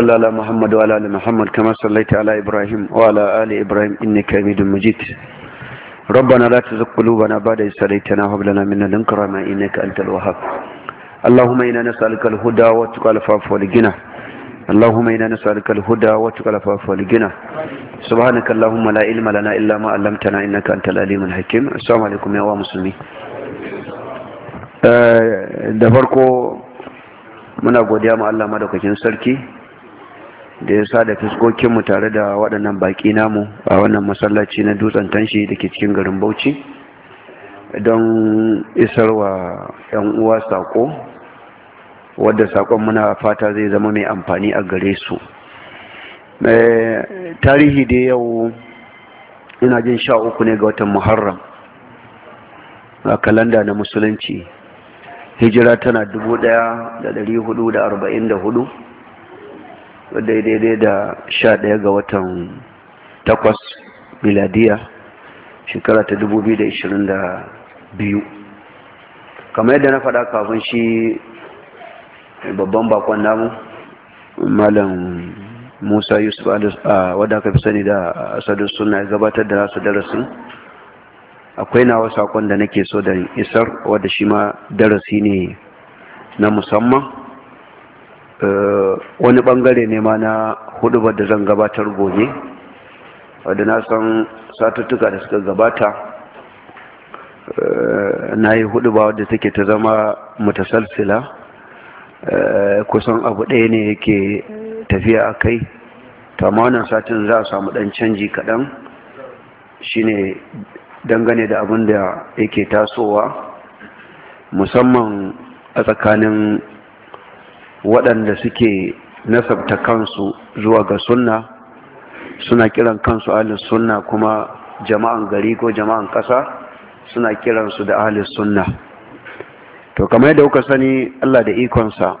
صلى على محمد وعلى ال محمد كما صليت على ابراهيم وعلى ال ابراهيم انك حميد مجيد ربنا لا تزغ قلوبنا بعد إذ هديتنا وهب لنا من لدنك رحمة انك انت الوهاب اللهم انا نسالك الهدى والتقى والعفاف والغنى اللهم انا نسالك الهدى والتقى والعفاف والغنى سبحانك اللهم لا علم لنا الا ما علمتنا انك انت العليم الحكيم السلام عليكم يا مسلمين da farko muna godiya ma Allah madaukakin sarki da ya sa da fuskokinmu tare da waɗannan baƙi namu a wannan masallaci na dutsen tanshi da ke cikin garin bauchi don isarwa 'yan uwa saƙo wadda saƙon muna fata zai zama mai amfani a gare su eh, tarihi da yau ina jin sha uku ne ga watan muharram a kalanda na musulunci hijira tana hudu. daidai da sha ɗaya ga watan takwas miladiya shekara ta dubu biyu da ishirin da biyu kamar yadda na faɗa kafin shi babban bakon namu malam musa yusuf a wadda aka fi sani da asadu suna gabatar da nasu darasin akwai nawa sakon da nake so da isar wadda shi ma darasi ne na musamman Eh, wani bangare ne ma na hudubar da zan gabatar gobe wadda na san satuttuka da suka gabata eh, na yi da wadda take ta zama mutasalsila eh, kusan abu ɗaya ne yake tafiya a kai tamanin satin za a samu ɗan canji kaɗan shine dangane da abin da yake tasowa musamman a tsakanin waɗanda suke nasabta kansu zuwa ga sunna suna kiran kansu ahli sunna kuma jama'an gari ko jama'an ƙasa suna kiransu da ahli sunna to kamar yadda kuka sani allah da ikonsa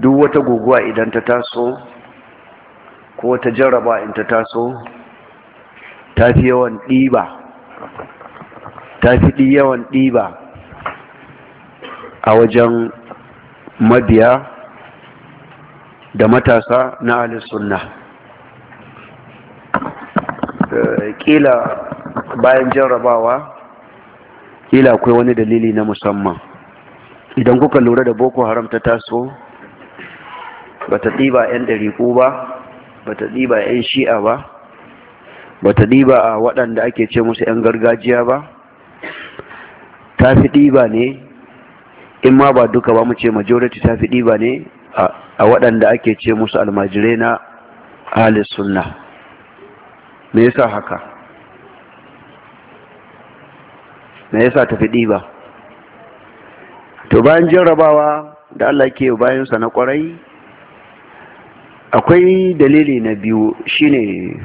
duk wata guguwa idan ta taso ko ta jaraba in ta taso ta fi yawan ɗiba ta fi yawan ɗiba a wajen mabiya da matasa na alisunna eh, kila bayan jarrabawa kila akwai wani dalili na musamman idan kuka lura da boko haram ta taso ba ta ɗiba 'yan ɗariƙu ba ba ta ɗiba 'yan shi'a ba ba ta ɗiba a waɗanda ake ce musu 'yan gargajiya ba ta fi ɗiba ne in ma ba duka ba mu ce majority ta fi ɗiba ne a waɗanda ake ce musu almajirai na ahalis sunna me yasa haka me yasa ta tafi ɗiba to bayan jarrabawa da Allah ke bayansa na kwarai akwai dalili na biyu shine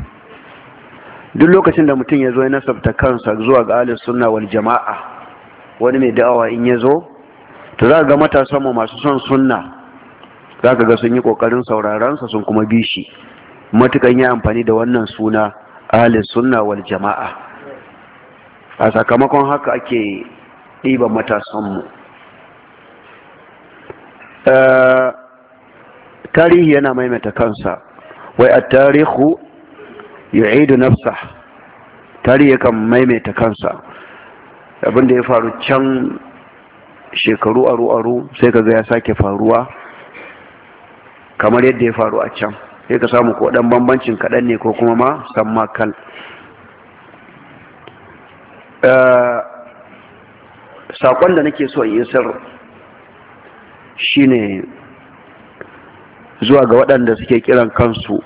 duk lokacin da mutum ya zo ya nasabta kansa zuwa ga alis sunna wal jama'a wani mai da'awa in ya zo to za ga matasan mu masu son sunna za ka ga sun yi kokarin sauraron sun kuma bi shi matukan yi amfani da wannan suna Ali sunna wal jama'a a sakamakon haka ake ɗiban matasan mu eh, tarihi yana maimaita kansa wai a tarihu Ya'idu nafsa tarihi kan maimaita kansa abinda ya faru can shekaru aru-aru, sai ka ga ya sake faruwa kamar yadda ya faru a can sai ka samu kodan bambancin kaɗan ne ko kuma ma san makal eh, saƙon da nake so in isar shine zuwa ga waɗanda suke kiran kansu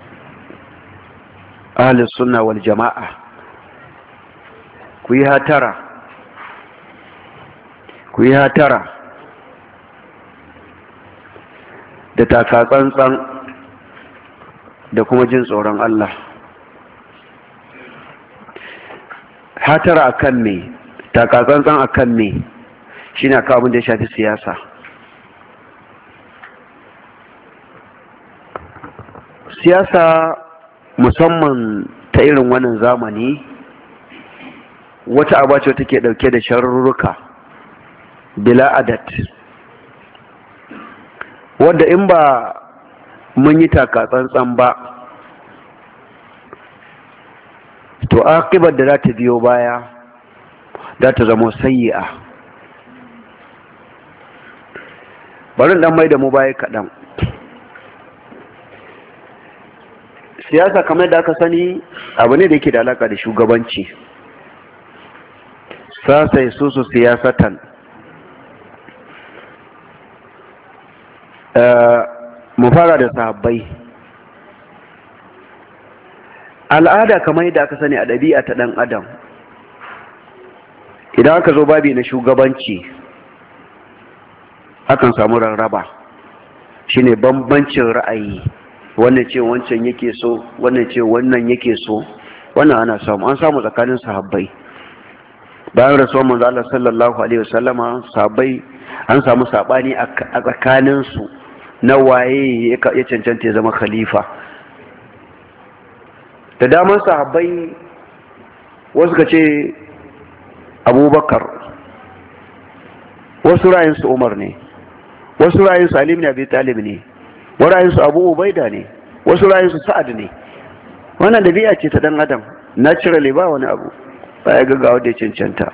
ahalin sunna wal jama'a ku yi hatara ku yi hatara da takatsantsan da kuma jin tsoron Allah hatara a kan me takatsantsan a kan me shi ne kawo abin da ya shafi siyasa siyasa musamman ta irin wannan zamani wata abacewa take dauke da sharurruka bila adat wadda in ba mun yi takatsantsan ba to akibar da za ta biyo baya za ta zama sayi'a barin dan mai da mu baya kaɗan siyasa kamar da aka sani abu ne da yake da alaka da shugabanci sasa su su siyasatan Eh, mu fara da sahabbai al'ada kamar yadda aka sani a ɗabi'a ta ɗan adam idan aka zo babi na shugabanci akan samu rarraba shine bambancin ra'ayi wannan ce wancan yake so wannan ce wannan yake so wannan ana samu an samu tsakanin sahabbai bayan rasuwan manzo Allah sallallahu alaihi wasallama sahabbai an samu sabani a tsakaninsu na waye ya cancanta ya zama khalifa da damar sahabbai wasu ka ce abubakar wasu ra'ayinsu umar ne wasu ra'ayinsu alim ne abi talib ne wasu ra'ayinsu abu ubaida ne wasu ra'ayinsu sa'ad ne wannan biya ce ta dan adam na cire ba wani abu ba ya gaggawa da ya cancanta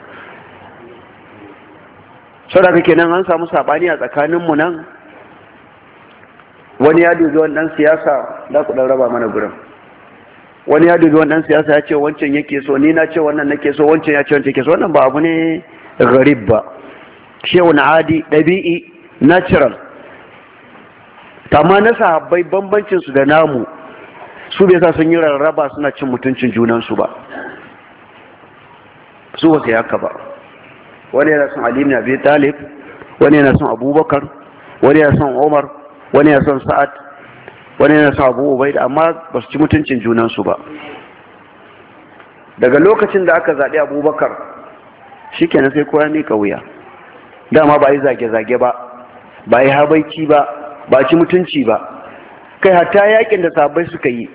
kake nan an samu sabani a tsakaninmu nan wani ya dubi wani dan siyasa za ku dan raba mana gurin wani ya dubi wani dan siyasa ya ce wancan yake so ni na ce wannan nake so wancan ya ce wancan yake so wannan ba abu ne garib ba wani adi ɗabi'i natural amma na sahabbai bambancin su da namu su bai sa sun yi rarraba suna cin mutuncin junansu ba su ba sai haka ba wani yana son Ali ibn Abi Talib wani yana son Abubakar wani yana son Umar wani ya san sa'ad wani yana san abu da amma ba su ci mutuncin junansu ba daga lokacin da aka zaɗi abubakar shi kenan sai kowa ne wuya dama ba yi zage-zage ba ba yi habaiki ba ba ci mutunci ba kai hatta yakin da sabai suka yi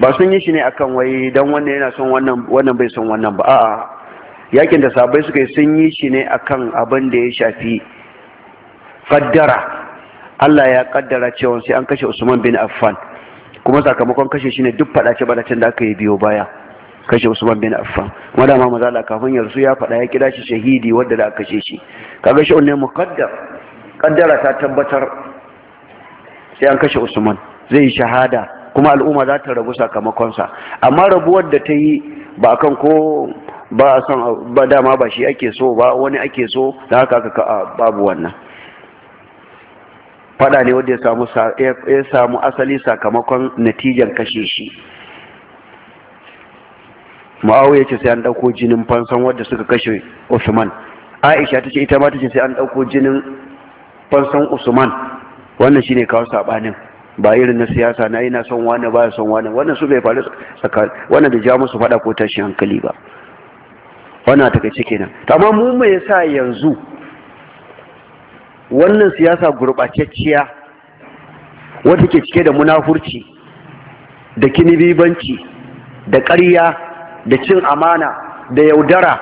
ba sun yi shi ne akan wai don wannan yana son wannan bai son wannan ba a'a yakin da sabai suka yi sun yi shi ne akan abin da ya shafi faddara. Allah ya kaddara cewa sai an kashe Usman bin Affan kuma sakamakon kashe shi ne duk faɗace faɗacen da aka yi biyo baya kashe Usman bin Affan kuma da maza Allah kafin ya rusu ya fada ya kira shi shahidi wanda da aka kashe shi kaga shi ne muqaddar kaddara ta tabbatar sai an kashe Usman zai shahada kuma al'umma za ta rabu sakamakonsa amma rabuwar da ta yi ba akan ko ba a san ba dama ba shi ake so ba wani ake so da haka babu wannan fada ne wanda ya samu asali sakamakon natijan kashe shi ya ce sai an ɗauko jinin fansan wadda suka kashe usman aisha ta ce ita ma ta ce sai an ɗauko jinin fansan usman wannan shi ne kawo saɓanin ba irin na siyasa na ina son wani ba son wani wannan su bai faru tsakani wannan da ja musu faɗa ko tashi hankali ba wannan ta kai nan amma mu me yasa yanzu wannan siyasa gurɓacacciya wadda ke cike da munafurci da kinibibanci da ƙarya da cin amana da yaudara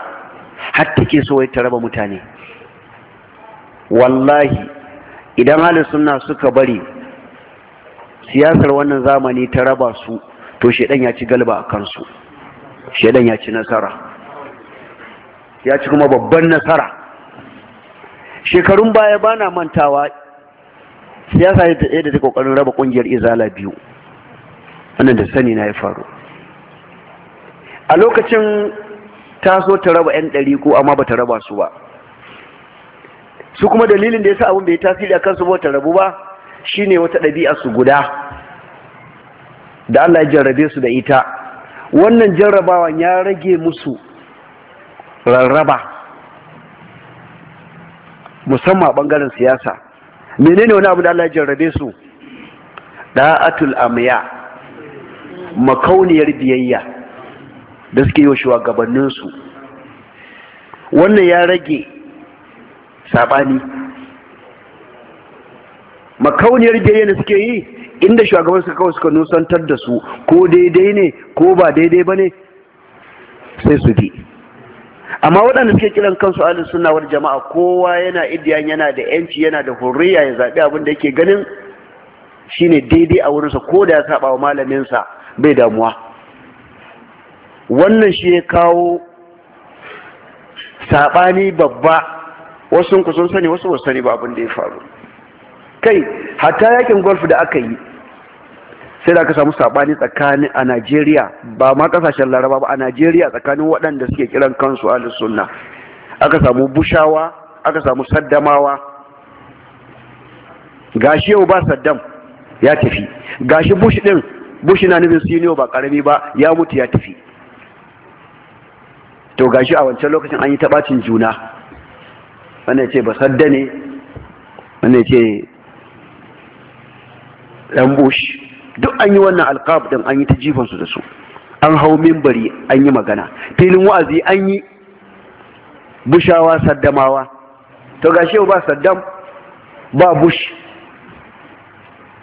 har take so ya raba mutane wallahi idan halin suna suka bari siyasar wannan zamani ta raba su to shaidan ya ci galba a kansu shaidan ya ci nasara ya ci kuma babban nasara shekarun baya ba na mantawa siyasa yadda ta kokarin raba kungiyar izala biyu wannan da sani na ya faru a lokacin ta so ta raba 'yan ɗari ko amma ba ta raba su ba su kuma dalilin da ya sa abin bai tasiri a kansu ba ta rabu ba shine wata ɗabi'a su guda da Allah ya jarrabe su da ita wannan jarrabawan ya rage musu rarraba musamman a bangaren siyasa menene wani abu da Allah ya jarrabe su da'atul amya makauniyar biyayya da suke yi wa su wannan ya rage sabani makauniyar biyayya da suke yi inda shugaban suka kawai suka nusantar da su ko daidai ne ko ba daidai ba ne sai su bi amma waɗanda suke kiran kansu alin suna wani jama'a kowa yana idiyan yana da yanci yana da hurriya ya zaɓi abin da yake ganin shine daidai a wurinsa ko da ya saba wa malaminsa bai damuwa wannan shi ya kawo saɓani babba wasu sun sani wasu ba sani ba abin da ya faru kai hatta yakin golf da aka yi sai da aka samu sabani tsakanin a Najeriya ba ma kasashen Laraba ba a Najeriya tsakanin waɗanda suke kiran kansu a sunna aka samu bushawa aka samu saddamawa gashi yau ba saddam ya tafi gashi bush din bush na nufin senior ba karami ba ya mutu ya tafi to gashi a wancan lokacin an yi tabacin juna wanda ce ba sadda ne wanda ce dan bush duk an yi wannan alqab din an yi ta jifan su da su an hau mimbari an yi magana filin wa'azi an yi bushawa saddamawa to ga gashi ba saddam ba bush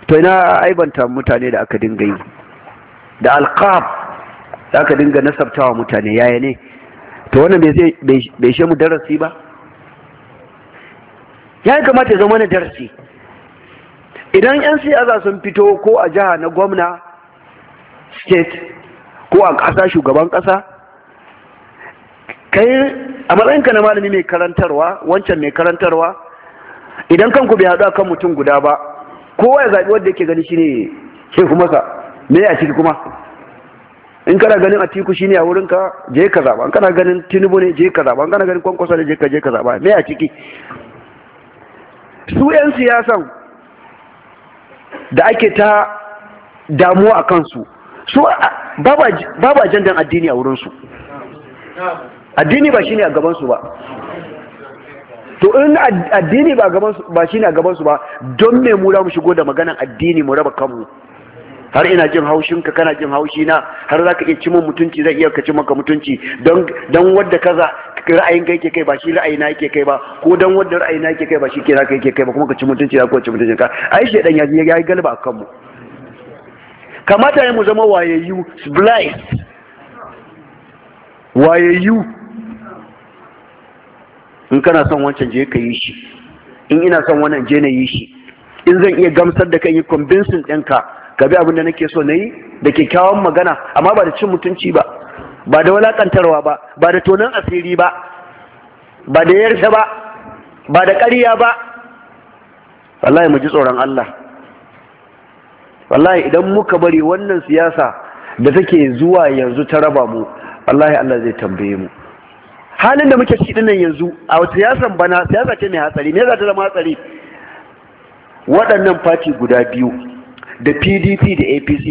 to ina aibanta mutane da aka dinga yi da alqab da aka dinga nasabtawa mutane yaya ne to wannan bai bai mu darasi ba ya kamata ya zama na darasi idan 'yan siyasa sun fito ko a jiha na gwamna state ko a ƙasa shugaban ƙasa kai a matsayinka na malami mai karantarwa wancan mai karantarwa idan kanku bai haɗu a kan mutum guda ba kowa ya zaɓi wanda yake gani shine sai kuma sa me a ciki kuma in kana ganin atiku shine a wurinka je ka zaɓa in kana ganin tinubu ne je ka zaɓa in kana ganin kwankwasa ne je ka je ka zaɓa me a ciki su 'yan siyasan da ake ta damuwa a kansu su babu ajandan addini a wurinsu addini ba shi ne a gabansu ba to in addini ba shi ne a gabansu ba don me mu mu shigo da maganan addini mu raba kanmu har ina jin haushin ka kana jin haushi na har ka iya cimin mutunci zai iya ka maka mutunci don wadda ka kaza ra'ayin kai ke kai ba shi ra'ayi na yake kai ba ko dan wanda ra'ayi na yake kai ba shi ke kai yake kai ba kuma ka ci mutunci ya ko ci mutunci ka ai shi dan yaji ya yi galba akan mu kamata ya mu zama wayayyu blind wayayyu in kana son wancan je ka yi shi in ina son wannan je na yi shi in zan iya gamsar da kan yi convincing ɗinka ka bi abin da nake so na yi da kyakkyawan magana amma ba da cin mutunci ba ba da walakantarwa ba ba da tonon asiri ba ba da yarsa ba ba da ƙarya ba wallahi mu ji tsoron Allah wallahi idan muka bari wannan siyasa da take zuwa yanzu ta raba mu wallahi Allah zai tambaye mu halin da muke ciki dinnan yanzu a siyasan bana siyasa ce mai hatsari me za ta zama hatsari waɗannan fati guda biyu da PDP da APC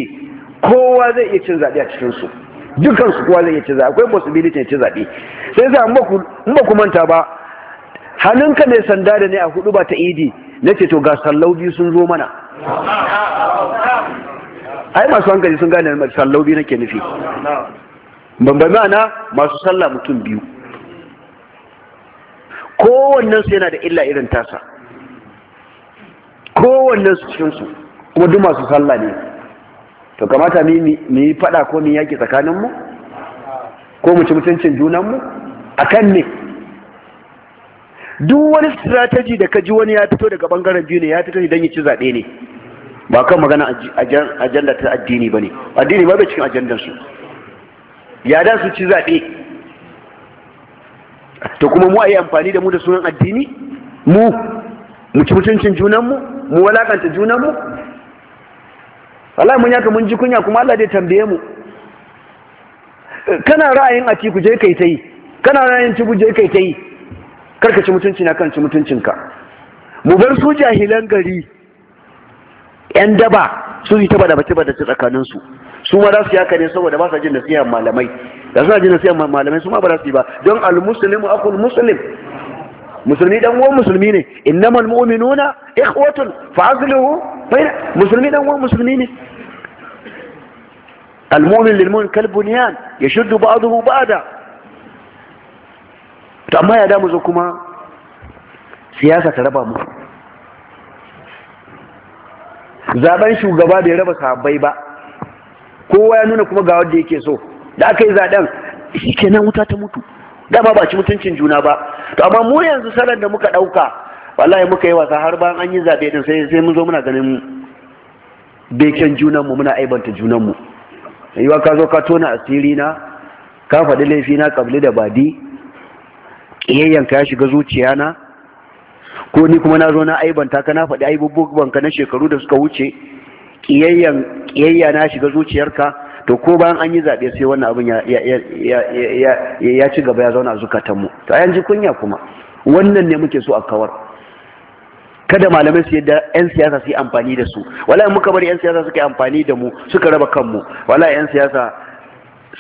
kowa zai iya cin zaɓe a cikinsu dukkan su kuwa zai yi ci zaɓe akwai possibility ci zaɓe sai sa in ba ku manta ba hannunka mai sanda da ne a hudu ba ta idi na ce to ga sallau biyu sun zo mana ai masu hankali sun gane sallau biyu nake nufi bambam ana masu sallah mutum biyu kowannen su yana da illa irin tasa kowannen su cikinsu kuma duk masu sallah ne to kamata ni yi fada ko ni yaki tsakaninmu ko mu ci mutuncin junanmu mu akan ne duk wani strategy da ka ji wani ya fito daga bangaren biyu ne ya fito ne don ya ci zaɓe ne ba kan magana ajanda ta addini ba ne addini ba bai cikin su, ya da su ci zaɓe to kuma mu a yi amfani da mu da sunan addini mu mu ci mutuncin junanmu mu walakanta junanmu wallahi mun yaka mun ji kunya kuma Allah zai tambaye mu kana ra'ayin a ci je kai tai kana ra'ayin ci buje kai tai karka ci mutunci na kan ci mutuncinka mu bar su jahilan gari yan daba su yi taba da bata bata tsakanin su su ma za su yaka ne saboda ba sa jin nasiha malamai da sa jin nasiha malamai su ma ba za su yi ba don al-muslimu akul muslim musulmi dan uwan musulmi ne innamal mu'minuna ikhwatun fa azlihu bayna musulmi dan uwan musulmi ne Al-muhimin mu'min kal bunyan yashuddu ba'dahu ba'da to amma ya damu zo kuma siyasa ta raba mu zaben shugaba bai raba sahabbai ba kowa ya nuna kuma ga wanda yake so da aka yi zaben kenan wuta ta mutu dama ba ci mutuncin juna ba to amma mu yanzu salon da muka ɗauka wallahi muka yi wasa har bayan an yi zabe din sai sai mun zo muna ganin beken junanmu muna aibanta junanmu yiwa ka zo ka tona asiri na ka faɗi laifi na kabli da badi ƙiyayyanka ya shiga zuciya na ko ni kuma na zo na aibanta ka na faɗi aibubbuwan ka na shekaru da suka wuce ƙiyayya na shiga zuciyarka to ko bayan an yi zaɓe sai wannan abin ya ci gaba ya zauna a zukatanmu to a yanzu kunya kuma wannan ne muke so a kawar kada malamai su yadda 'yan siyasa su yi amfani da su wala in muka bari 'yan siyasa suka yi amfani da mu suka raba kanmu wala 'yan siyasa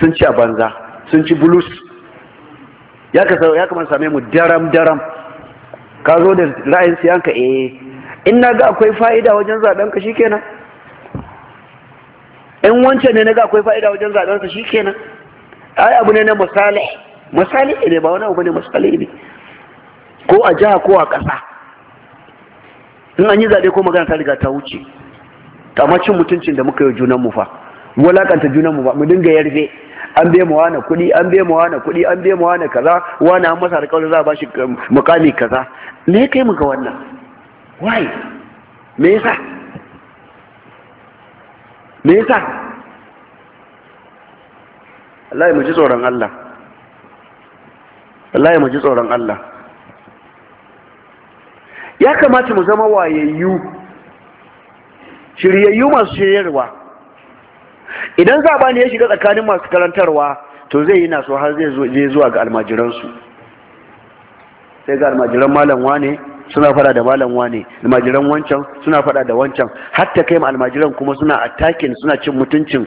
sun ci a banza sun ci bulus ya kamata same mu daram daram ka zo da ra'ayin siyanka eh in na ga akwai fa'ida wajen zaɓen ka shikenan in wancan ne na ga akwai fa'ida wajen zaɓensa shi kenan ai abu ne na misali misali ne ba wani abu ne misali ne ko a jiha ko a ƙasa in an yi zaɓe ko magana ta riga ta wuce amma cin mutuncin da muka yi junan mu fa wulakanta junan mu ba mu dinga yarfe an bai mu wani kuɗi an bai mu wani kuɗi an bai mu wani kaza wani an masa alƙawarin za a shi um, mukami kaza me kai mu ga wannan why me yasa me yasa Allah ya mu tsoron Allah Allah ya mu tsoron Allah ya kamata mu zama wayayyu shiryayyu masu shiryarwa idan zabani ya shiga tsakanin masu karantarwa to zai yi naso har zai zuwa ga almajiransu sai ga almajiran malamwa ne. suna fada da malam wane almajiran wancan suna fada da wancan hatta kai almajiran kuma suna attacking suna cin mutuncin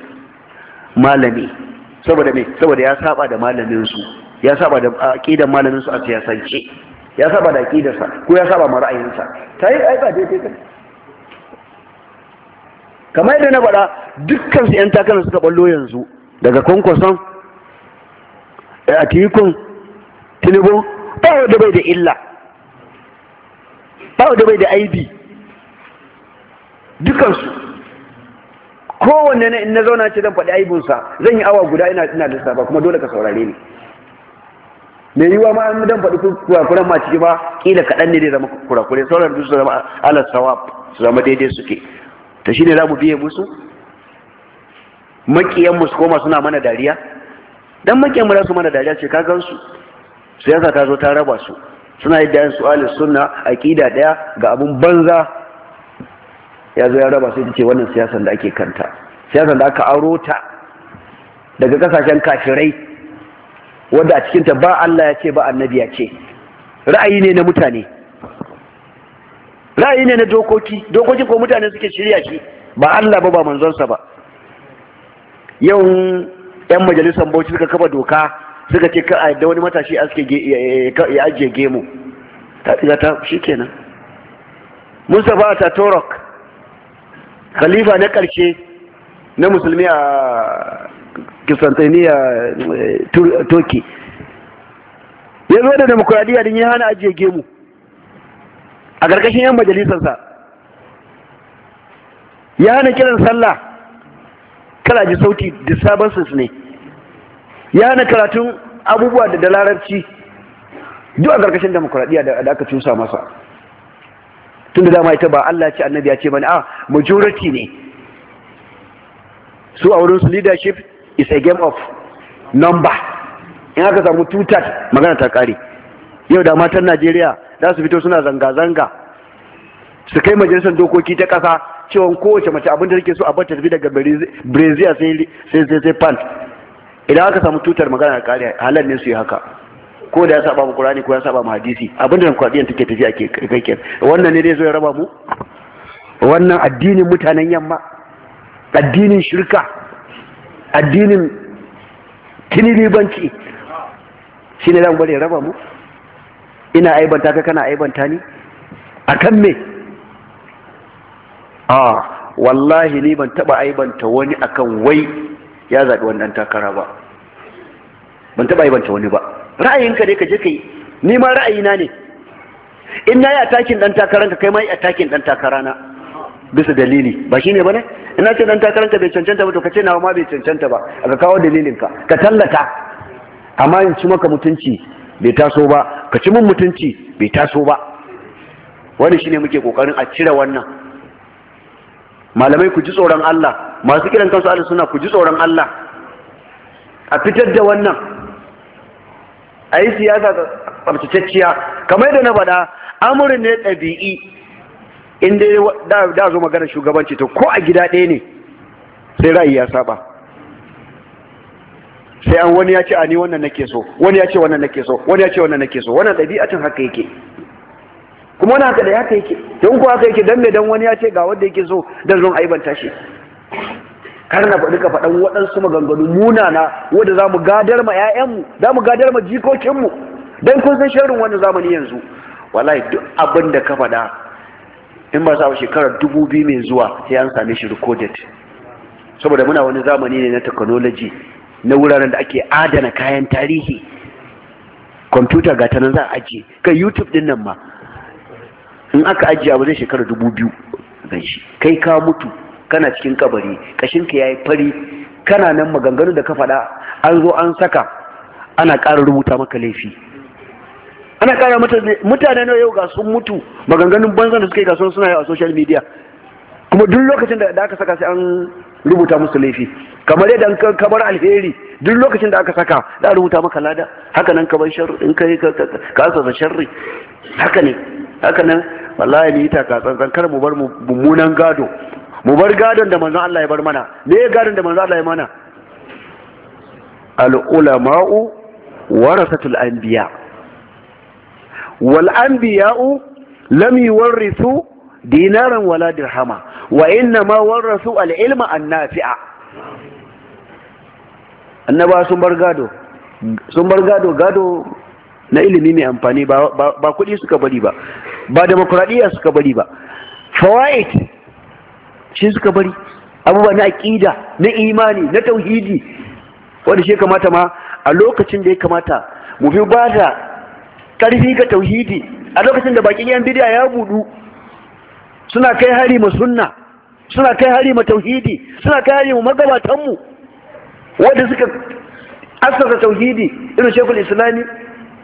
malami saboda me saboda ya saba da malamin su ya saba da aqidar malamin su a siyasance ya saba da sa ko ya saba ma sa tayi ai ba dai kai kamar yadda na faɗa dukkan su 'yan takarar suka ballo yanzu daga kwankwason a tikun tinubu ba da bai da illa ba da bai da aibi dukansu kowanne na in na zauna ce zan faɗi aibinsa zan yi awa guda ina ina lissafa kuma dole ka saurare ni mai yiwa ma an dan faɗi kurakuran ma ciki ba kila kaɗan ne zai zama kurakure sauran dusu su zama ala sawab su zama daidai suke ta shine za mu biye musu makiyan mu koma suna mana dariya dan makiyan mu za su mana dariya ce ka gansu siyasa ta zo ta raba su suna yi dayan su alis a ƙida daya ga abin banza ya zo ya raba sai ta ce wannan siyasan da ake kanta siyasan da aka aro ta daga kasashen kafirai wadda a cikinta ba Allah ya ce ba annabi ya ce ra'ayi ne na mutane ra'ayi ne na dokoki dokoki ko mutane suke shirya shi ba Allah ba ba manzonsa ba yau 'yan majalisar bauchi suka kafa doka suka ce ka a yadda wani matashi ya ajiye gemu ta tsira ta shi kenan mustapha a torok khalifa na ƙarshe na musulmi a a eh, turki ya zo da demokuraɗiyya din ya hana ajiye gemu a ƙarƙashin yan majalisarsa ya hana kiran sallah kala ji sauti disturbances ne ya na karatun abubuwa da dalararci duk a ƙarƙashin demokuraɗiyya da aka cusa masa tun da dama ita ba Allah ce annabi ya ce mani a ah, majority ne su a wurin su leadership is a game of number in aka samu tutar magana ta ƙare yau da matan najeriya za su fito suna zanga-zanga su kai majalisar dokoki ta ƙasa cewa kowace mace abin da take so a bata tafi daga brazil sai pant idan aka samu tutar magana da kare halal ne su yi haka ko da ya saba mu Qur'ani ko ya saba mu hadisi abinda da kwadiyan take tafi ake kai wannan ne dai zo ya raba mu wannan addinin mutanen yamma addinin shirka addinin tinilibanci shine dan bare raba mu ina aibanta ka kana aibanta ni akan me a ah, wallahi ni ban taba aibanta wani akan wai ya zaɓi wannan takara ba ban taɓa yi banta wani ba ra'ayinka ne ka je kai ni ma ra'ayina ne in na yi takin ɗan takaranka kai ma yi takin ɗan takarana bisa dalili ba shi ne ba ne ina ce ɗan takaranka bai cancanta ba to ka ce nawa ma bai cancanta ba a ka kawo dalilinka ka tallata amma in ci maka mutunci bai taso ba ka ci mun mutunci bai taso ba wani shine muke kokarin a cire wannan malamai ku ji tsoron Allah masu kiran kansu Allah suna ku ji tsoron Allah a fitar da wannan a yi siyasa tsabtacciya kamar yadda na faɗa amurin ne ɗabi'i in dai da zo magana shugabanci to ko a gida ɗaya ne sai ra'ayi ya saba sai an wani ya ce a ni wannan nake so wani ya ce wannan nake so wani ya ce wannan nake so wannan ɗabi'atin haka yake kuma wani haka da haka yake don kuwa haka yake don me don wani ya ce ga wanda yake so don zon aibanta shi kar na faɗi ka faɗan waɗansu maganganu munana wanda za mu gadar ma 'ya'yanmu za mu gadar ma jikokinmu don kun san shirin wani zamani yanzu wallahi duk abin da ka faɗa in ba sa shekarar dubu biyu mai zuwa sai an same shi recorded saboda muna wani zamani ne na technology na wuraren da ake adana kayan tarihi kwamfuta ga ta za a ajiye kai youtube din nan ma in aka ajiye abu zai shekara dubu biyu gan shi kai ka mutu kana cikin kabari kashinka ya yi fari kana nan maganganu da ka faɗa an zo an saka ana ƙara rubuta maka laifi ana ƙara mutane na yau ga sun mutu maganganun banza da suka yi gasunan suna yau a social media kuma duk lokacin da aka saka sai an rubuta musu laifi kamar yadda an kamar alheri duk lokacin da aka saka da rubuta maka lada haka nan kabar sharri in kai ka asasa sharri haka ne haka nan wallahi mu yi ka tsantsan kar mu bar mummunan gado mu bar gadon da manzon Allah ya bar mana me ya gadon da manzon Allah ya mana al ulama'u warasatul anbiya wal anbiya'u lam yuwarrisu dinaran wala dirhama wa inna ma warrasu al ilma an nafi'a annaba sun bar gado sun bar gado gado na ilimi mai amfani ba kuɗi suka bari ba ba demokuraɗiyya suka bari ba fawaid shi suka bari abubuwa na ƙida, na imani na tauhidi wanda shi kamata ma a lokacin da ya kamata mu fi ba da ƙarfi ga tauhidi a lokacin da bakin yan bidiya ya budu suna kai hari ma sunna suna kai hari ma tauhidi suna kai hari ma magabatanmu wanda suka asasa tauhidi irin shekul islami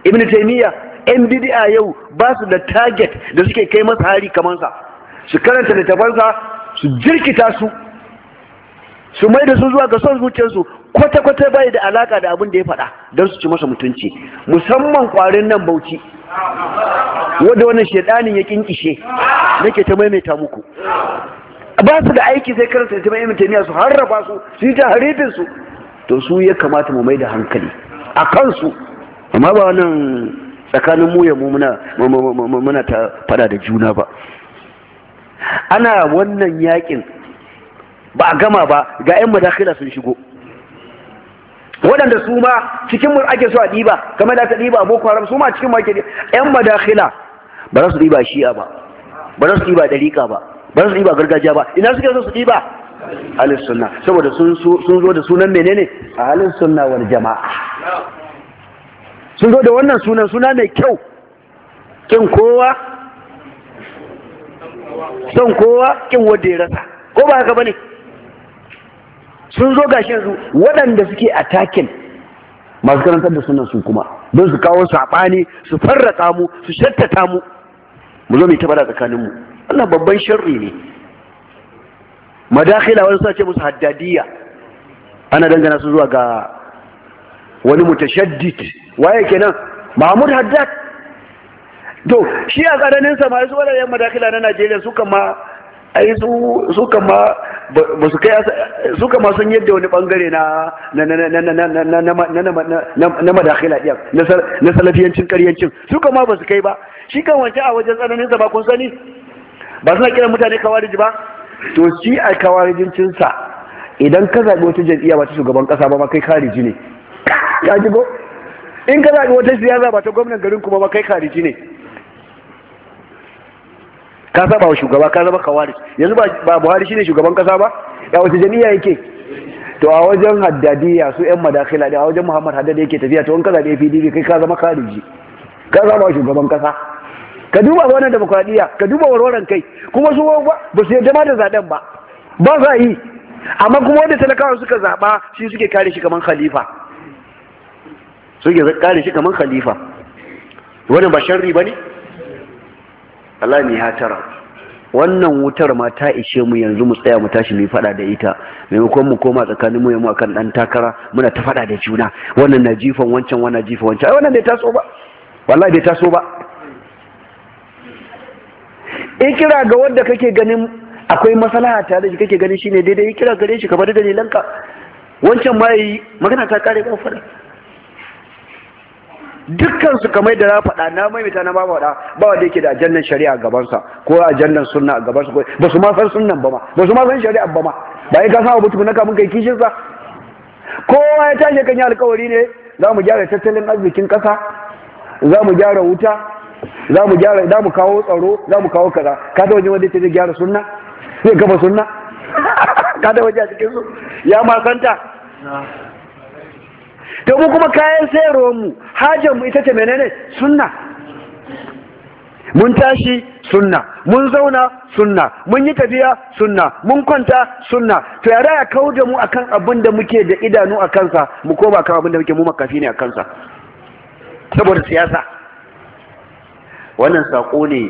ibn taymiya yan bid'a yau ba su da target da suke kai masa hari kamar sa su karanta littafansa su jirkita su su mai da su zuwa ga son zuciyarsu kwata-kwata bai da alaka da abin da ya faɗa don su ci masa mutunci musamman kwarin nan bauchi wadda wannan shaidanin ya kinkishe nake ta maimaita muku ba su da aiki sai karanta da su harraba su su yi ta harifin su to su ya kamata mu mai da hankali a kansu amma ba wannan tsakanin mu ya mu muna ta fada da juna ba ana wannan yakin ba a gama ba ga 'yan madakila sun shigo waɗanda su ma cikin mu ake so a ɗiba kamar da aka ɗiba abu kwaram su ma cikin mu ake yan madakila ba za su ɗiba shi'a ba ba za su ɗiba ɗariƙa ba ba za su ɗiba gargajiya ba ina suke so su ɗiba alisunna saboda sun zo da sunan menene a halin wal jama'a sun zo da wannan sunan suna mai kyau kin kowa son kowa kin wanda ya rasa ko ba haka bane sun zo gashi yanzu waɗanda suke attacking masu karantar da sunan su kuma don su kawo saɓani su farraka mu su shattata mu mu zo mu ta tsakanin mu wannan babban sharri ne madakhila wani suna ce musu haddadiya ana dangana su zuwa ga wani mutashaddid waye kenan mahmud haddad to shi a tsananin sa ma su wala yan madakila na Najeriya suka ma ai su suka ma ba su kai suka ma sun yadda wani bangare na na na na na na na na madakila din na salafiyancin karyancin suka ma ba su kai ba shi kan wance a wajen tsananin sa ba kun sani ba suna kiran mutane kawariji ba to shi a kawarijincinsa idan ka zaɓi wata jam'iyya ba ta shugaban ƙasa ba ma kai kariji ne Kajibo ji in ka zaɓi wata siyasa ba ta gwamnan garin kuma ba kai kariji ne ka zaɓa wa shugaba ka zama kawari yanzu ba buhari shine shugaban kasa ba ya wata jami'a yake to a wajen haddadiya su yan madakhila ne a wajen muhammad haddadi yake tafiya to in ka zaɓi pdp kai ka zama kariji ka zaɓa wa shugaban kasa ka duba wannan demokradiyya ka duba warwaran kai kuma su ba su yadda ma da zaɓen ba ba sa yi amma kuma wanda talakawa suka zaɓa shi suke kare shi kamar khalifa yanzu kare shi kamar khalifa wani ba shari ba ne Allah ne ya tara wannan wutar ma ta ishe mu yanzu mu tsaya mu tashi mu fada da ita maimakon mu koma tsakanin mu yamu akan dan takara muna ta fada da juna wannan na jifan wancan wannan jifa wancan ai wannan bai taso ba wallahi bai taso ba in kira ga wanda kake ganin akwai maslaha tare da kake ganin shine daidai kira gare shi ka bada dalilanka wancan ma yi, magana ta kare ba fada dukkan su kamar da na faɗa na maimaita na babu faɗa ba wanda yake da ajandan shari'a a gabansa ko ajandan sunna a gabansa ko ba su ma san sunnan ba ma ba su ma san shari'a ba ma ba ya ka san abu tukuna kamun kai kishin sa kowa ya tashi kan yi alkawari ne za mu gyara tattalin arzikin ƙasa za mu gyara wuta za mu gyara za mu kawo tsaro za mu kawo kaza ka ta wajen wanda ta zai gyara sunna zai gaba sunna ka ta wajen a cikin su ya ma santa mu kuma kayan sayarwa mu mu ita ce menene sunna mun tashi sunna mun zauna sunna mun yi tafiya sunna mun kwanta sunna to ya ya kawo da mu akan abin da muke da idanu a kansa mu koma kan abin da muke mu makafi ne a kansa saboda siyasa wannan sako ne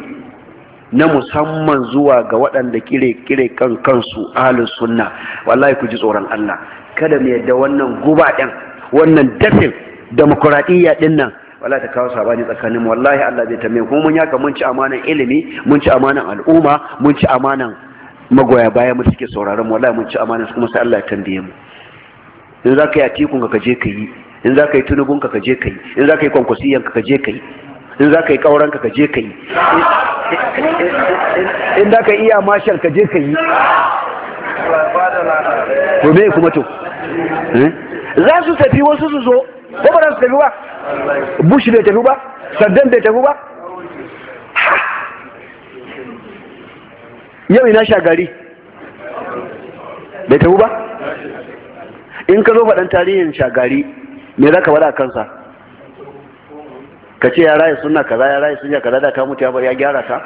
na musamman zuwa ga waɗanda kire-kire kan kansu ahalin sunna wallahi ku ji tsoron Allah kada mu yadda wannan guba ɗin wannan dafin demokuraɗiyya ɗin nan wala ta kawo sabani tsakanin wallahi Allah zai tambaye kuma mun yaka mun ci amanan ilimi mun ci amanan al'umma mun ci amanan magoya baya mu suke sauraron wallahi mun ci amanan kuma sai Allah ya tambaye mu in za ka yi atikun ka je ka yi in za ka yi tunubun ka je ka yi in za ka yi kwankwasiyan ka je ka yi in za ka yi kauran ka je ka yi in za ka iya mashal ka je ka yi me kuma to eh? za su tafi wasu su zo ko ba za su tafi ba bush bai tafi ba saddam bai tafi ba yau ina gari bai tafi ba in ka zo faɗan tarihin shagari me za ka faɗa kansa ka ce ya raye suna kaza ya raye suna kaza da ta mutu ya bari ya gyara ta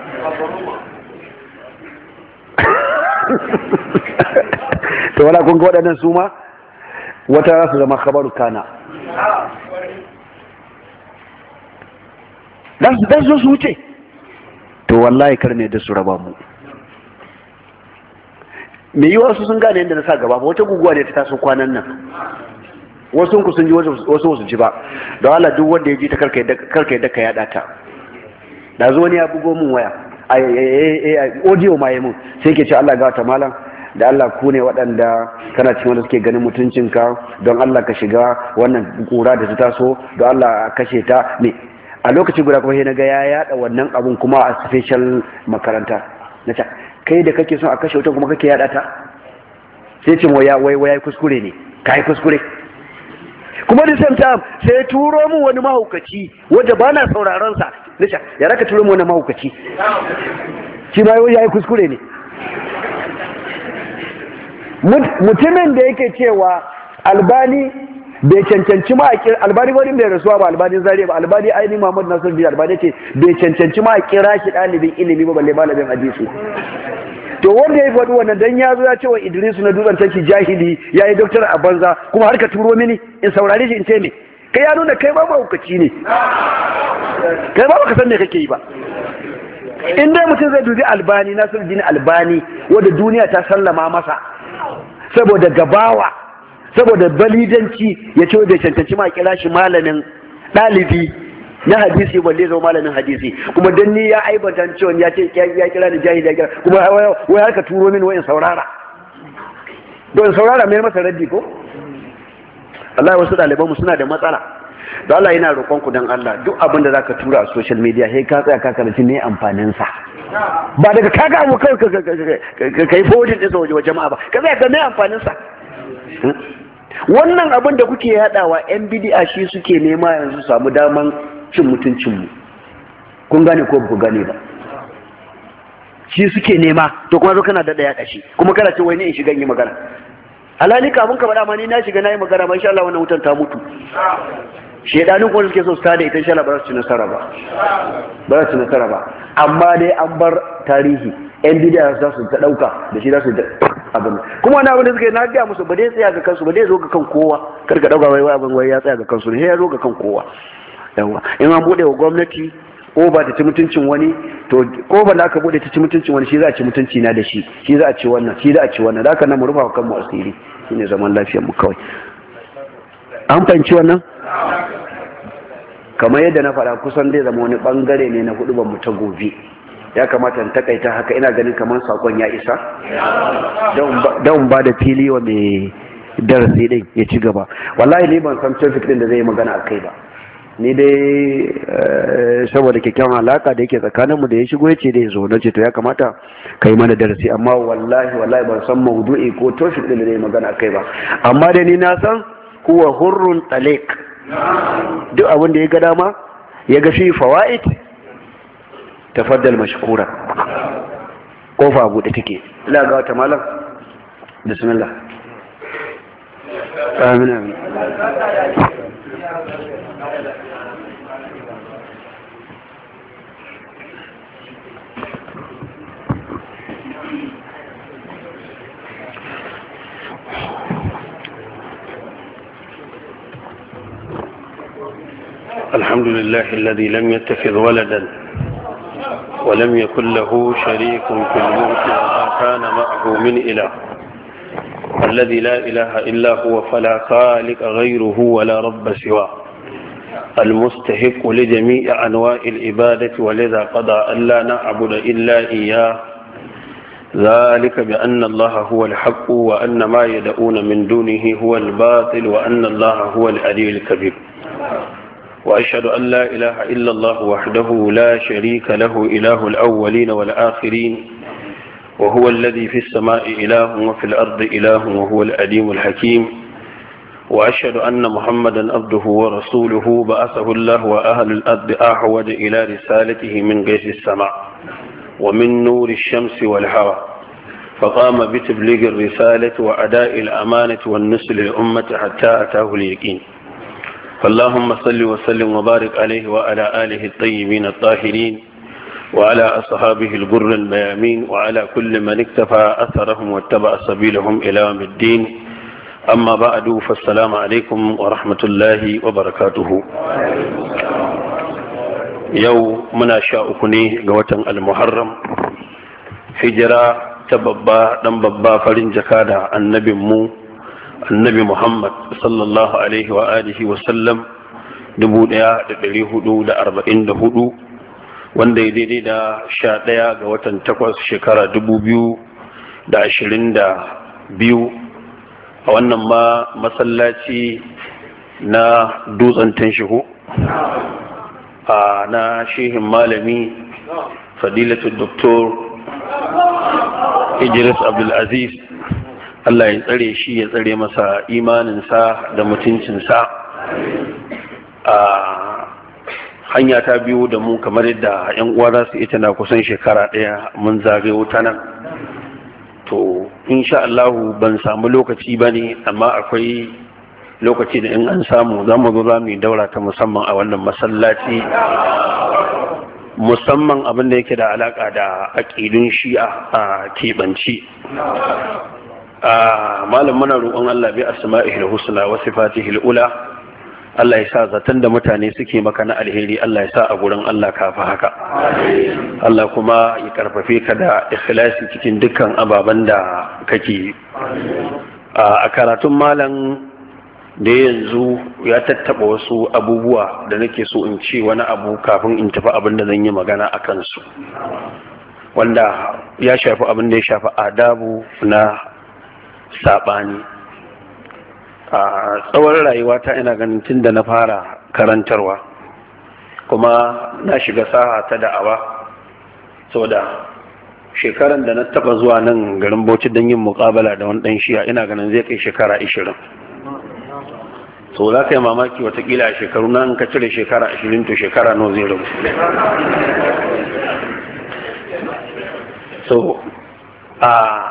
to wala kun ga waɗannan su ma wata rasu zama kabaru kana dan zo su wuce to wallahi kar ne da su raba mu me yi wasu sun gane yadda na sa gaba wata guguwa ne ta taso kwanan nan wasu ku sun ji wasu wasu ji ba da wala duk wanda ya ji ta karka yadda ka yada ta da zo ne ya bugo min waya a audio ma yi mun sai ke ce Allah ga ta malam da Allah ku ne waɗanda kana cikin wanda suke ganin mutuncinka don Allah ka shiga wannan kura da ta taso don Allah kashe ta ne a lokacin guda kuma sai na ga ya yada wannan abun kuma a special makaranta na ta kai da kake son a kashe wutan kuma kake yada ta sai ce ya wai waya kuskure ne ka yi kuskure kuma da same time sai ya turo mu wani mahaukaci wanda ba na sauraron sa nace ya raka turo mu wani mahaukaci shi ma yi kuskure ne mutumin da yake cewa albani bai cancanci ma kira, albani wani mai rasuwa ba albani zare ba albani ainihin muhammad nasir bin albani ce bai cancanci ma a kira shi ɗalibin ilimi ba balle malamin hadisi to wanda ya faɗi wannan dan ya zo ya ce wa idris na dutsen taki jahili ya yi doktor a banza kuma har ka turo mini in saurari shi in ce ne kai ya nuna kai ba mahaukaci ne kai ba ka san ne kake yi ba in dai mutum zai dubi albani na sun jini albani wadda duniya ta sallama masa saboda gabawa saboda balidanci ya ce wadda cancanci ma kira shi malamin ɗalibi na hadisi balle zama malamin hadisi kuma dan ni ya aibata cewa ya ce ya kira ni jahili ya kira kuma wai har ka turo min wayan saurara don saurara mai masa raddi ko Allah wasu mu suna da matsala da Allah yana roƙon ku dan Allah duk abin da zaka tura a social media sai ka tsaya ka karanci me amfanin sa ba daga kaga abu kawai ka kai forwarding din sa waje wa jama'a ba ka tsaya ka me amfanin sa hmm? wannan abin da kuke yadawa yan bid'a shi suke nema yanzu samu daman cin mutuncin mu kun gane ko ku gane ba shi suke nema to kuma zo kana da daya kashi kuma kana ce wai ne in shiga yi magana alalika abin ka bada ma ni na shiga na yi magana ma insha Allah wannan wutan ta mutu shedanin kuma suke so su tada ita insha Allah ba za su ci nasara ba ba za su ci nasara ba amma dai an bar tarihi yan bidiyar za su ta dauka da shi za su ta abin kuma wani abin da suka yi na gaya musu ba dai tsaya ga kansu ba dai zo ga kan kowa karka ka dauka wai abin wai ya tsaya ga kansu ne ya zo ga kan kowa yawa in an bude wa gwamnati ko ba ta ci mutuncin wani to ko ba da aka bude ta ci mutuncin wani shi za a ci mutunci na da shi shi za a ci wannan shi za a ci wannan da aka nan mu rufa kanmu asiri shine zaman lafiyar mu kawai an fahimci wannan kamar yadda na faɗa kusan zai zama wani bangare ne na hudu mu ta gobe ya kamata ta takaita haka ina ganin kamar sakon ya isa don ba da fili wa mai darasi din ya ci gaba wallahi ni ban san traffic din da zai magana a kai ba ni dai eh, saboda kyakkyawan alaka da yake tsakaninmu da ya shigo ya ce da ya zo na ce to ya kamata ka yi mana darasi amma wallahi wallahi ban san maudu'i ko traffic din da zai magana a kai ba amma dai ni na san huwa hurrun talik duk abin da ya ga dama ya ga fi fawaid tafaddal mashkura kofa buɗe take ila ga wata malam bismillah amin amin الحمد لله الذي لم يتخذ ولدا ولم يكن له شريك في الموت وما كان معه من إله الذي لا إله إلا هو فلا خالق غيره ولا رب سواه المستحق لجميع أنواع العبادة ولذا قضى ألا نعبد إلا إياه ذلك بأن الله هو الحق وأن ما يدعون من دونه هو الباطل وأن الله هو العلي الكبير وأشهد أن لا إله إلا الله وحده لا شريك له إله الأولين والآخرين وهو الذي في السماء إله وفي الأرض إله وهو الأليم الحكيم وأشهد أن محمدا أبده ورسوله بأسه الله وأهل الأرض أحوج إلى رسالته من قيس السماء ومن نور الشمس والهوى فقام بتبليغ الرسالة وأداء الأمانة والنسل للأمة حتى أتاه اليقين فاللهم صل وسلم وبارك عليه وعلى آله الطيبين الطاهرين وعلى أصحابه الجر الميامين وعلى كل من اكتفى أثرهم واتبع سبيلهم إلى يوم الدين أما بعد فالسلام عليكم ورحمة الله وبركاته يوم منا شاؤكني قوة المحرم هجرة تببا دنببا فرنجكادا النبي مو annabi muhammad sallallahu alaihi wa alihi wa sallam 1444 wanda ya daidai da 11 ga watan 8 shekara 2022 a wannan ma masallaci na dutsen tanshiho a na shehin malami fadilatu doktor idris abdulaziz Allah ya tsare shi ya tsare masa imaninsa da mutuncinsa a hanya ta biyu da mu kamar yadda 'yan uwa za su ita na kusan shekara ɗaya mun zagaye wuta nan to insha Allah ban samu lokaci ba ne amma akwai lokaci da in an samu za mu zo za mu daura ta musamman a wannan masallaci musamman abin da yake da alaƙa da aƙidun shi'a a keɓanci Ah, malam muna roƙon Allah bi asma'ihi al-husna wa sifatihi al-ula Allah ya sa zaton da mutane suke maka na alheri Allah ya sa a gurin Allah kafa haka Allah kuma ya karfafe ka da ikhlasi cikin dukkan ababen da kake ah, a karatun malam da yanzu ya tattaba wasu abubuwa da nake so in ce wani abu kafin in tafi abin da zan yi magana a kansu wanda ya shafi abin da ya shafi adabu na saɓani a tsawon rayuwata ina ganin tun da na fara karantarwa kuma na shiga saha ta da'awa So da shekaran da na taba zuwa nan garin bauchi don yin mukabala da wani dan shiya ina ganin zai kai shekara 20 so za ka yi mamaki watakila a shekaru na ka cire shekara ashirin to shekara nawa zai rubu so a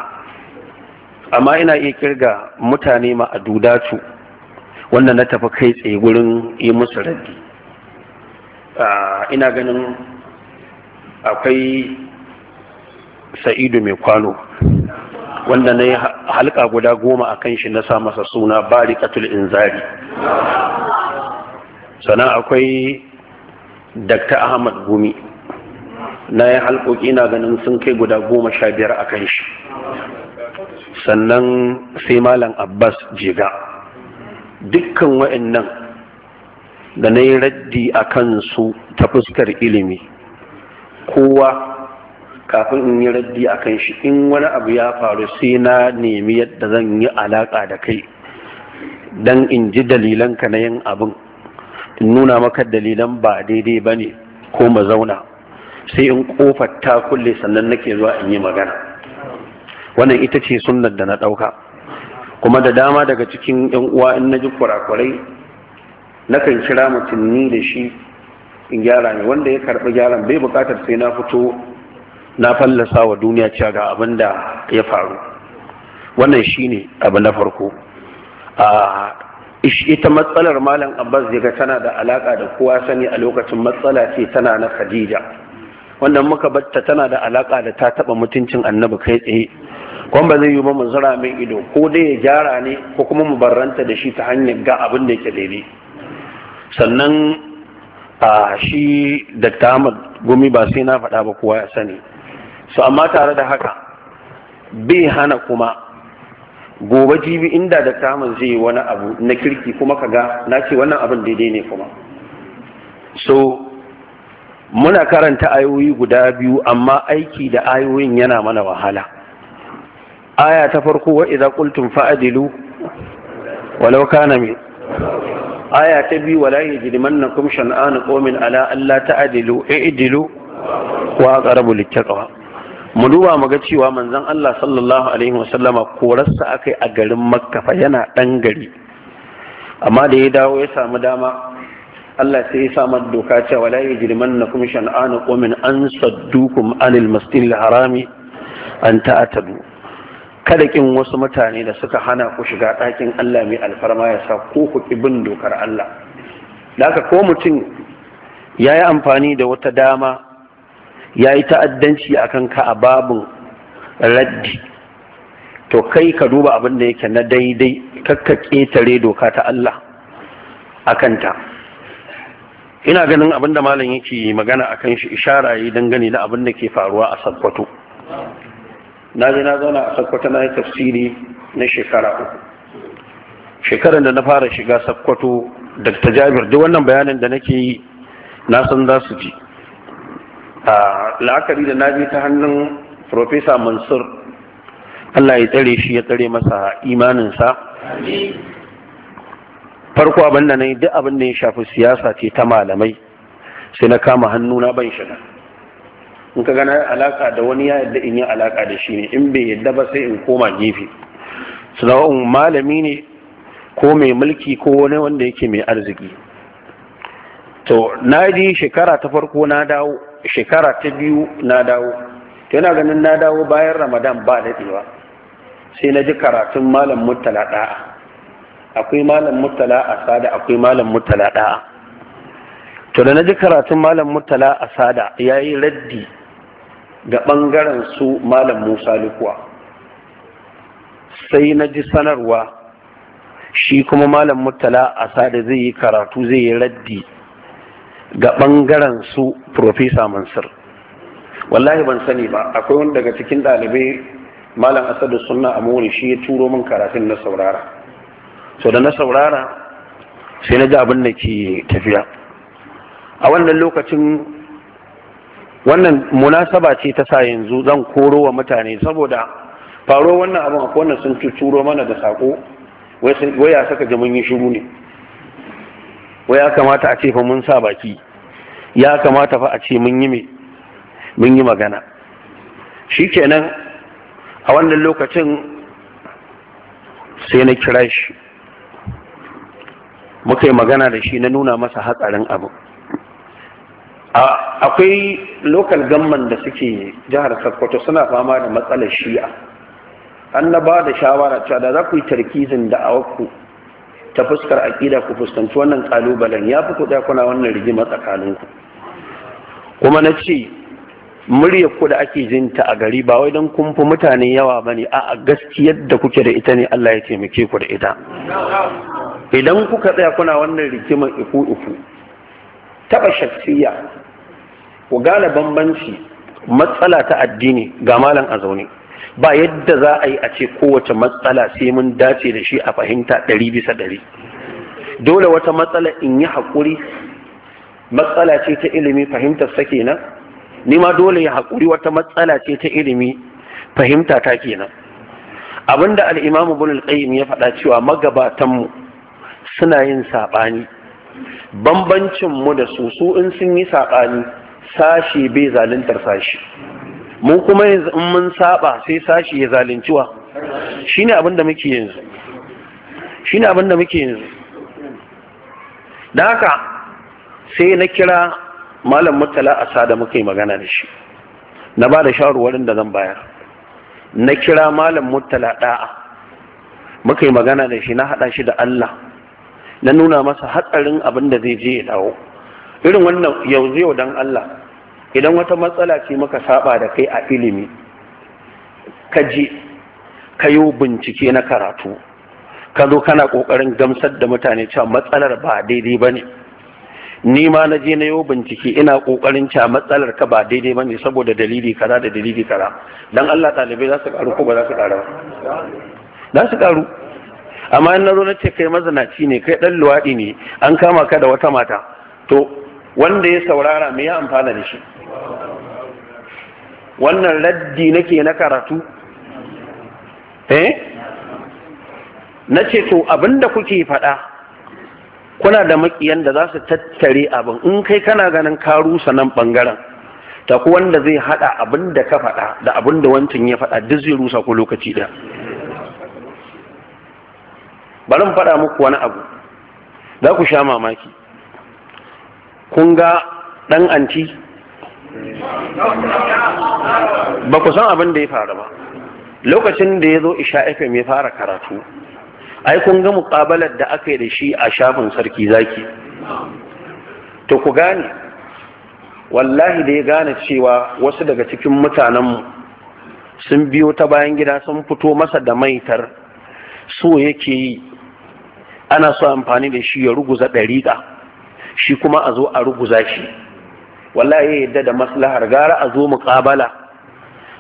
amma ina iya kirga mutane ma a dudatu wanda na tafi kai tsaye gurin yi musu raddi ina ganin akwai sa'idu mai kwano wanda na yi halka guda goma a kan shi na sa masa suna Bari barikatul inzari sannan akwai dakta ahmad gumi na yi halkoki ina ganin sun kai guda goma sha biyar a kan shi sannan sai malam abbas jiga dukkan wa'annan da na yi raddi a kansu ta fuskar ilimi kowa kafin in yi raddi a kan shi in wani abu ya faru sai na nemi yadda zan yi alaƙa da kai don in ji dalilanka na yin abin in nuna maka dalilan ba daidai ba ne ko mazauna sai in kofar ta kulle sannan nake zuwa in yi magana wannan ita ce sunnar da na ɗauka kuma da dama daga cikin yan uwa in na ji kurakurai kan kira mutum ni da shi in gyara ne wanda ya karɓi gyaran bai buƙatar sai na fito na fallasa wa duniya cewa ga abin da ya faru wannan shine abu na farko ita matsalar malam abbas daga tana da alaka da kowa sani a lokacin matsala ce tana na khadija wannan muka batta tana da alaka da ta taɓa mutuncin annabi kai tsaye kwan ba zai yi ba mu zura mai ido ko dai ya gyara ne ko kuma mu barranta da shi ta hanyar ga abin da yake daidai sannan a shi da gumi ba sai na faɗa ba kowa ya sani su amma tare da haka bai hana kuma gobe jibi inda da ahmad zai yi wani abu na kirki kuma ka ga na ce wannan abin daidai ne kuma so muna karanta ayoyi guda biyu amma aiki da ayoyin yana mana wahala aya ta farko wa idza qultum fa'dilu walau kana min aya ta biyu wala yajrimannakum shan'an komin ala Allah alla ta'dilu i'dilu wa aqrabu littaqwa mu duba mu ga cewa manzon Allah sallallahu alaihi wasallama korarsa akai a garin Makka fa yana dan gari amma da ya dawo ya samu dama Allah sai ya samar doka cewa wala yajrimannakum shan'an qawmin an saddukum anil masjidil harami an ta'tadu kada kin wasu mutane da suka hana ku shiga ɗakin Allah mai alfarma ya sa ko ku bin dokar Allah da haka ko mutum ya yi amfani da wata dama ya yi ta'addanci akan ka a babin raddi to kai ka duba abin da yake na daidai kakka ƙetare doka ta Allah a kanta ina ganin abin da malam yake magana a kan shi ishara yi dangane da abin da ke faruwa a sabbato. na je na zauna a sakkwato na yi tafsiri na shekara uku shekarar da na fara shiga sakkwato da ta jabir duk wannan bayanin da nake yi na san za su ji a la'akari da na je ta hannun profesa mansur allah ya tsare shi ya tsare masa imaninsa farko abin da na yi duk abin da ya shafi siyasa ce ta malamai sai na kama hannu na ban shiga in ka gana alaka da wani ya yadda in yi alaka da shi ne in bai yadda ba sai in koma gefe sana'un malami ne ko mai mulki ko wani wanda yake mai arziki to na ji shekara ta farko na dawo shekara ta biyu na dawo yana ganin na dawo bayan ramadan ba daɗewa sai na ji karatun malam murtala ɗa'a akwai malam murtala a sada akwai malam murtala ɗa'a to da na ji karatun malam murtala a sada ya yi raddi ga ɓangaren su malam musa likuwa sai na ji sanarwa shi kuma malam murtala a sada zai yi karatu zai yi raddi ga ɓangaren su profesa mansur wallahi ban sani ba akwai wani daga cikin ɗalibai malam asadu sunna a shi ya turo min karatun na saurara so da na saurara sai na ji abin da ke tafiya a wannan lokacin wannan munasaba ce ta sa yanzu zan koro wa mutane saboda faro wannan abin akwai wannan sun cuturo mana da sako wai ya saka mun yi shiru ne wai ya kamata a ce fa mun sa baki ya kamata fa a ce mun yi mun yi magana a wannan lokacin sai na kira shi muka yi magana da shi na nuna masa hatsarin abin akwai lokal gamman da suke jihar sokoto suna fama da matsalar shi'a an na ba da shawara cewa da za ku yi tarkizin da a wakku ta fuskar aƙida ku fuskanci wannan ƙalubalen ya fi kuɗa kuna wannan rigima tsakaninku kuma na ce muryar ku da ake ta a gari ba wai don kun fi mutane yawa ba ne a gaskiyar da kuke da ita ne Allah ya taimake ku da ita idan kuka tsaya kuna wannan rigiman iku iku taɓa shaksiya ku gane bambanci matsala ta addini ga malam a zaune ba yadda za a yi a ce kowace matsala sai mun dace da shi a fahimta ɗari bisa ɗari dole wata matsala in yi haƙuri matsala ce ta ilimi fahimtar sa kenan Nima dole ya haƙuri wata matsala ce ta ilimi fahimta ta kenan abinda al'imamu bin alƙayyim ya faɗa cewa magabatanmu suna yin saɓani bambancin da su su in sun yi saɓani sashi bai zaluntar sashi mu kuma yanzu in mun saba sai sashi ya zalunci Shi shine abin muke yanzu shine abin da muke yanzu da haka sai na kira malam mutala asa da muka yi magana da shi na ba da shawarwarin da zan bayar na kira malam mutala da'a muka yi magana da shi na haɗa shi da Allah na nuna masa hatsarin abin da zai je ya dawo irin wannan yanzu yau don Allah idan wata matsala ce maka saba da kai a ilimi ka je ka yi bincike na karatu ka zo kana kokarin gamsar da mutane cewa matsalar ba daidai ba ne ni ma na je na yi bincike ina kokarin cewa matsalar ka ba daidai ba ne saboda dalili kara da dalili kara, don Allah ɗalibai za su karu ko ba za su karu za su karu amma in na zo na ce kai mazanaci ne kai ɗan luwaɗi ne an kama ka da wata mata to wanda ya saurara me ya amfana da shi wannan raddi nake na karatu eh na ce to abinda kuke faɗa kuna da makiyan da za su tattare abin in kai kana ganin ka rusa nan ɓangaren ta ku wanda zai haɗa abin da ka faɗa da abin da wancan ya faɗa duk zai rusa ko lokaci ɗaya bari mu faɗa muku wani abu za ku sha mamaki kun ga ɗan anti ba ku san abin da ya faru ba lokacin da ya zo isha fm ya fara karatu ai kun ga muƙabalar da aka yi da shi a shafin sarki zaki to ku gane wallahi da ya gane cewa wasu daga cikin mutanenmu sun biyo ta bayan gida sun fito masa da maitar so yake yi ana so amfani da shi ya ruguza ɗariƙa shi kuma a zo a ruguza shi wallahi yadda da maslahar gara a zo muƙabala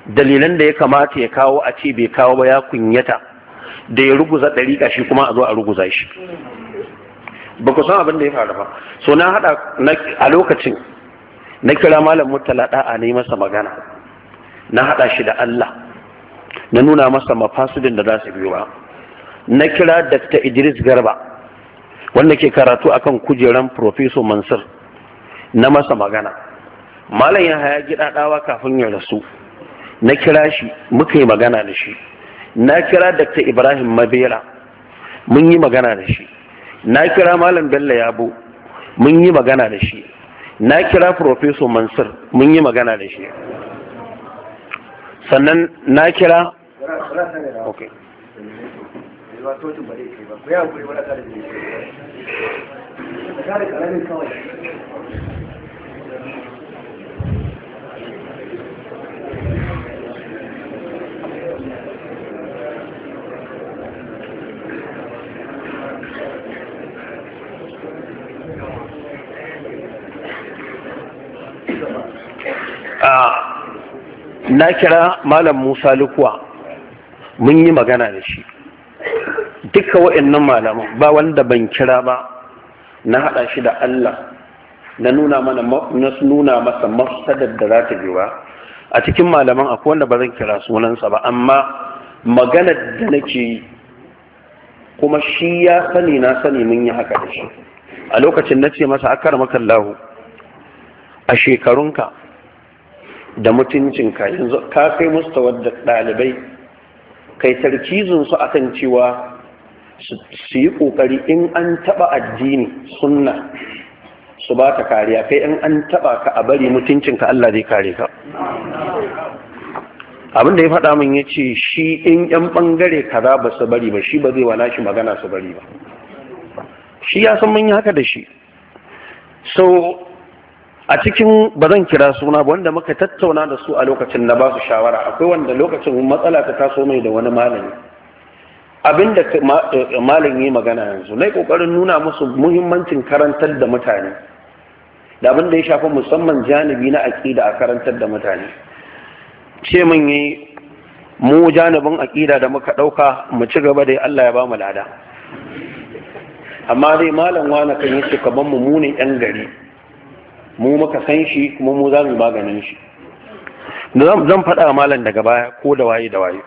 dalilan da ya kamata ya kawo a ce bai kawo ba ya kunyata da ya ruguza ɗariƙa shi kuma a zo a ruguza shi ba ku san abin da ya faru ba so na haɗa a lokacin na kira malam murtala ɗa'a ne masa magana na haɗa shi da Allah na nuna masa mafasudin da za su biyo ba na kira Dr. Idris Garba wanda ke karatu akan kujeran professor mansur na masa magana malam ya haya gida dawa kafin ya rasu na kira shi muka yi magana da shi na kira dr ibrahim mabera mun yi magana da shi na kira malam bello yabo mun yi magana da shi na kira professor mansur mun yi magana da shi sannan na kira okay. Ah, na kira malam musa lukuwa mun yi magana da shi duka wa'annan malaman ba wanda ban kira ba na haɗa shi da Allah na nuna mana na nuna masa mafsadar da za ta ba a cikin malaman akwai wanda ba zan kira sunansa ba amma maganar da nake yi kuma shi ya sani na sani mun yi haka da shi a lokacin na ce masa akar makallahu a shekarunka da mutuncinka yanzu ka kai mustawar da ɗalibai kai tarkizinsu akan cewa su yi ƙoƙari in an taɓa addini sunna su ba ta kariya kai in an taɓa ka a bari mutuncinka Allah zai kare ka abin da ya faɗa min ya ce shi in yan ɓangare kaza ba su bari ba shi ba zai wala shi magana su bari ba shi ya san mun yi haka da shi so a cikin ba zan kira suna ba wanda muka tattauna da su a lokacin na ba su shawara akwai wanda lokacin matsala ta taso mai da wani malami abinda eh, malam yi magana yanzu na yi kokarin nuna musu muhimmancin karantar da mutane da abin da ya shafi musamman janibi na aƙida a karantar da mutane ce mun yi mu janibin aƙida da muka ɗauka mu ci gaba da Allah ya ba mu lada amma dai malam wani kan yi shugaban mummunan yan gari mu muka san shi kuma mu za mu maganin shi zan faɗa malam daga baya ko da waye da waye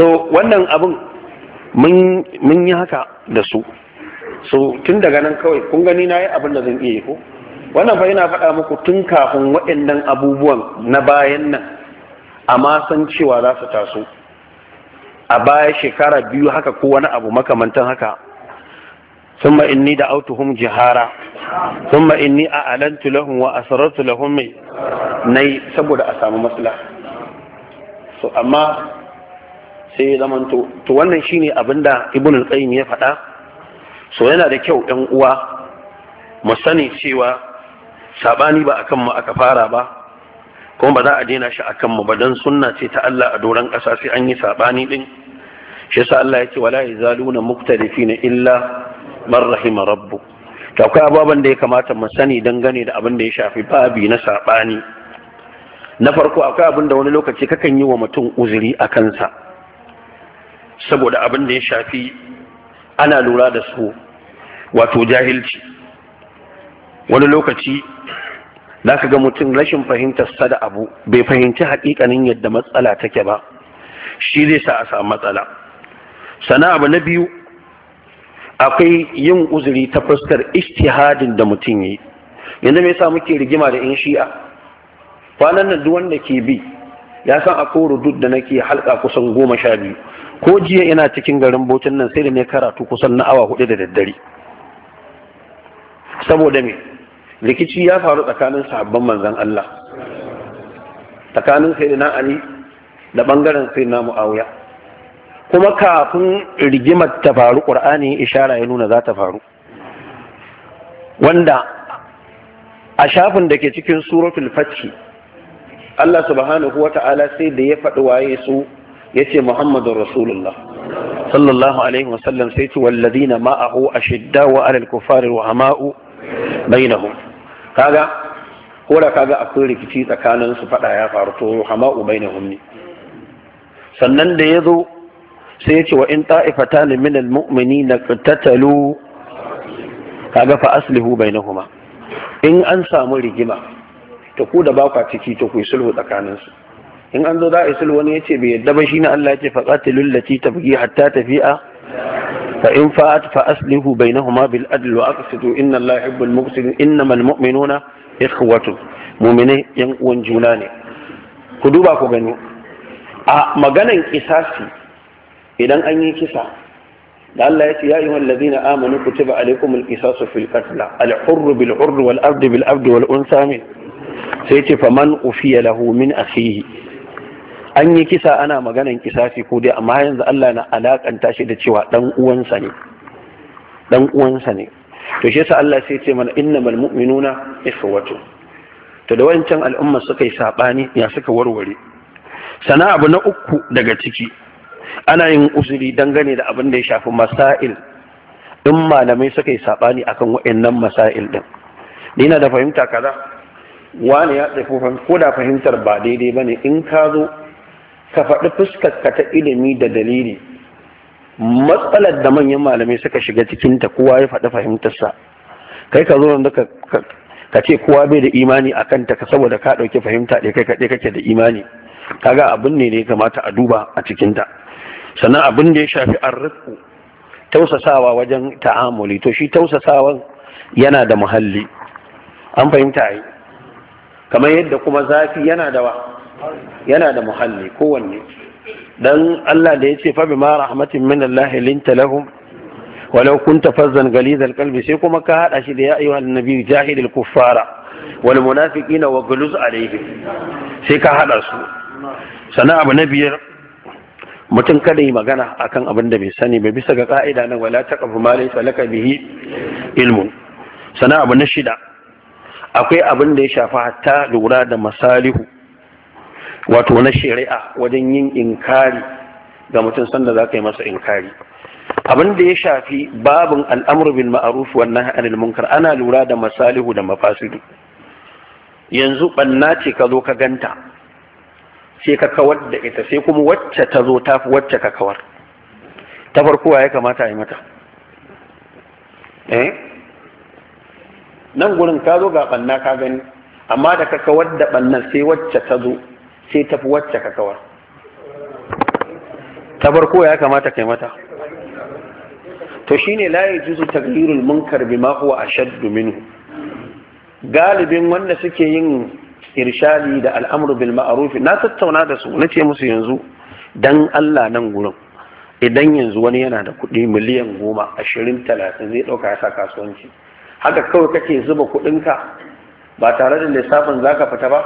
so wannan abin mun yi haka da su so tun daga nan kawai kun gani na yi abin da zan iya ko wannan fa yana faɗa muku tun kafin waɗannan abubuwan na bayan nan amma san cewa za su taso a baya shekara biyu haka ko wani abu makamantan haka ثم إني دعوتهم جهارا ثم إني أعلنت لهم وأسررت لهم ني سبب أسام مسلا so amma sai ya to to wannan shine abin da ibn al-qayyim ya faɗa so yana da kyau ɗan uwa mu sani cewa sabani ba akan mu aka fara ba kuma ba za a daina shi akan mu ba dan sunna ce ta Allah a doran ƙasa sai an yi sabani din shi yasa Allah ya ce wala yazaluna na illa man rahima rabbu to akwai ababen da ya kamata mu sani dangane da abin da ya shafi babi na sabani na farko akwai abin da wani lokaci kakan yi wa mutum uzuri a kansa saboda abin da ya shafi ana lura da su wato jahilci wani lokaci za ka ga mutum rashin fahimtar sa da abu bai fahimci hakikanin yadda matsala take ba shi zai sa a samu matsala sana abu na biyu akwai yin uzuri ta fuskar ishtihadin da mutum yi yanzu me yasa muke rigima da in shi'a kwanan nan duk wanda ke bi ya san akwai rudud da nake halka kusan goma sha biyu ko jiya ina cikin garin bocin nan sai da ne karatu kusan na awa hudu da daddare saboda me rikici ya faru tsakanin sahabban manzan Allah tsakanin sai sayyidina Ali da bangaren na Muawiya kuma kafin rigimar ta faru ƙur'ani ishara ya nuna za ta faru wanda a shafin da ke cikin suratul fathi Allah subhanahu wa ta'ala sai da ya faɗi waye su ya ce Muhammadu Rasulullah sallallahu alaihi wasallam sai ce na ma'ahu shidda wa alal kufari wa hama'u bainahum kaga ko da kaga akwai rikici tsakanin su faɗa ya faru to hama'u bainahum ne sannan da ya zo sai ce wa in ne min almu'minina qatatalu kaga fa aslihu bainahuma in an samu rigima to ku da bakwa ciki to ku sulhu tsakanin su in an zo za a sulhu wani yace bai yadda ba shi na Allah yace fa qatilul lati tabghi hatta tafi'a fa in fa'at fa aslihu bainahuma bil adl wa aqsidu inna Allah muqsidin muqsitin al mu'minuna ikhwatu mu'mini yan uwan juna ne ku duba ku gani a maganan kisasi idan an yi kisa da Allah ya ce ya ayyuhal ladina amanu kutiba alaykumul qisasu fil qatl al hurr bil hurr wal abd bil abd wal unsa min sai ce fa man ufiya lahu min akhihi an yi kisa ana maganan kisasi ko dai amma yanzu Allah na alakanta shi da cewa dan uwansa ne dan uwansa ne to shi yasa Allah sai ce mana innamal mu'minuna ikhwatu to da wancan al'umma suka yi sabani ya suka warware sana abu na uku daga ciki ana yin uzuri dangane da abin da ya shafi masail in malamai suka yi sabani akan wa'annan masail din na da fahimta kaza wani ya tsaye ko da fahimtar ba daidai ba ne, in ka zo ka faɗi fuskar ka ta ilimi da dalili matsalar da manyan malamai suka shiga cikinta kowa ya faɗi fahimtarsa kai ka zo da ka ce kowa bai da imani a kanta saboda ka ɗauki fahimta ɗaya kai kaɗai kake da imani kaga abin ne ne kamata a duba a cikinta sannan abin da ya shafi arriku tausasawa wajen ta'amuli to shi tausasawan yana da muhalli an fahimta yi kamar yadda kuma zafi yana da yana da muhalli kowanne dan Allah da ya ce fa bima rahmatin min Allah linta lahum walau kunta fazzan ghalizal qalbi sai kuma ka hada shi da ya ayyuhan nabi jahidil kuffara wal munafiqina wa ghluz alaihim sai ka hada su sana abu na biyar mutum kada yi magana akan abin da bai sani ba bisa ga ka'ida na wala taqfu ma laysa laka bihi ilmu. sana abu na shida akwai abin da ya shafi hatta lura da masalihu wato na shari'a wajen yin inkari ga mutum sanda za ka yi masa inkari abin da ya shafi babin al'amur bil ma'ruf wan nahy munkar ana lura da masalihu da mafasidu yanzu banna ce ka zo ka ganta sai ka kawar da ita sai kuma wacce ta zo ta fi wacce ka kawar ta farko ya kamata a yi mata eh? nan gurin ka zo ga banna ka gani amma da ka kawar da bannan sai wacce ta zo sai ta fi wacce ka kawar ta farko ya kamata ka yi mata to shi ne layi jisu taghyirul munkar bima huwa shaddu minu galibin wanda suke yin irshadi da al'amru bil ma'arufi na tattauna da su na ce musu yanzu dan Allah nan gurin idan yanzu wani yana da kuɗi miliyan goma ashirin talatin zai ɗauka ya sa kasuwanci haka kawai kake zuba kuɗinka ba tare da lissafin zaka fita ba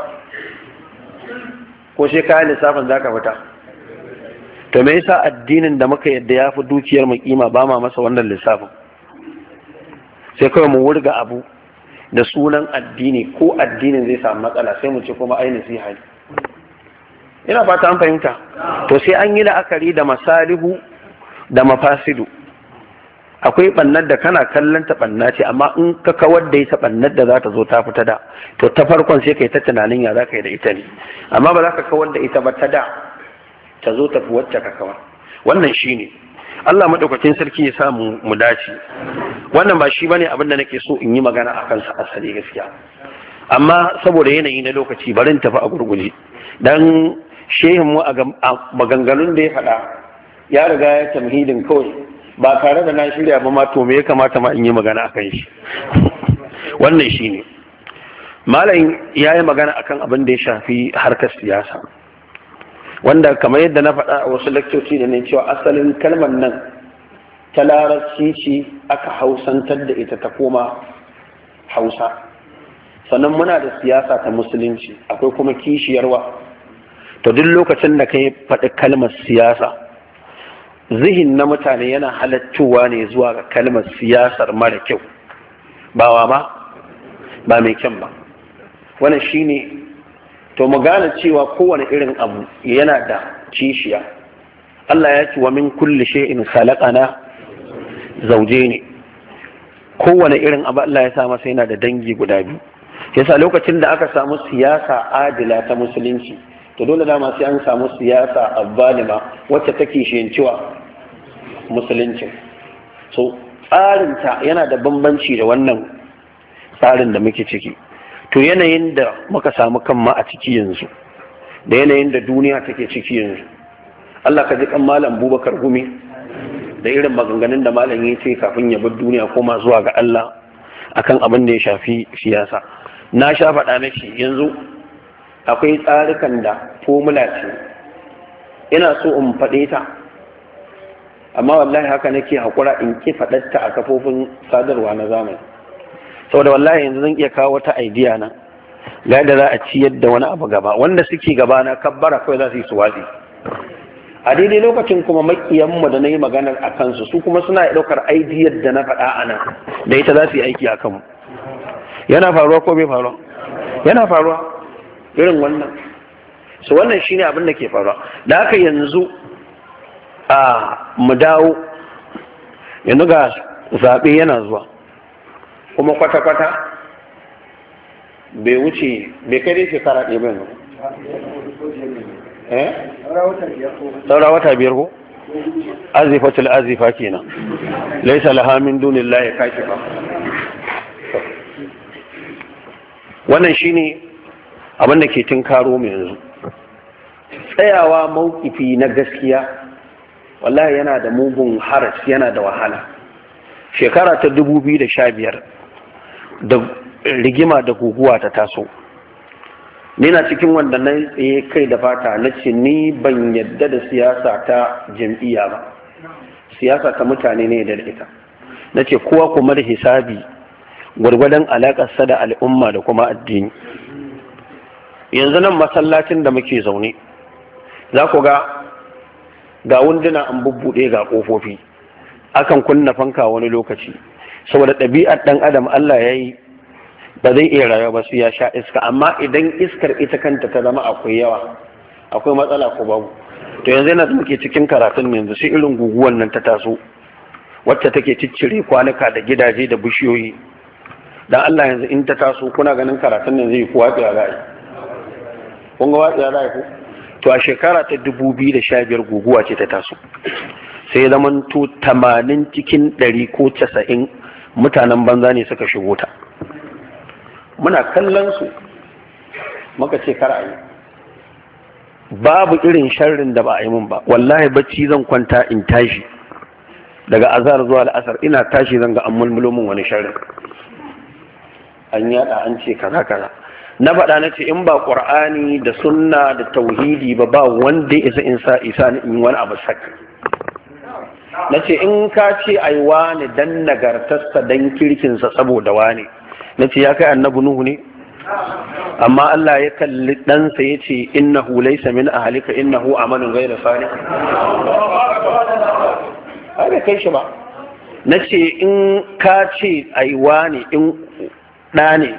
ko sai kayan lissafin zaka fita to me yasa addinin da muka yadda ya fi dukiyar mu kima ba ma masa wannan lissafin sai kawai mu wurga abu da sunan addini ko addinin zai samu matsala sai mu ce kuma ai nasiha ne ina fata an fahimta to sai an yi la'akari da masalihu da mafasidu akwai bannar da kana kallon ta banna ce amma in ka kawar da ita bannar da za ta zo ta fita da to ta farkon sai kai ta tunanin ya za ka yi da ita ne amma ba za ka kawar da ita ba ta da ta zo ta fi wacce ka kawar wannan shine ne Allah maɗaukacin sarki ya samu mu dace wannan ba shi bane abin da nake so in yi magana kansa a asali gaskiya amma saboda yanayi na lokaci barin tafi a gurguje dan shehin mu a maganganun da ya faɗa ya riga ya tamhidin kawai ba tare da na shirya ba ma to ya kamata ma in yi magana akan shi wannan shine Malam ya yi magana akan abin da ya shafi harkar siyasa wanda kamar yadda na faɗa a wasu lakcoci da ne cewa asalin kalmar nan ta larabci ce aka hausantar da ita ta koma hausa sannan muna da siyasa ta musulunci akwai kuma kishiyarwa to duk lokacin da ka yi faɗi kalmar siyasa zihin na mutane yana halattuwa ne zuwa ga kalmar siyasar mara kyau ba wa ba ba mai kyan ba wannan shine to mu gane cewa kowane irin abu yana da kishiya Allah ya ce wa min kulli shay'in khalaqana ne. kowane irin abu Allah ya sa masa yana da dangi guda biyu yasa lokacin da aka samu siyasa adila ta musulunci to dole dama sai an samu siyasa abbalima wacce take shiyancewa musulunci so ta yana da bambanci da wannan tsarin da muke ciki to yanayin da muka samu kanma a ciki yanzu da yanayin da duniya take ciki yanzu Allah ka ji kan malam Bubakar Gumi da irin maganganun da malam ya ce kafin ya bar duniya koma zuwa ga Allah akan abin da ya shafi siyasa na sha faɗa miki yanzu akwai tsarukan da formula ce ina so in faɗe ta amma wallahi haka nake haƙura in ki faɗatta a kafofin sadarwa na zamani saboda wallahi yanzu zan iya kawo wata idea na ga yadda za a ci yadda wani abu gaba wanda suke gaba na kabbara kawai za su yi suwazi a daidai lokacin kuma makiyanmu da na yi maganar a kansu su kuma suna ɗaukar idea da na faɗa a nan da ita za su yi aiki a kanmu yana faruwa ko bai faruwa yana faruwa irin wannan su wannan shine abin da ke faruwa da haka yanzu a mu dawo yanzu ga zaɓe yana zuwa kuma kwata-kwata bai wuce bai kai dai shekara ɗaya bai eh saura wata biyar ko til azifa kenan laisa laha min kashi ba. wannan shine abin da ke tinkaro mai yanzu tsayawa mawukifi na gaskiya wallahi yana da mugun haras yana da wahala shekara ta 2015 da rigima da guguwa ta taso ni na cikin wanda na tsaye kai da fata na ce ni ban yadda da siyasa ta jam'iyya ba siyasa ta mutane ne da ita na ce kowa kuma da hisabi gwargwadon alaƙar da al'umma da kuma addini yanzu nan masallacin da muke zaune za ku ga ga wunduna an bubbuɗe ga ƙofofi akan kunna fanka wani lokaci saboda ɗabi'ar ɗan adam Allah ya yi ba zai iya rayuwa ba su ya sha iska amma idan iskar ita kanta ta zama akwai yawa akwai matsala ko babu to yanzu yana da muke cikin karatun yanzu sai irin guguwan nan ta taso wacce take ciccire kwanuka da gidaje da bishiyoyi dan Allah yanzu in ta taso kuna ganin karatun nan zai kuwa tsaya ra'ayi kun ga watsiya ra'ayi ko to a shekara ta 2015 guguwa ce ta taso sai zaman to 80 cikin 100 ko 90 mutanen banza ne suka shigo ta muna kallon su muka ce kar a yi babu irin sharrin da ba a yi mun ba wallahi bacci zan kwanta in tashi daga azar zuwa al'asar ina tashi zan ga an mulmulo min wani sharrin an yada an ce kaza kaza na faɗa na ce in ba ƙur'ani da sunna da tauhidi ba ba wanda isa in sa isa ni in wani abu saki na ce in ka ce ai wani dan nagartarsa dan kirkinsa saboda wani na ce ya kai annabi nuhu ne amma Allah ya kalli ɗansa ya ce innahu laysa min ahlika innahu amalun ghayra salih ai bai kai shi ba na ce in ka ce ai wani in ɗa ne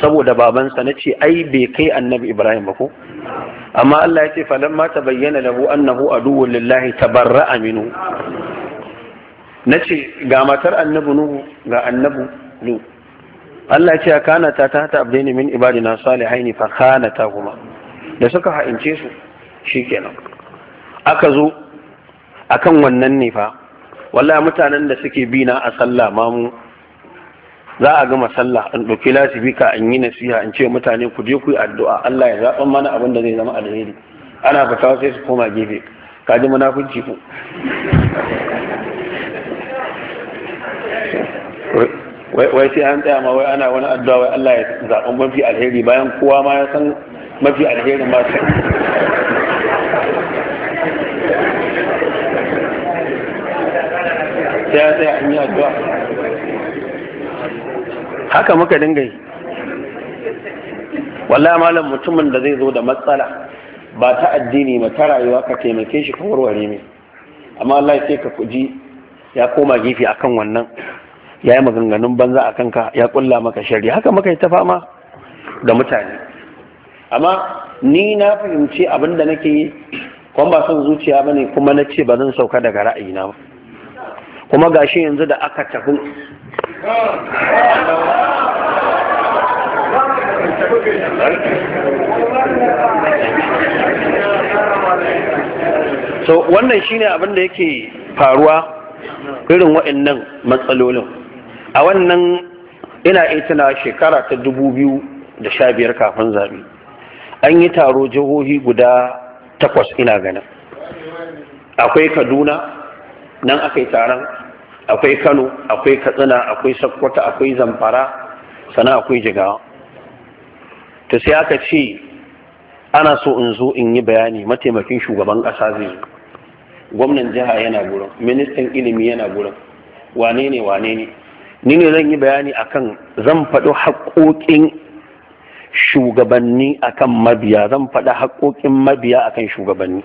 saboda babansa na ce ai bai kai annabi ibrahim ba ko amma Allah ya ce falan ma ta bayyana lahu annahu aduwwun lillahi tabarra'a minhu na ce ga matar annabu nuhu ga annabu nu Allah ya ce kana ta ta ta abdaini min ibadina salihaini fa kana ta kuma da suka ha'ince su shikenan aka zo akan wannan ne fa wallahi mutanen da suke bi na a sallah ma mu za a gama sallah an ɗauki lasifika an yi nasiha an ce mutane ku je ku yi addu'a Allah ya zaɓan mana abin da zai zama alheri ana fata sai su koma gefe kaji munafunci ku wai sai an tsaya ma wai ana wani addu'a wai Allah ya zaɓi mafi alheri bayan kowa ma ya san mafi alheri ma sai sai ya tsaya an yi addu'a haka muka dinga yi wallahi malam mutumin da zai zo da matsala ba ta addini ba ta rayuwa ka taimake shi ka warware ne amma Allah sai ka kuji ya koma gifi akan wannan ya yi maganganun banza a kanka ya kulla maka shari haka maka ta fama da mutane amma ni na fahimci abin da nake yi kuma ba son zuciya bane kuma na ce ba zan sauka daga ra'ayina ba kuma gashi yanzu da aka tafi so wannan shine abin da yake faruwa irin waɗannan matsalolin a wannan ina itina shekara ta dubu biyu da sha biyar kafin zaɓe an yi taro jihohi guda takwas ina ganin akwai kaduna nan aka taron akwai kano akwai katsina akwai sakkwata akwai zamfara sana akwai jigawa ta sai aka ce ana so in zo in yi bayani mataimakin shugaban ƙasa zai zo gwamnan jiha yana gurin ministan ilimi yana gurin wane ne wane ne ni ne zan yi bayani akan zan faɗi haƙoƙin shugabanni akan mabiya zan faɗi haƙoƙin mabiya akan shugabanni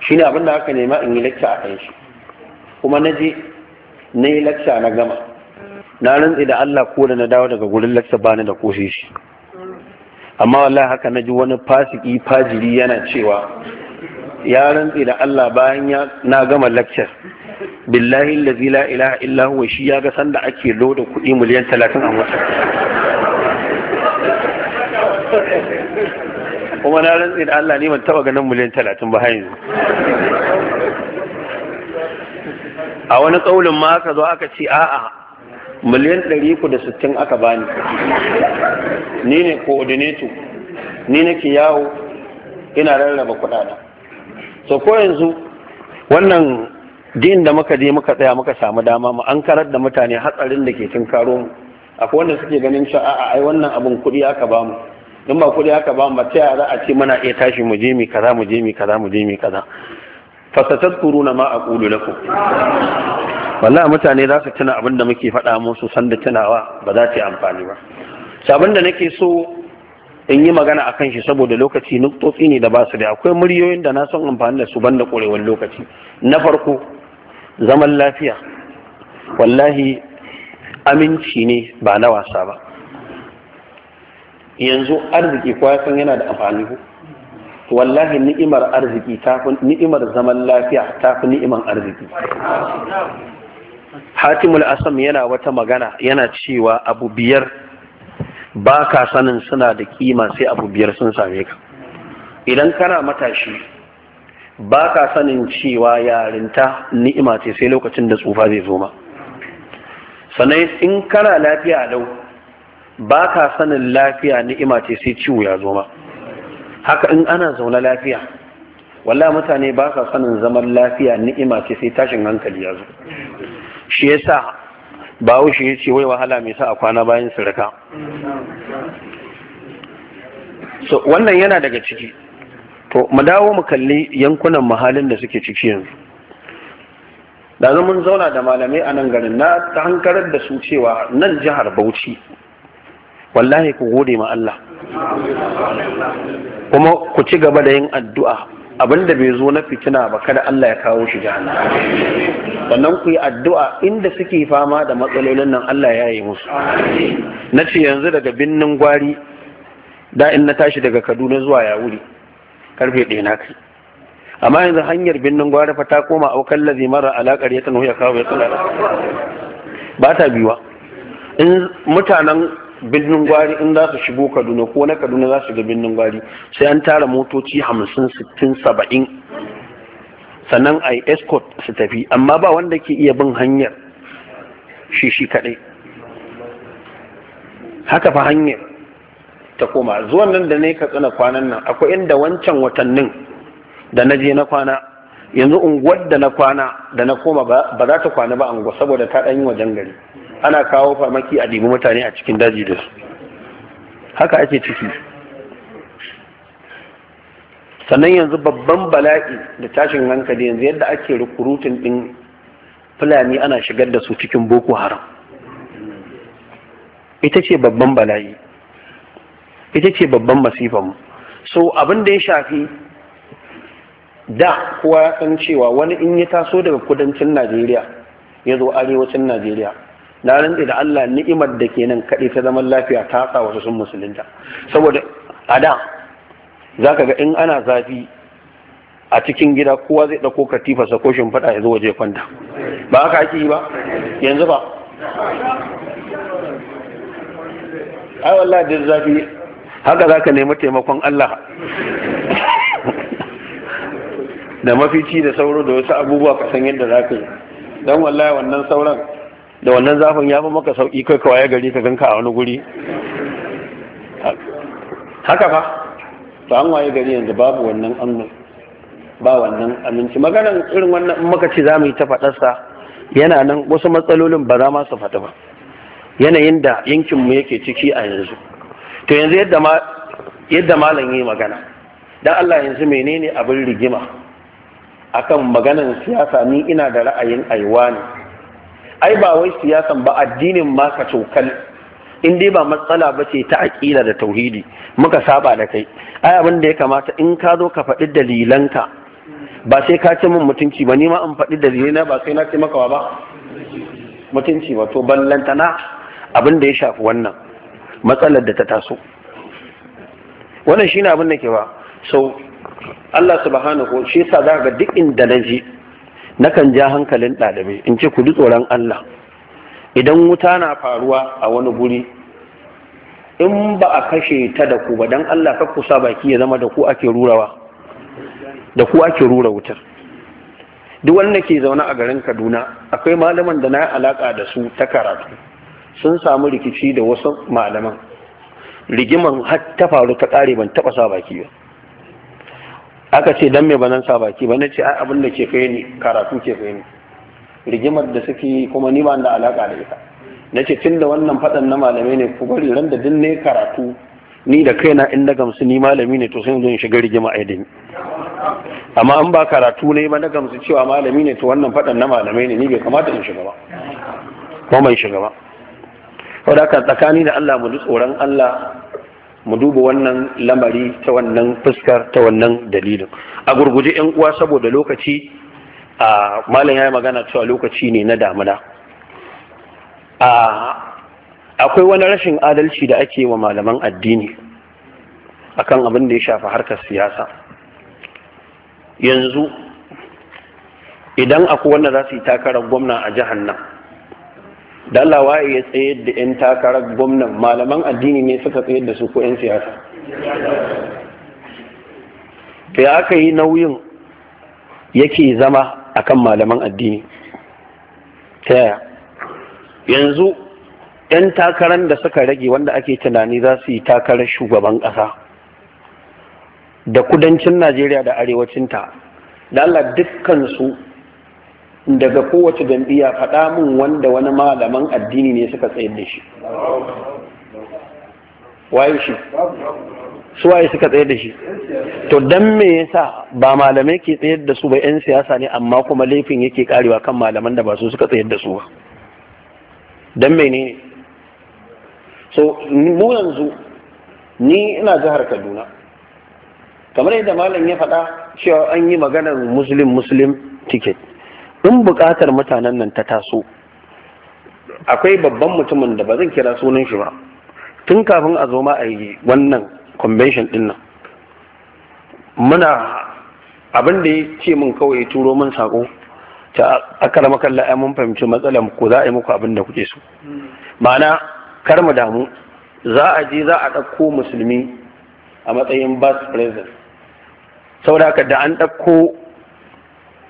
shi ne abinda haka nema in yi lakca a kan shi kuma na je na yi lakca na gama na rantsi da Allah ko da na dawo daga gurin lakca bani da koshi shi amma wallahi haka na ji wani fasiki fajiri yana cewa ya rantsi da Allah bayan na gama lakcar billahi lazi la ilaha illa huwa shi ya ga sanda ake loda kuɗi miliyan 30 a wata kuma na rantsi da Allah ne ban taba ganin miliyan 30 ba yanzu a wani kaulin ma aka zo aka ce a'a miliyan sittin aka bani ni ne coordinator ni nake yawo ina rarraba kuɗaɗa, so ko yanzu wannan din da muka je muka tsaya muka samu dama mu an karar da mutane hatsarin da ke cin karo mu akwai wanda suke ganin cewa a'a ai wannan abun kuɗi aka ba mu in ba kuɗi aka ba mu ta yara a ce muna iya tashi mu je mi kaza mu je mi kaza mu je mi kaza fasatadkuruna ma aqulu lakum wallahi mutane za su tuna abin da muke faɗa musu sanda tunawa ba za ta yi amfani ba sabon da nake so in yi magana a kan shi saboda lokaci nuktotsi ne da ba su da akwai muryoyin da na son amfani da su banda korewar lokaci na farko zaman lafiya wallahi aminci ne ba na wasa ba yanzu arziki kwasan yana da amfani wallahi ni'imar arziki ta fi ni'imar zaman lafiya ta fi ni'imar arziki hatimul asam yana wata magana yana cewa abu biyar ba ka sanin suna da kima sai abu biyar sun same ka idan kana matashi ba ka sanin cewa yarinta ni'ima ce sai lokacin da tsufa zai zo ma sannan in kana lafiya lau ba ka sanin lafiya ni'ima ce sai ciwo ya zo ma haka in ana zaune lafiya walla mutane ba ka sanin zaman lafiya ni'ima ce sai tashin hankali ya zo shi yasa bawo shi yace wai wahala mai sa a kwana bayan sirka so wannan yana daga ciki to mu dawo mu kalli yankunan mahalin da suke ciki yanzu da mun zauna da malamai a nan garin na ta hankarar da su cewa nan jihar bauchi wallahi ku gode ma Allah kuma ku ci gaba da yin addu'a abinda bai zo na fitina ba kada Allah ya kawo shi jihar sannan ku yi addu'a inda suke fama da matsalolin nan Allah ya yi musu na ce yanzu daga binnin gwari da in na tashi daga kaduna zuwa ya wuri karfe ɗaya na kai amma yanzu hanyar birnin gwara fa ta koma aukan lazi mara alaƙar ya tanu ya kawo ya tsara ba ta biyuwa in mutanen birnin gwari in za su shigo kaduna ko na kaduna za su shiga birnin gwari sai an tara motoci hamsin sittin saba'in sannan a yi escort su tafi amma ba wanda ke iya bin hanyar shi shi kaɗai haka fa hanyar ta koma zuwan nan da ne ka tsina kwanan nan akwai inda wancan watannin da na je na kwana yanzu unguwar da na kwana da na koma ba za ta kwana ba unguwa saboda ta ɗan yi wajen gari ana kawo farmaki a dibi mutane a cikin daji da su haka ake ciki sannan yanzu babban bala'i da tashin hankali yanzu yadda ake rukurutun ɗin fulani ana shigar da su cikin boko haram ita ce babban bala'i ita ce babban masifanmu so abin da ya shafi da kowa ya san cewa wani in ya taso daga kudancin najeriya ya zo arewacin najeriya na rantse da allah ni'imar da ke nan kaɗai ta zaman lafiya ta haka wasu sun musulunta saboda a da za ka ga in ana zafi a cikin gida kowa zai ɗauko katifa ko shimfiɗa ya zo waje kwanta ba haka ake yi ba yanzu ba ai wallahi da zafi haka za ka nemi taimakon Allah da mafici da sauro da wasu abubuwa ka san yadda za ka yi don wallahi wannan sauran da wannan zafin ya fi maka sauƙi kai kawai gari ka ganka a wani guri haka fa to an waye gari yanzu babu wannan amnu ba wannan aminci maganan irin wannan maka ce za mu yi ta faɗarsa yana nan wasu matsalolin ba za ma su faɗi ba yanayin da yankinmu yake ciki a yanzu to yanzu yadda ma ya yi magana don Allah yanzu menene abin rigima akan maganan siyasa ni ina da ra'ayin aiwa ne ai ba wai siyasan ba addinin ma ka cokal in dai ba matsala ba ce ta aƙila da tauhidi muka saba da kai ai abin da ya kamata in ka zo ka faɗi dalilanka ba sai ka ce min mutunci ba ni ma an faɗi dalilina ba sai na ce maka ba mutunci ba to ballantana abin da ya shafi wannan matsalar da ta taso wannan shine abin da ke ba so Allah subhanahu shi yasa za ga duk inda na ji kan ja hankalin ɗalibai in ce ku ji tsoron Allah idan wuta na faruwa a wani guri in ba a kashe ta da ku ba don Allah ka kusa baki ya zama da ku ake rurawa rura wutar duk wanda ke zaune a garin Kaduna akwai malaman da na yi alaka da su ta karatu sun samu rikici da wasu malaman rigiman har ta faru ta ƙare ban taɓa sa baki ba aka ce dan me banan sa baki ba na ai abin da ke kai ni karatu ke kai ni rigimar da suke kuma ni ba da alaƙa da ita na ce tun da wannan faɗan na malamai ne ku bari ran da duk ne karatu ni da kaina in na gamsu ni malami ne to sai zo in shiga rigima a yadda amma an ba karatu ne ba na gamsu cewa malami ne to wannan faɗan na malamai ne ni bai kamata in shiga ba ko mai shiga ba wadaka tsakani da Allah mu ji tsoron Allah mu duba wannan lamari ta wannan fuskar ta wannan dalilin a gurguje yan uwa saboda lokaci a malam ya yi magana cewa lokaci ne na damuna akwai wani rashin adalci da ake wa malaman addini akan abin da ya shafa harkar siyasa yanzu idan akwai wanda za su yi takarar gwamna a jihar nan da Allah waye ya tsayar da 'yan takarar gwamnan malaman addini ne suka tsayar da su ko 'yan siyasa da aka yi nauyin yake zama a kan malaman addini ta yaya yanzu 'yan takarar da suka rage wanda ake tunani za su yi takarar shugaban ƙasa da kudancin najeriya da arewacinta da Allah dukkansu daga kowace jam'iyya faɗa min wanda wani malaman addini ne suka tsayar da shi waye shi su waye suka tsayar da shi to dan me yasa ba malamai ke tsayar da su ba yan siyasa ne amma kuma laifin yake karewa kan malaman da ba su suka tsayar da su ba dan ne. so mu yanzu ni ina jihar Kaduna kamar yadda malam ya faɗa cewa an yi maganar muslim muslim ticket in buƙatar mutanen nan ta taso akwai babban mutumin da ba zan kira sunan shi ba tun kafin a zo ma a yi wannan convention din nan muna abin da ya ce min kawai turo min sako ta akara makalla ai mun fahimci matsalar ku za a yi muku abin da kuke so ma'ana kar mu damu za a je za a ɗauko musulmi a matsayin bas president saboda haka da an ɗauko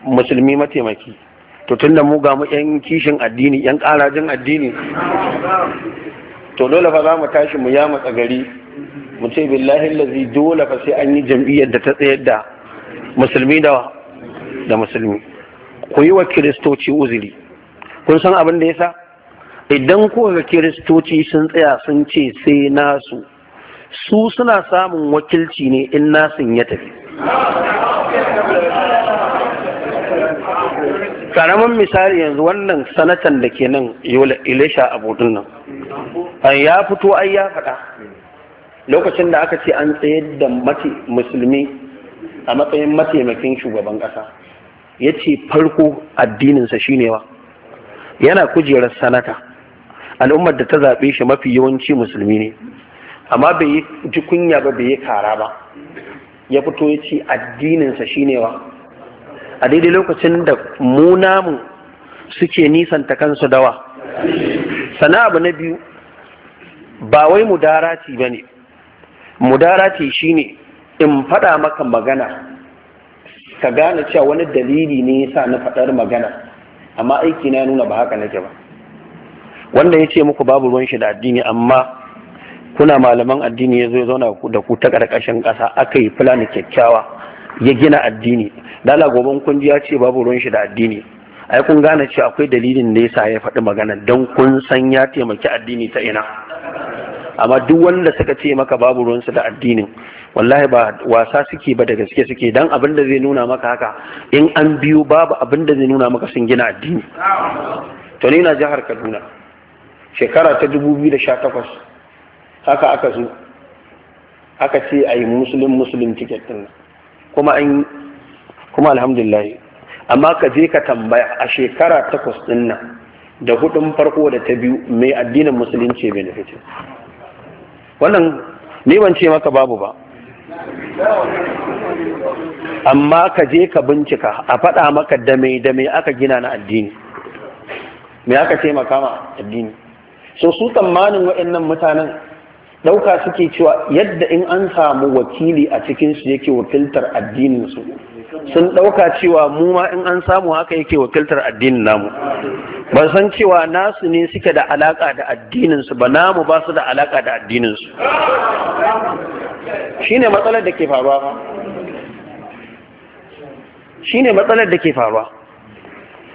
musulmi mataimaki to tunda mu ga mu yan kishin addini yan karajin addini to dole fa za mu tashi mu ya matsa gari mu ce billahi lazi dole fa sai an yi jam'iyyar da ta tsayar da musulmi da da musulmi ku yi wa kiristoci uzuri kun san abin da yasa idan ko ga kiristoci sun tsaya sun ce sai nasu su suna samun wakilci ne in nasin ya tafi karamin misali yanzu wannan sanatan da ke nan ilisha a abudun nan an ya fito ai ya faɗa lokacin da aka ce an tsayar da musulmi a matsayin mataimakin shugaban ƙasa ya ce farko addininsa ne wa yana kujerar sanata al'ummar da ta zaɓe shi mafi yawanci musulmi ne amma bai ji kunya ba bai yi kara ba ya fito ya ce addininsa ne wa a daidai lokacin da mu namu suke nisanta kansu dawa sana abu na biyu ba wai mudarati ba ne mudarati ne in faɗa maka magana ka gane cewa wani dalili ne ya sa na faɗar magana amma aiki na nuna ba haka nake ba wanda ya ce muku babu ruwan shi da addini amma kuna malaman addini ya zo ya zauna da ku ta ƙarƙashin ƙasa aka yi fulani kyakkyawa ya gina addini lala goban kundi ya ce babu ruwan shi da addini ai kun gane ce akwai dalilin da yasa ya faɗi magana don kun san ya taimaki addini ta ina amma duk wanda suka ce maka babu ruwan su da addinin wallahi ba wasa suke ba da gaske suke dan abin da zai nuna maka haka in an biyo babu abin da zai nuna maka sun gina addini to ni na jihar Kaduna shekara ta 2018 haka aka zo aka ce ayi muslim muslim ticket din kuma an kuma alhamdulillah amma ka je ka tambaya a shekara takwas din nan da hudun farko da ta biyu mai addinin musulunci ce. wannan ne ban ce maka babu ba amma ka je ka bincika a faɗa maka da mai da mai aka gina na addini me aka ce ma addini so su tsammanin waɗannan mutanen ɗauka suke cewa yadda in an samu wakili a cikinsu yake wakiltar addininsu sun ɗauka cewa mu ma in an samu haka yake wakiltar addinin namu ban san cewa nasu ne suke da alaƙa da addininsu ba namu ba su da alaƙa da addininsu shine matsalar da ke faruwa shine matsalar da ke faruwa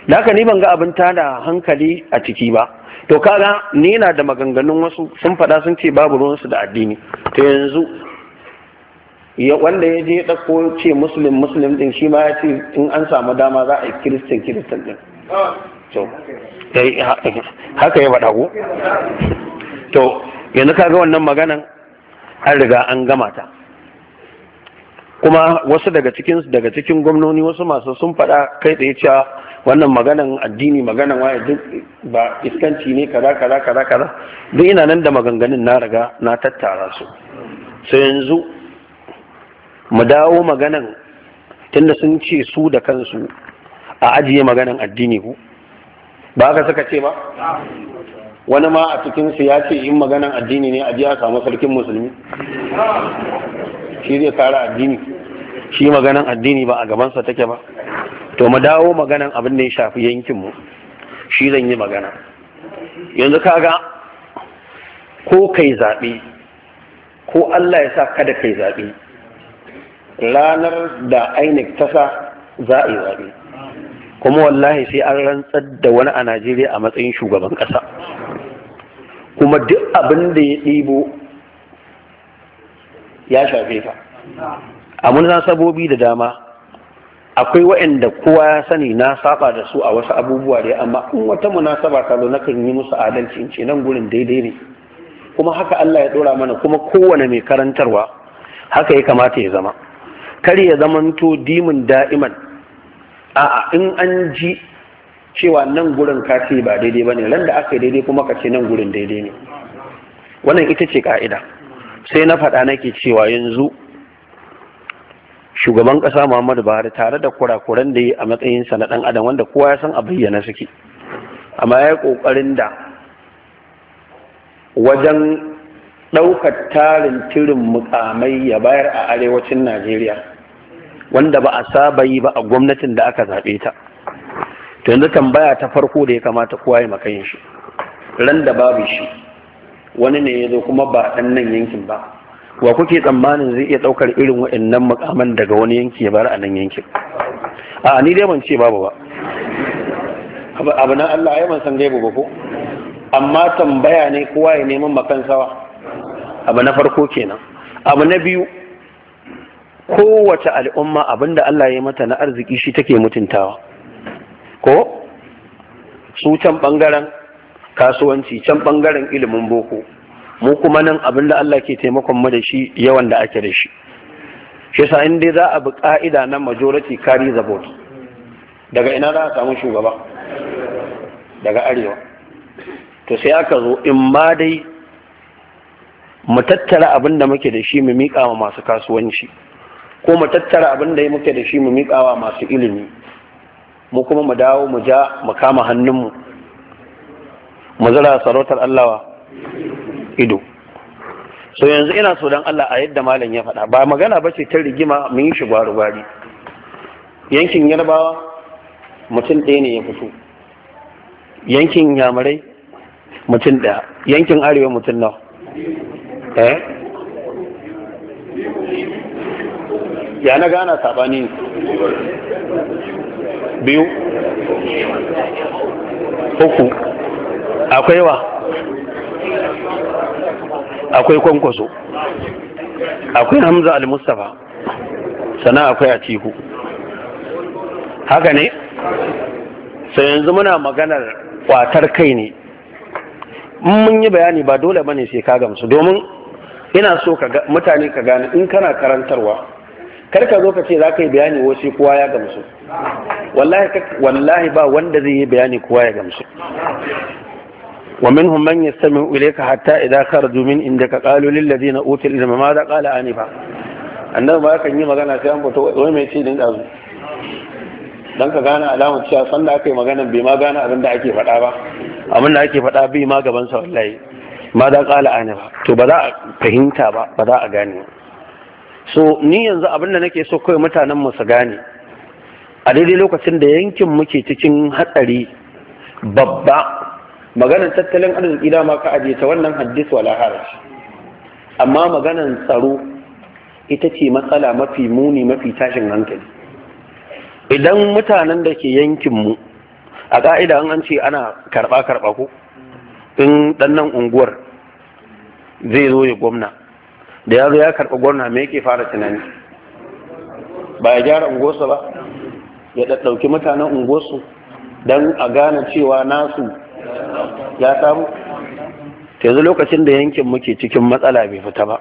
da haka ni ban ga abin tada hankali a ciki ba to kaga ni na da maganganun wasu sun faɗa sun ce babu ruwansu da addini to yanzu wanda ya je ɗauko ce musulun musulun ɗin shi ma ya ce in an samu dama za a yi kiristan kiristan ɗin eh, haka ya faɗa ko to yanzu kaga wannan maganan an riga an gama ta kuma wasu daga cikin daga cikin gwamnoni wasu masu sun faɗa kai tsaye cewa wannan maganan addini maganan waye duk ba iskanci ne kaza kaza kaza kaza duk ina nan da maganganun na riga na tattara su sai yanzu mu dawo maganan tunda sun ce su da kansu a ajiye maganan addini ku ba ka suka ce ba wani ma a cikinsu ya ce in maganan addini ne a jiya samu sarkin musulmi shi zai kara addini shi maganan addini ba a gabansa take ba to mu dawo maganan abin da ya shafi yankin mu shi zan yi magana yanzu kaga ko kai zaɓe ko Allah ya sa kada kai zaɓe ranar da INEC ta sa za a yi zaɓe kuma wallahi sai an rantsar da wani a Najeriya a matsayin shugaban ƙasa kuma duk abin da ya ɗibo ya shafe ka a mun sabobi da dama akwai waɗanda kowa ya sani na saba da su a wasu abubuwa dai amma in wata munasaba ta zo kan yi musu adalci in ce nan gurin daidai ne kuma haka Allah ya dora mana kuma kowane mai karantarwa haka ya kamata ya zama kar ya zamanto dimin da'iman a'a in an ji cewa nan gurin ka ce ba daidai bane ran da aka yi daidai kuma ka ce nan gurin daidai ne wannan ita ce ka'ida sai na faɗa nake cewa yanzu shugaban ƙasa muhammadu buhari tare da kurakuran da yi a matsayinsa na ɗan adam wanda kowa ya san a bayyana suke amma ya yi ƙoƙarin da wajen ɗaukar tarin tirin mukamai ya bayar a arewacin najeriya wanda ba a saba yi ba a gwamnatin da aka zaɓe ta to yanzu tambaya ta farko da ya kamata kowa ya makayin shi ran da babu shi wani ne ya zo kuma ba ɗan nan yankin ba wa kuke tsammanin zai iya ɗaukar irin waɗannan makaman daga wani yanki ya bar a nan yankin a ni dai ban ce babu ba abu Allah ya ban san gaibu ba ko amma tambaya ne kowa ya neman makan sawa abu na farko kenan abu na biyu kowace al'umma abinda Allah ya mata na arziki shi take mutuntawa ko su can bangaren kasuwanci can bangaren ilimin boko mu kuma nan abin da Allah ke taimakon mu da shi yawan da ake da shi shi sa in dai za a bi ka'ida na majority carry the vote daga ina za a samu shugaba daga arewa to sai aka zo in ma dai mu tattara abin da muke da shi mu miƙa wa masu kasuwanci ko mu tattara abin da muke da shi mu miƙa wa masu ilimi mu kuma mu dawo mu ja mu kama hannunmu mu zira sarautar allawa ido so yanzu ina so don Allah a yadda malam ya faɗa ba magana ba ce ta rigima mun yi shi gwari-gwari yankin yarbawa mutum ɗaya ne ya fito yankin yamurai mutum ɗaya yankin arewa mutum nawa eh ya na gana saɓani biyu uku akwai wa akwai kwankwaso akwai hamza al-mustafa sana akwai a tihu. haka ne sai yanzu muna maganar kwatar kai ne in mun yi bayani ba dole bane sai ka gamsu domin ina so mutane ka gane in kana karantarwa kar ka zo ka ce za ka yi bayani wasu kowa ya gamsu wallahi ba wanda zai yi bayani kowa ya gamsu ومنهم من يستمع إليك حتى إذا خرجوا من عندك قالوا للذين أوتوا العلم ماذا قال آنفا أنه ba kan yi magana sai an وما wai mai ce din كان dan ka gane alamar cewa san da aka yi magana bai gane abin da ake faɗa ba abin da ake faɗa bai ma gaban fahimta ba so ni yanzu abin da nake so kawai mutanen mu su gane a daidai lokacin da yankin muke cikin hatsari babba maganar tattalin arziki dama ka aje ta wannan haddis wala haraj amma maganar tsaro ita ce matsala mafi muni mafi tashin hankali idan mutanen da ke yankin mu a ka'ida an ce ana karɓa karɓa ko in ɗannan unguwar zai zo ya gwamna da ya zo ya karɓa gwamna me yake fara tunani ba ya gyara unguwarsa ba ya ɗaɗɗauki mutanen unguwarsu don a gane cewa nasu ya samu yanzu lokacin da yankin muke cikin matsala bai fita ba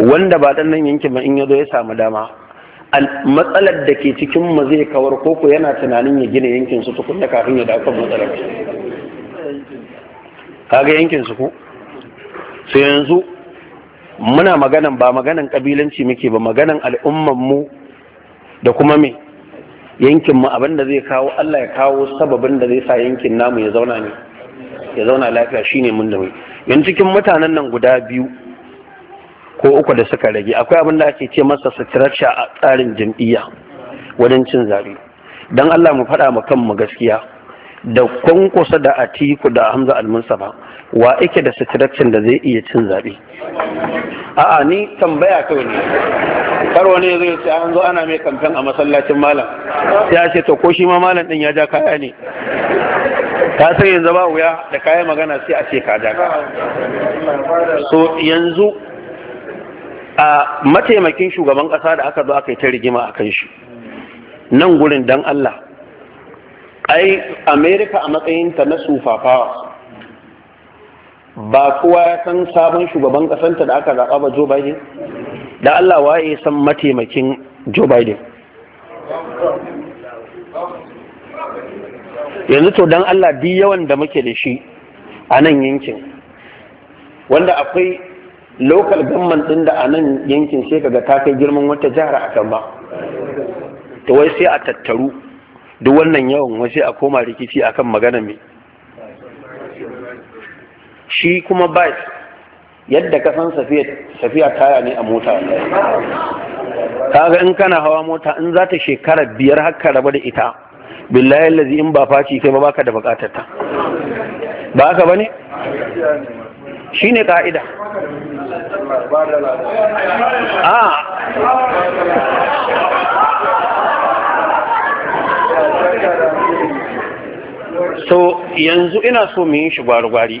wanda ba dan nan yankin in in zo ya samu dama matsalar da ke cikin mu zai kawar koko yana tunanin ya gina yankin su tukunna kafin ya dafa matsalar kaga yankin su ko Su yanzu muna maganan ba maganan kabilanci muke ba maganan al'umman mu da kuma me yankin mu abin da zai kawo Allah ya kawo sababin da zai sa yankin namu ya zauna ne ya zauna lafiya shine mun da mu yanzu cikin mutanen nan guda biyu ko uku da suka rage akwai abin da ake ce masa structure a tsarin jam'iyya wajen cin zabi dan Allah mu faɗa ma mu gaskiya da kwankwasa da atiku da hamza al-mustafa wa ike da sitiraccin da zai iya cin zaɓe a'a ni tambaya kawai ne karo ne zai ce an zo ana mai kamfen a masallacin malam ya ce to ko shi ma malam din ya ja kaya ne ta san yanzu ba wuya da kayan magana sai a ce ka ja so yanzu a mataimakin shugaban ƙasa da aka zo aka yi ta rigima a kan shi nan gurin dan Allah ai Amerika a matsayinta na sufafawa ba kowa ya san sabon shugaban kasanta da aka zaɓa ba Joe Biden da Allah waye san mataimakin Joe Biden yanzu to dan Allah biyu yawan da muke da shi a nan yankin wanda akwai lokal government din da a nan yankin sai kaga ta kai girman wata jihar a kan ba to wai sai a tattaru duk wannan yawan wai a koma rikici akan magana mai shi kuma bas yadda ka san safiya taya ne a mota kaga in kana hawa mota in za ta shekara biyar haka raba da ita billahi lazi in ba faci kai ba baka da bukatar ta ba haka bane shine ka'ida a so yanzu ina so mu yi shi gwari-gwari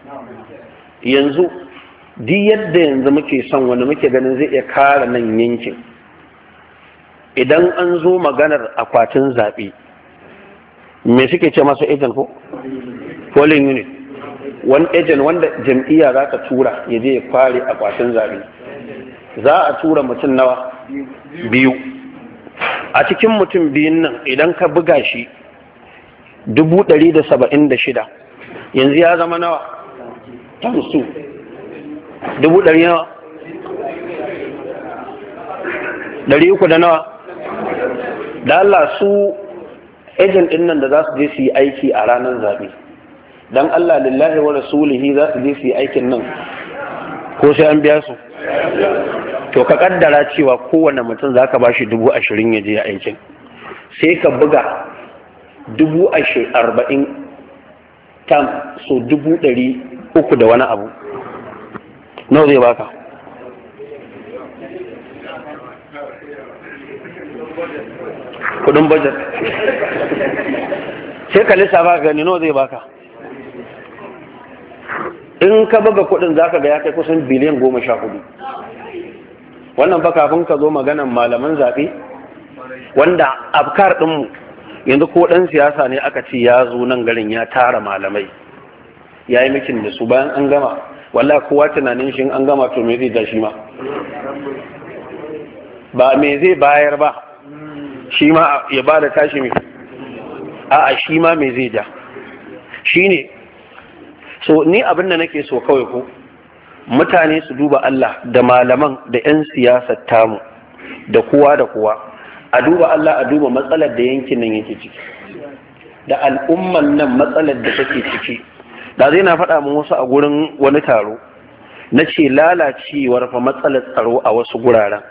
yanzu di yadda yanzu muke son wani muke ganin zai iya kare nan yankin idan an zo maganar akwatin zaɓe me suke ce masa agent ko polling unit wani agent wanda jam'iyya za ta tura ya je ya kware akwatin zaɓe za a tura mutum nawa biyu a cikin mutum biyun nan idan ka buga shi dubu da saba'in da shida yanzu ya zama nawa tarusu dubu ɗari nawa ɗari uku da nawa da Allah su ejen ɗin da za su je su yi aiki a ranar zaɓe don Allah lillahi wa rasulihi za su je su yi aikin nan ko sai an biya su to ka kaddara cewa kowane mutum za ka ba shi dubu ashirin ya je aikin sai ka buga dubu arba'in tam so dubu ɗari uku da wani abu nawa zai baka kudin budget sai ka lissafa gani nawa zai baka in ka buga kudin zaka ga ya kai kusan biliyan goma sha hudu wannan ba kafin ka zo maganan malaman zaɓe wanda afkar ɗinmu yanzu ko ɗan siyasa ne aka ce ya zo nan garin ya tara malamai Ya yi mikin da su bayan an gama wallah kowa tunanin shi an gama to me zai da shi ma ba me zai bayar ba shi ma ya ba da tashi mai a'a shi ma me zai da? shi ne so ni abin da nake so kawai ko mutane su duba Allah da malaman da 'yan siyasar tamu da kowa da kowa a duba Allah a duba matsalar da yankin nan yake ciki da al'umman nan matsalar da take ciki da zai na faɗa min wasu a gurin wani taro na ce lalacewar fa matsalar tsaro a wasu guraren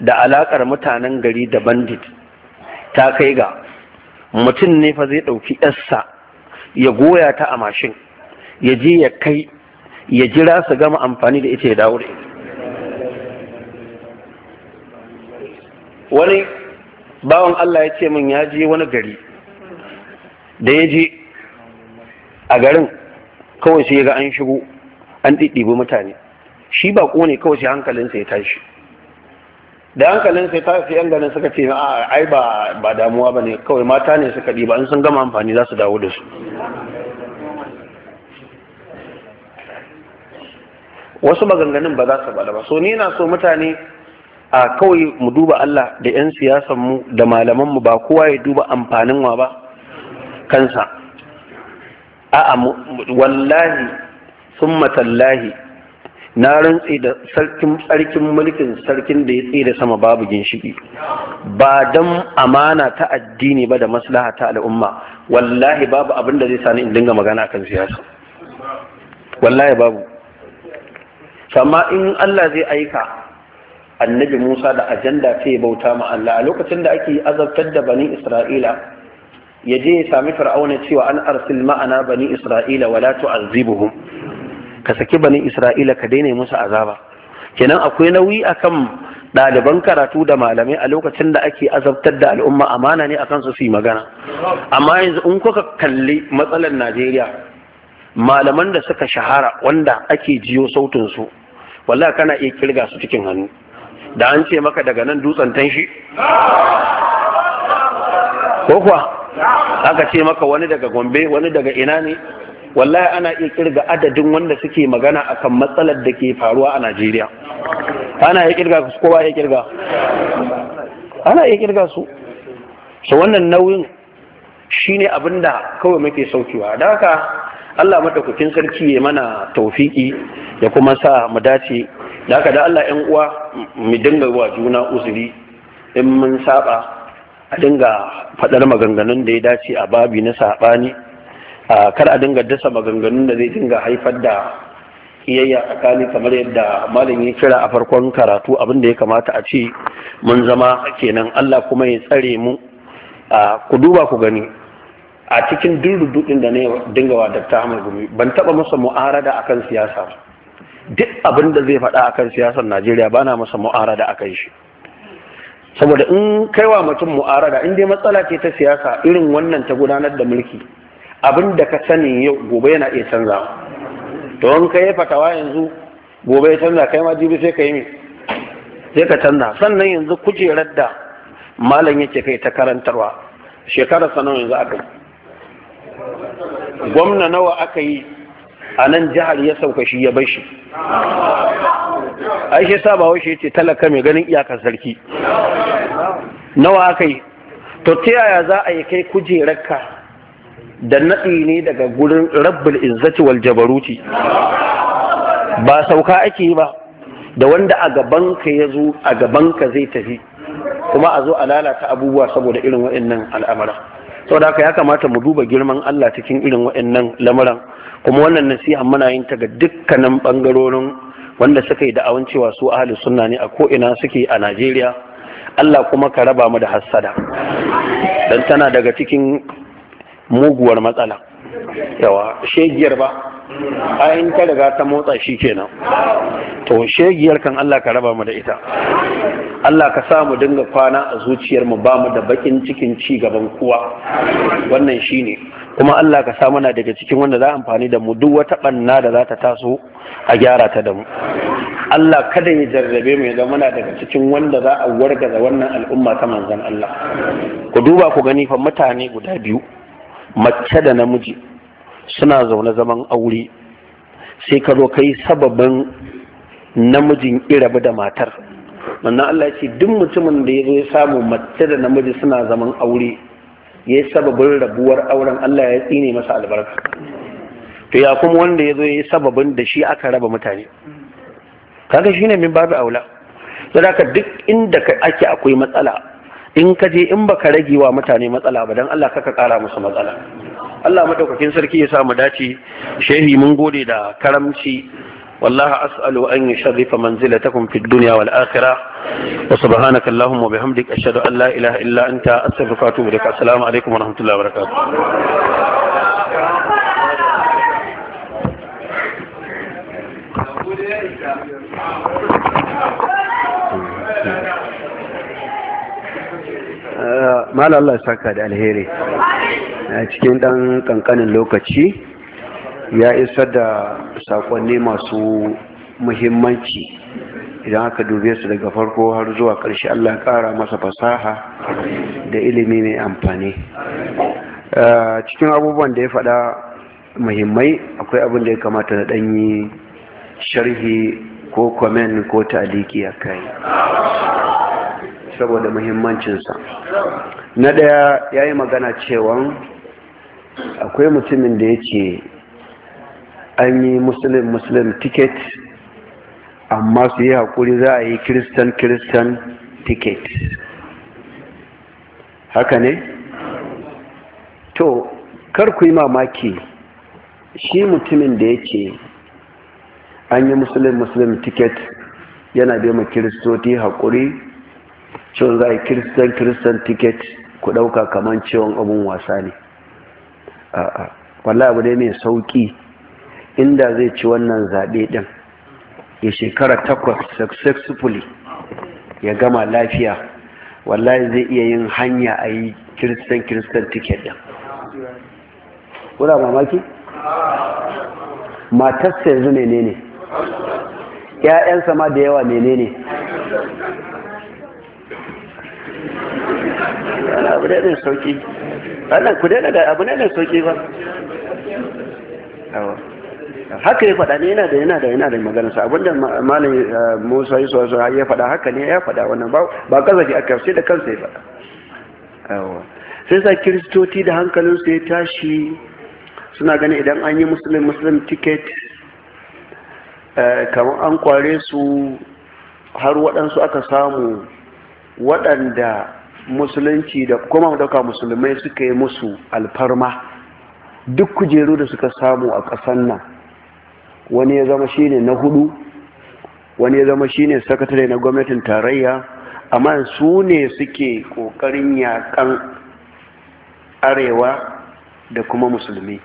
da alakar mutanen gari da bandit ta kai ga mutum ne fa zai ɗauki yarsa ya goya ta a mashin ya je ya kai ya jira su gama amfani da ita ya dawo da wani bawan Allah ya ce min ya je wani gari da ya je a garin kawai sai ga an shigo an ɗiɗɗibi mutane shi ba ne kawai sai hankalinsa ya tashi da hankalinsa ya tashi yan ganin suka ce ai ba damuwa ba ne kawai mata ne suka ɗiba an sun gama amfani za su dawo da su wasu maganganun ba za su bada ba so ni na so mutane a kawai mu duba Allah da 'yan siyasan mu da malaman mu ba kowa ya duba amfanin wa ba kansa a'a wallahi summa tallahi na rantsi da sarkin sarkin mulkin sarkin da ya tsira sama babu ginshiki ba dan amana ta addini ba da maslaha ta al'umma wallahi babu abin da zai sani in dinga magana kan siyasa wallahi babu amma in Allah zai aika annabi Musa da ajanda ta bauta ma Allah a lokacin da ake azabtar da bani Isra'ila ya je ya sami fir'auna cewa an arsil ma'ana bani isra'ila wala tu'azzibuhum ka saki bani isra'ila ka daina musu azaba kenan akwai nauyi akan ɗaliban karatu da malamai a lokacin da ake azabtar da al'umma amana ne akan su su yi magana amma yanzu in kuka kalli matsalar najeriya malaman da suka shahara wanda ake jiyo sautinsu wallah kana iya kirga su cikin hannu da an ce maka daga nan dutsen tanshi ko kuwa aka ce maka wani daga gombe wani daga ina ne wallahi ana iya kirga adadin wanda suke magana akan matsalar da ke faruwa a najeriya ana iya kirga su kowa ya kirga ana iya kirga su su wannan nauyin shine abin da kawai muke saukewa da haka Allah madaukakin sarki ya mana taufiki ya kuma sa mu dace da haka da Allah 'yan uwa mu dinga wa juna uzuri in mun saba a dinga faɗar maganganun da ya dace a babi na saɓani a kar a dinga dasa maganganun da zai dinga haifar da kiyayya tsakani kamar yadda malam ya kira a farkon karatu abin da ya kamata a ce mun zama kenan Allah kuma ya tsare mu a ku duba ku gani a cikin durdudin da ne dinga wa Dr. Ahmad Gumi ban taba masa mu'arada akan siyasa duk abinda zai faɗa akan siyasar Najeriya bana masa mu'arada akan shi saboda in kaiwa mutum mu'arada in dai matsala ce ta siyasa irin wannan ta gudanar da mulki abin da ka sani yau gobe yana iya canza. to in ka yi fatawa yanzu gobe ya canza kai ma jibi sai ka yi mai sai ka canza sannan yanzu kujerar da malam yake kai ta karantarwa shekarar sanar yanzu aka yi gwamna nawa aka yi a nan jihar ya sauka shi ya bai shi A shi sa ba ce talaka mai ganin iyakar sarki nawa aka yi to ta yaya za a yi kai kujerarka da naɗi ne daga gurin rabbul izzati wal jabaruti ba sauka ake yi ba da wanda a gabanka ya zo a gabanka zai tafi kuma a zo a lalata abubuwa saboda irin waɗannan al'amara saboda haka ya kamata mu duba girman Allah cikin irin waɗannan lamuran kuma wannan nasiha muna yin ta ga dukkanin bangarorin wanda suka yi da'awan cewa su ahli sunna ne a ko'ina suke a Najeriya Allah kuma ka raba mu da hassada dan tana daga cikin muguwar matsala yawa shegiyar ba a ka ta riga ta motsa shi kenan to shegiyar kan Allah ka raba mu da ita Allah ka sa mu dinga kwana a zuciyar mu ba mu da bakin cikin ci gaban kuwa wannan shine kuma Allah ka sa mana daga cikin wanda za amfani da mu duk wata banna da za ta taso a gyara ta da mu Allah kada ya jarrabe mu ya zama muna daga cikin wanda za a wargaza wannan al'umma ta manzon Allah ku duba ku gani fa mutane guda biyu mace da namiji suna zaune zaman aure sai ka zo kai sababin namijin irabu da matar wannan Allah ce duk mutumin da ya zo ya samu mace da namiji suna zaman aure ya yi sababin rabuwar auren Allah ya tsine masa albarka to ya kuma wanda ya zo ya yi sababin da shi aka raba mutane kaga shine min babu aula saboda duk inda ake akwai matsala in kaje in baka rage wa mutane matsala ba dan Allah kaka kara musu matsala Allah madaukakin sarki ya sa mu dace shehi mun gode da karamci والله أسأل أن يشرف منزلتكم في الدنيا والآخرة وسبحانك اللهم وبحمدك أشهد أن لا إله إلا أنت أستغفرك وأتوب إليك السلام عليكم ورحمة الله وبركاته ما الله سكت الهيري a cikin ɗan ƙanƙanin lokaci ya isa da saƙonni masu muhimmanci idan aka dube su daga farko har zuwa ƙarshe Allah ƙara masa fasaha da ilimi mai amfani cikin abubuwan da ya faɗa muhimmai akwai abin da ya kamata na yi sharhi ko komen ko taliki a kai saboda muhimmancinsa na ɗaya ya yi magana cewan. akwai mutumin da ya ce an yi muslim muslim ticket amma su yi haƙuri za a yi kiristan kiristan ticket haka ne to kar kuyi yi mamaki shi mutumin da ya ce an yi muslim muslim ticket yana bai ma kiristoti haƙuri cewa za a yi kiristan kiristan ticket ku ɗauka kamar cewa abin wasa ne a'a wallahi abu dai mai sauki inda zai ci wannan zaɓe ɗin ya shekara takwas successfully ya gama lafiya wallahi zai iya yin hanya a yi kiristan kiristan tiket ɗin kuna mamaki? matarsa yanzu menene ‘ya'yansa ma da yawa menene yana abu da sauki wannan ku daina da abu ne mai sauki ba haka ya faɗa ne yana da yana da yana da magana sa abinda malam eh, Musa Yusuf ya faɗa haka ne ya faɗa wannan ba ba kazafi aka sai da kansa ya faɗa sai sa kiristoci da hankalinsu ya tashi suna gani idan an yi musulun musulun ticket eh, kamar an kware su har waɗansu aka samu waɗanda musulunci da kuma dauka musulmai suka yi musu alfarma duk kujeru da suka samu a ƙasar nan wani ya zama ne na hudu wani ya zama ne sakatare na gwamnatin tarayya amma su ne suke ƙoƙarin yaƙan arewa da kuma musulmi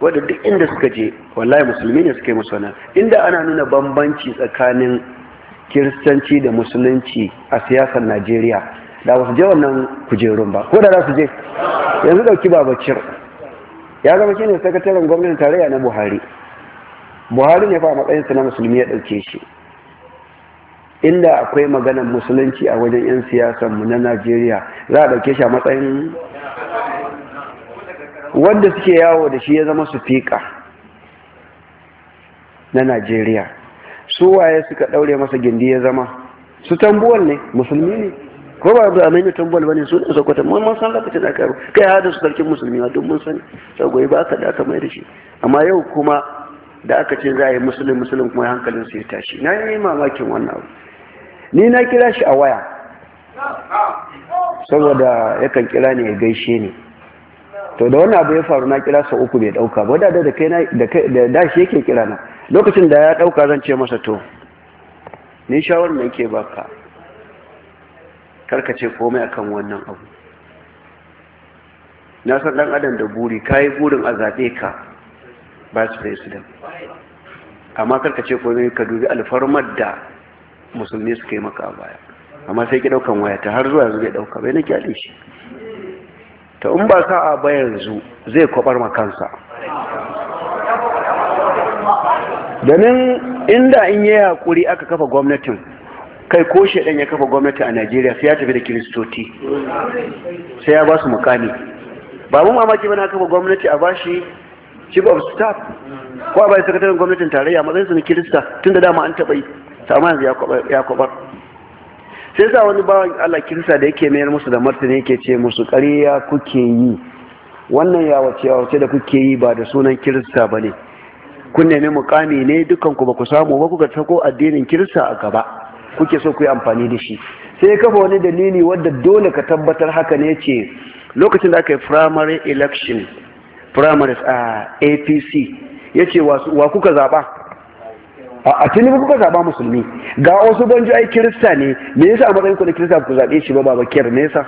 wadda duk inda suka je wallahi musulmi ne suka yi musu inda ana nuna bambanci tsakanin kiristanci da musulunci a siyasar najeriya da wasu je wannan kujerun ba ko da za su je yanzu dauki babacir ya zama ne sakataren gwamnatin tarayya na buhari buhari ne fa a matsayinsa na musulmi ya dauke shi inda akwai maganar musulunci a wajen 'yan siyasarmu na najeriya za a dauke shi a matsayin wanda suke yawo da shi ya zama su fiƙa na najeriya su waye suka daure masa gindi ya zama su tambuwal ne musulmi ne ko ba da amai ne tambuwal bane su ne sokoto mun mun san lokacin da karo kai hada su sarkin musulmi ma duk mun sani sai goyi ba ka da aka mai da shi amma yau kuma da aka ce za a yi musulun kuma hankalin su ya tashi na yi mamakin wannan abu ni na kira shi a waya saboda yakan kira ne ya gaishe ni to da wani abu ya faru na kira sau uku bai dauka ba da da kai da shi yake kira na lokacin da ya ɗauka zan ce masa to ni shawarar da yake baka karkace komai akan wannan abu na san ɗan adam da buri ka yi burin a zaɓe ka ba su president amma karkace komai ka dubi alfarmar da musulmi suka yi maka a baya amma sai ki ɗaukan wayata har zuwa yanzu bai ɗauka bai na alin shi ta in ba sa'a bayan zu, zai kwabar makansa domin inda in yi hakuri aka kafa gwamnatin kai ko shaɗan ya kafa gwamnati a najeriya sai ya tafi da kiristoci sai ya ba su mukami ba mun mamaki na kafa gwamnati a bashi chief of staff ko a bai sakataren gwamnatin tarayya matsayin su na kirista tun da dama an taɓa yi sama yanzu ya kwabar sai sa wani bawan allah kirista da yake mayar musu da martani yake ce musu ƙarya kuke yi wannan yawace yawace da kuke yi ba da sunan kirista ba ne kun nemi mukami ne dukanku ku ba ku samu ba kuka sako addinin kirista a gaba kuke so ku yi amfani da shi sai kafa wani dalili wadda dole ka tabbatar haka ne ce lokacin da aka yi primary election primaries a apc ya wa kuka zaɓa a tinubu kuka zaɓa musulmi ga wasu banjo ai kirista ne me yasa a matsayin ku na kirista ku zaɓe shi ba ba bakiyar me yasa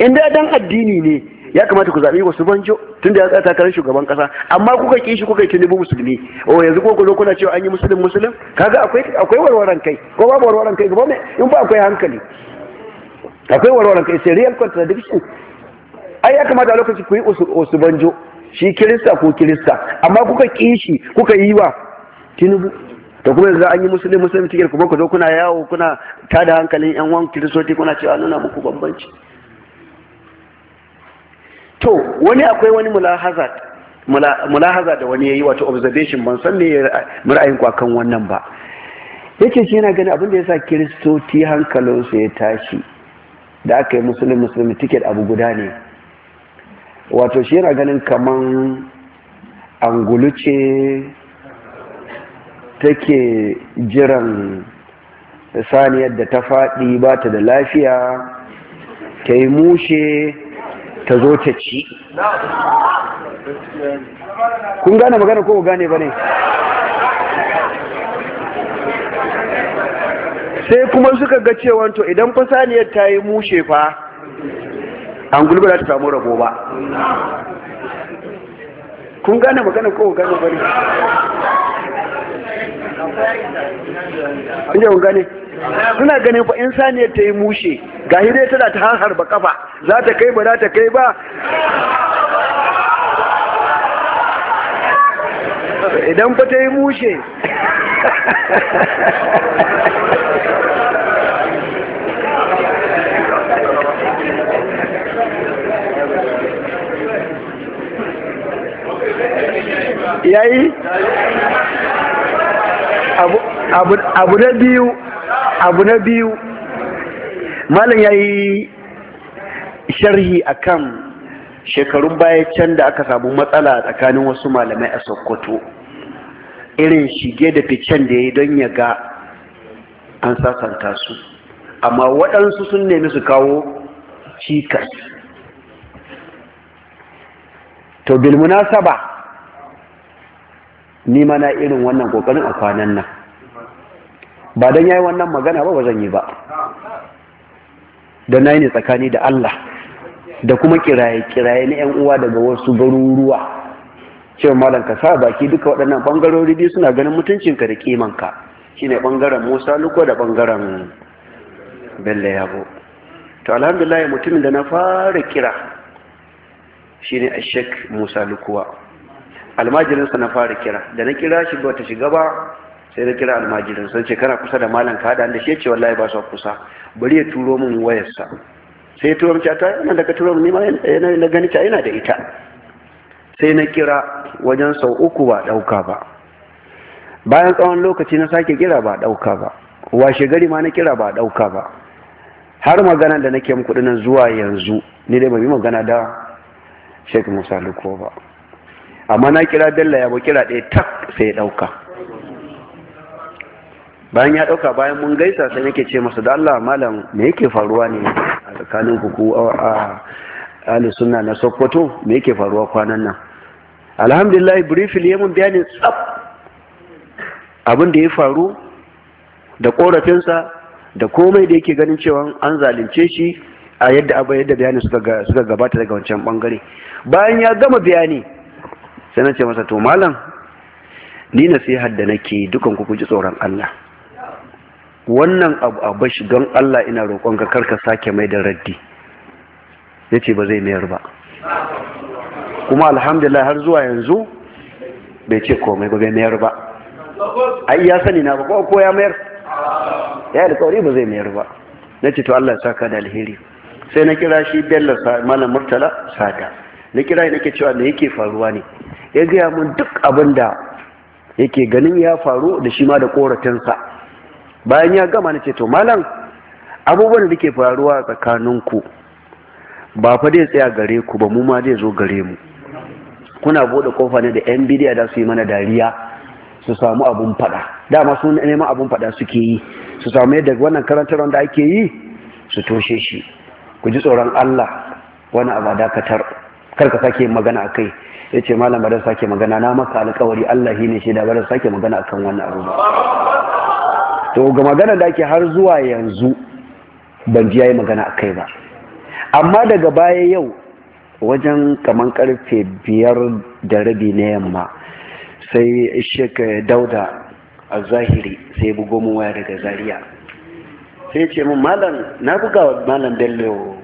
in dan addini ne ya kamata ku zaɓi wasu banjo tun da ya tsaya takarar shugaban ƙasa amma kuka ƙi shi kuka yi tinubu musulmi o oh, yanzu ko zo kuna cewa an yi musulun musulun kaga akwai akwai warwaran kai ko babu warwaran kai gaba in ba akwai hankali akwai warwaran kai sai real contradiction ai ya kamata a lokaci ku yi wasu banjo shi kirista ko kirista amma kuka ƙi shi kuka yi wa tinubu to kuma yanzu an yi musulun musulun cikin kuma ku zo kuna yawo kuna tada hankalin yan wan kiristoci kuna cewa nuna muku bambanci to wani akwai wani mulahaza da wani ya yi wato observation ban san me ra'ayin ku akan wannan ba yake shi yana gani abin da yasa kiristoci hankalinsu ya tashi da aka yi musulun musulun tiket abu guda ne wato shi yana ganin kaman angulu ce take jiran saniyar da ta faɗi ba ta da lafiya ta yi mushe ta zo ta ci kun gane magana ko gane ba ne sai kuma suka ga cewa to idan fasaniyar ta yi mushe fa an gulba za ta samu rabo ba kun gane magana ko gane ba ne kun gane suna ganin fa in saniyar ta yi mushe ga dai tana ta har ba kafa za ta kai ba za ta kai ba idan ba ta yi mushe yayi abu na biyu abu na biyu malam ya yi sharhi a kan shekarun baya can da aka samu matsala tsakanin wasu malamai a sokoto irin shige da ficen da ya yi don ya ga an sasanta su amma waɗansu sun nemi su kawo cikas to saba ni mana irin wannan ƙoƙarin a kwanan nan ba don ya yi wannan magana ba ba yi ba don na yi ne tsakani da Allah da kuma kiraye-kiraye na 'yan uwa daga wasu garuruwa cewa malam ka sa baki duka waɗannan ɓangarori biyu suna ganin mutuncinka da kimanka shine ɓangaren musa luko da ɓangaren bello yabo to alhamdulahi mutumin da na fara kira shi ne ashek musa lukuwa almajirinsa na fara kira da na kira shi ba ta shiga ba sai da kira almajirin sun ce kana kusa da malam ka da shi ce wallahi ba su kusa bari ya turo min wayarsa sai turo min ta yana daga turo min ma yana na gani ta yana da ita sai na kira wajen sau uku ba dauka ba bayan tsawon lokaci na sake kira ba dauka ba washe gari ma na kira ba dauka ba har magana da nake muku dinan zuwa yanzu ni dai bai magana da Sheikh Musa Luko ba amma na kira dalla ya ba kira ɗaya tak sai ya ɗauka. bayan ya ɗauka bayan mun gaisa sai yake ce masa da Allah malam me yake faruwa ne a tsakanin ku a ahli sunna na Sokoto me yake faruwa kwanan nan alhamdulillah briefly ya mun bayani tsaf abin da ya faru da korafinsa da komai da yake ganin cewa an zalunce shi a yadda abin yadda bayani suka gabata daga wancan bangare bayan ya gama bayani sai na ce masa to malam ni nasihar da nake dukan ku ji tsoron Allah wannan abu a bashi don Allah ina roƙonka karka sake mai da raddi ya ce ba zai mayar ba kuma alhamdulillah har zuwa yanzu bai ce komai ba bai mayar ba ai ya sani na ba ko ya mayar ya alƙawari ba zai mayar ba na ce to Allah ya saka da alheri sai na kira shi bello malam murtala sata na kira shi nake cewa me yake faruwa ne ya gaya mun duk abin da yake ganin ya faru da shi ma da koratinsa bayan ya gama na ce to malam abubuwan da ke faruwa tsakaninku ba fa dai tsaya gare ku ba mu ma zai zo gare mu kuna bude kofa ne da yan bidiya da su yi mana dariya su samu abun fada dama sun neman abun fada suke yi su samu yadda wannan karantar da ake yi su toshe shi ku ji tsoron Allah wani abu dakatar kar ka sake magana akai ya ce malam ba da sake magana na maka alkawari Allah shi ne da ba sake magana akan wannan abu ba to ga magana da ake har zuwa yanzu ban ji yayi magana a kai ba amma daga baya yau wajen kamar karfe biyar da rabi na yamma sai shek dauda a zahiri sai bugo min waya daga zaria sai ce min malam na buga malam bello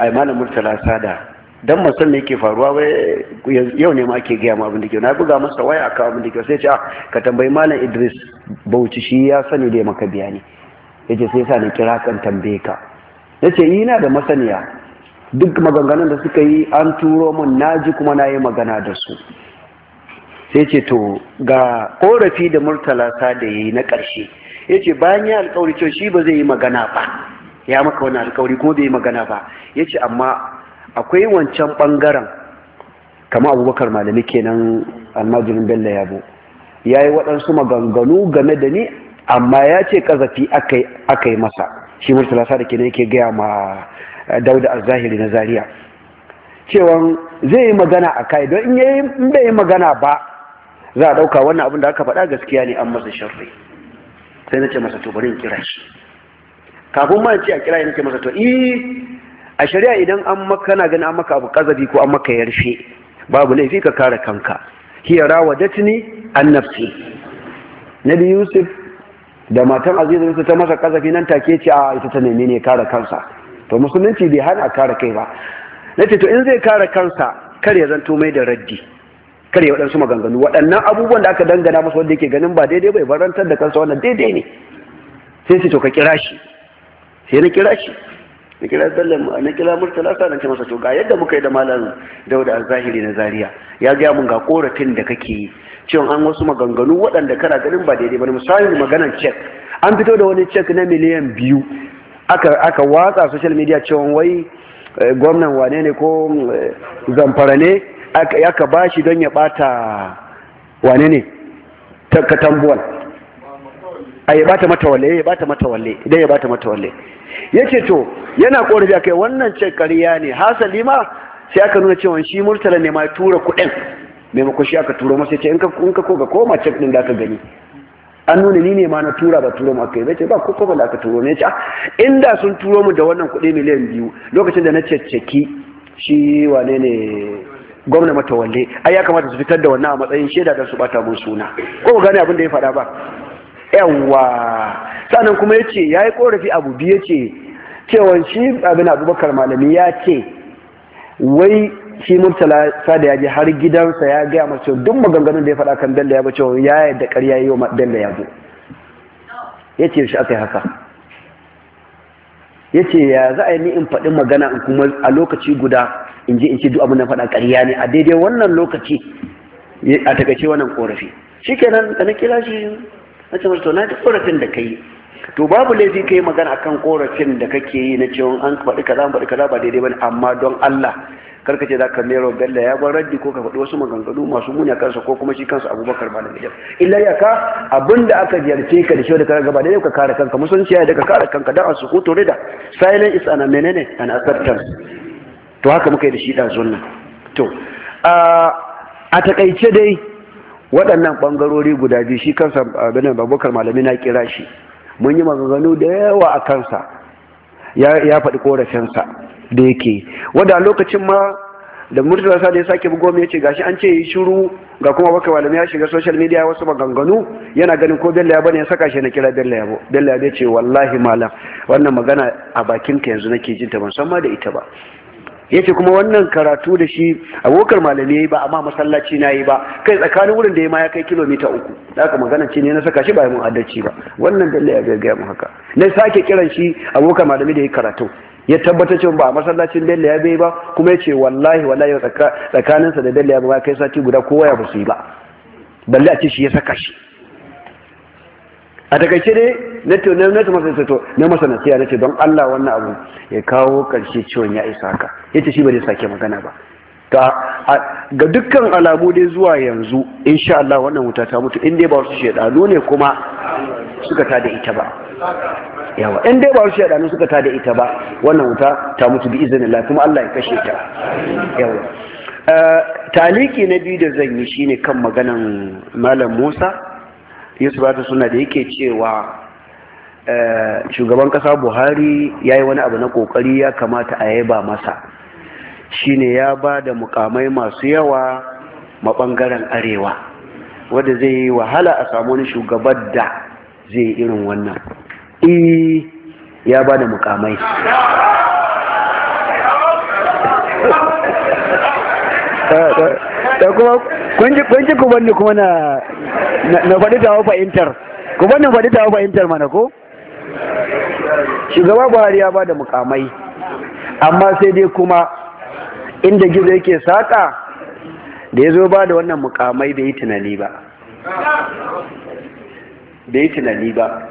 ai malam murtala sada dan musan me yake faruwa wai yau ne ma ake gaya ma abin da na buga masa waya aka abin da sai ce a ah, ka tambayi malam Idris Bauchi shi ya sani da maka bayani yace sai sa ni kira kan tambaye ka yace ina da masaniya duk maganganun da suka yi an turo mun naji kuma na yi magana da su sai ce to ga korafi da murtala sa da yi na ƙarshe yace bayan ya alkawari cewa shi ba zai yi magana ba ya maka wani alkawari ko bai yi magana ba yace amma akwai wancan ɓangaren kama abubakar malami kenan almajirin bello yabo ya yi waɗansu maganganu game da ni amma ya ce ƙazafi aka yi masa shi murtala sa da kenan yake gaya ma eh, dauda azahiri na Zariya. cewan zai yi magana a kai don in bai yi magana ba za a ɗauka wannan abin da aka faɗa gaskiya ne an masa sharri sai na ce masa to bari in kira shi kafin ma ce a kira ke masa to eh a shari'a idan an maka na gani an maka abu kazabi ko an maka yarfe babu laifi ka kare kanka hiya rawadatni an nafsi nabi yusuf da matan azizu yusuf ta masa kazabi nan take ce a ita ta nemi ne kare kansa to musulunci bai hana kare kai ba nace to in zai kare kansa kar ya zanto mai da raddi kar ya waɗansu maganganu waɗannan abubuwan da aka dangana masa wanda yake ganin ba daidai bai barantar da kansa wannan daidai ne sai sai to ka kira shi sai na kira shi na kira sallan na kira murtala sa nan ce masa to ga yadda muka yi da malam dauda al-zahiri na zaria ya ga mun ga koratin da kake yi cewa an wasu maganganu waɗanda kana ganin ba daidai ba ne misali maganar cek an fito da wani cek na miliyan biyu aka aka watsa social media cewa wai eh, gwamnan wane ne ko eh, zamfara ne aka ba shi don ya bata wane ne ka tambuwan a ya bata mata walle ya bata mata walle idan ya bata mata walle yace to yana korafi kai wannan ce kariya ne hasali ma sai aka nuna cewa shi murtala ne ma tura kuɗin maimakon shi aka turo masa ce in ka koga koma ce ɗin da aka gani an nuna ni ne ma na tura ba turo maka zai ce ba ko kuma ah, da aka turo ne ca inda sun turo mu da wannan kuɗi miliyan biyu lokacin da na cecceki shi wane ne gwamna matawalle ai ya kamata su fitar da wannan a matsayin shaida don su bata mun suna ko ba gane abin da ya faɗa ba yawa sannan kuma ya ce ya yi korafi abu biyu ce cewon shi abin abubakar malami ya ce wai shi murtala sada ya je har gidansa ya gaya masu duk maganganun da ya faɗa kan bello ya bace wani ya yadda ƙarya yi wa bello ya zo ya ce shi aka yi haka ya ce ya za a yi ni in faɗi magana in kuma a lokaci guda in je in ce duk abin da faɗa ƙarya ne a daidai wannan lokaci a takaice wannan korafi shikenan da na kira shi na ce to na korafin da ka yi to babu laifi ka yi magana akan korafin da kake yi na cewa an faɗi kaza an faɗi kaza ba daidai ba ne amma don Allah karka ce za ka mero bella ya bar raddi ko ka faɗi wasu maganganu masu muni a kansa ko kuma shi kansa abubakar ba da gajar illa ya ka abin da aka ziyarce ka da shi da kare gaba da ka kare kanka musulunci ya yi daga kare kanka a su ko tore da silent is an menene an acceptance to haka muka yi da shi ɗan zunna to a takaice dai waɗannan ɓangarori guda biyu shi kansa da babakar malami na kira shi mun yi maganganu da yawa a kansa ya faɗi ƙorafinsa da yake wadda a lokacin ma da murtala sa da ya sake bugo mai ce gashi an ce yi shuru, ga kuma baka malami ya shiga social media wasu maganganu yana ganin ko Bello ya bane ya saka shi na kira bella ya bella ya ce wallahi malam wannan magana a bakin ka yanzu nake jin ta ban san ma da ita ba yace kuma wannan karatu da shi abokar malami yayi ba amma masallaci na yi ba kai tsakanin wurin da ya ma ya kai kilomita uku da aka magana ce ne na saka shi ba mun addaci ba wannan dalle ya gaggaya mu haka na sake kiran shi abokar malami da yi karatu ya tabbatar cewa ba a masallacin dalle ya bai ba kuma yace wallahi wallahi tsakaninsa da dalle ya ba kai sati guda kowa ya basu yi ba balle a ce shi ya saka shi a takaice dai na to na na masa to na masa nasiya don Allah wannan abu ya kawo karshe ciwon ya isa ka ce shi ba zai sake magana ba ta ga dukkan alamu dai zuwa yanzu insha Allah wannan wuta ta mutu in ba su shedanu ne kuma suka ta da ita ba yawa in dai ba su shedanu suka ta da ita ba wannan wuta ta mutu bi iznillah kuma Allah ya kashe ta yawa eh, taliki na biyu da zan yi shine kan maganan malam Musa Yusuf ta suna da yake cewa Eh, shugaban kasa buhari ya yi wani abu na kokari ya kamata a yaba masa shine ya ba da mukamai masu yawa maɓangaren arewa wadda zai yi wahala a samu wani shugaban da zai yi irin wannan eh ya ba da mukamai da kuma kunji ku banni kuma na faɗi tawa fahimtar ku banni faɗi tawa fahimtar mana ko shugaba buhari ya ba da mukamai amma sai dai kuma inda gizo yake saƙa da ya zo ba da wannan mukamai bai yi tunani ba bai yi tunani ba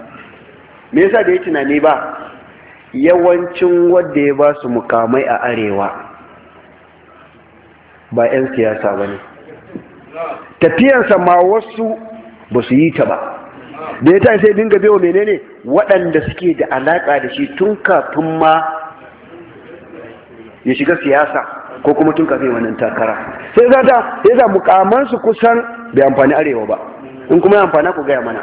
me yasa bai yi tunani ba yawancin wadda ya ba su mukamai a arewa ba 'yan siyasa ba ne tafiyansa ma wasu ba su yi ta ba da ya tashi sai dinga bewa menene waɗanda suke da alaƙa da shi tun kafin ma ya shiga siyasa ko kuma tun kafin wannan takara sai za ta ya za mukamansu kusan bai amfani arewa ba in kuma ya amfana ku gaya mana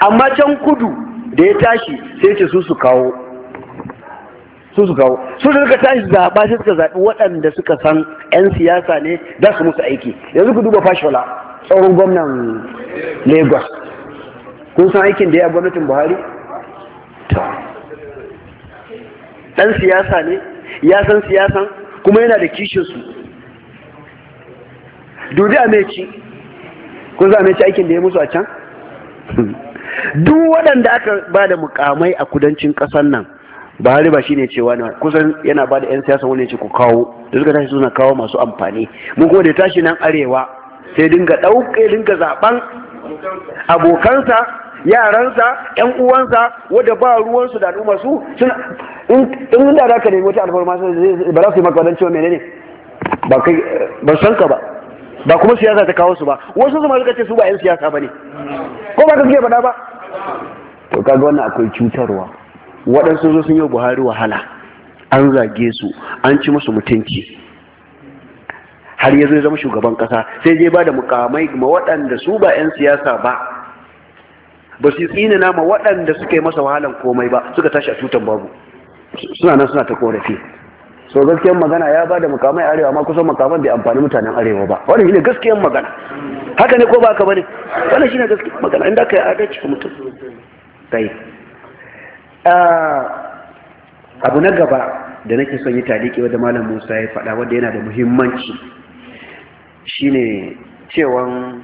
amma can kudu da ya tashi sai ce su su kawo su su kawo su da suka tashi zaɓa sai suka zaɓi waɗanda suka san 'yan siyasa ne za su musu aiki yanzu ku duba fashola tsoron gwamnan lagos kun san aikin da ya gwamnatin buhari dan siyasa ne ya san siyasan kuma yana da kishinsu dudu a meci kun za a meci aikin da ya musu a can duk waɗanda aka ba da mukamai a kudancin ƙasar nan buhari ba shine cewa na kusan yana ba da 'yan siyasa wani ce ku kawo da suka tashi suna kawo masu amfani mun kuma da tashi nan arewa sai dinga ɗauke dinga zaɓen abokansa yaransa yan uwansa wadda ba ruwansu da al'umma su suna in da za ka nemi wata alfarma ba za su yi maka wadanci wa menene ba kai ba san ka ba ba kuma siyasa ta kawo su ba wasu su ma suka ce su ba yan siyasa ba ne ko ba ka suke faɗa ba to kaga wannan akwai cutarwa waɗansu zo sun yi buhari wahala an zage su an ci musu mutunci har ya ya zama shugaban kasa sai je ba da mukamai ma waɗanda su ba 'yan siyasa ba ba su na ma waɗanda suka yi masa wahalan komai ba suka tashi a tutan babu suna nan suna ta korafi so gaskiyar magana ya ba da mukamai arewa ma kusan mukamai bai amfani mutanen arewa ba wannan shine gaskiyar magana haka ne ko ba ka bane wannan shine gaskiyar magana inda kai adalci ga mutum kai ah, abu na gaba da nake son yi taliki wadda malam Musa ya faɗa wanda yana da muhimmanci shine cewan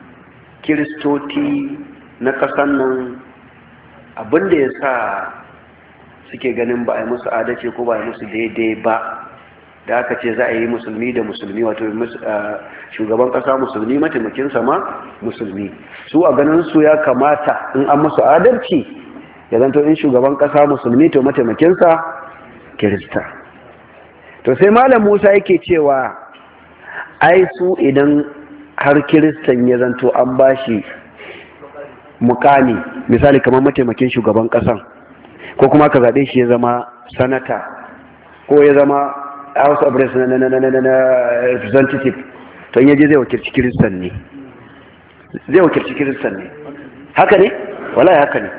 kiristoti na kasan nan abinda ya sa suke ganin ba a yi musu adace ko ba a yi musu daidai ba da aka ce za a yi musulmi da musulmi wato uh, shugaban kasa musulmi mataimakinsa ma musulmi su a ganin su ya kamata in an musu adalci ya zanto in shugaban kasa musulmi to mataimakinsa kirista to sai malam musa yake cewa ai su idan har kiristan ya zanto an bashi mukami misali kamar mataimakin shugaban kasan ko kuma ka zaɓe shi ya zama sanata ko ya zama house of reps na representative to in yaje zai wakilci kiristan ne zai wakilci kiristan ne haka ne wala haka ne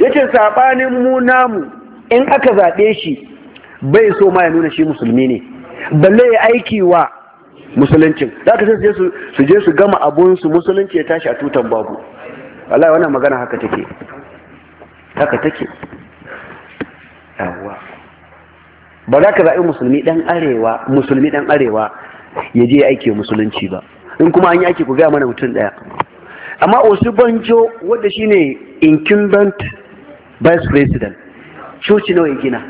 yace sabanin mu namu in aka zaɓe shi bai so ma ya nuna shi musulmi ne balle ya aiki wa musuluncin da aka sai su je su gama abun su musulunci ya tashi a tutan babu wallahi wannan magana haka take haka take yawwa ba za ka zaɓi musulmi ɗan arewa musulmi ɗan arewa ya je aiki musulunci ba in kuma an yi aiki ku gaya mana mutum ɗaya amma osu banjo wadda shine incumbent vice president coci nawa ya gina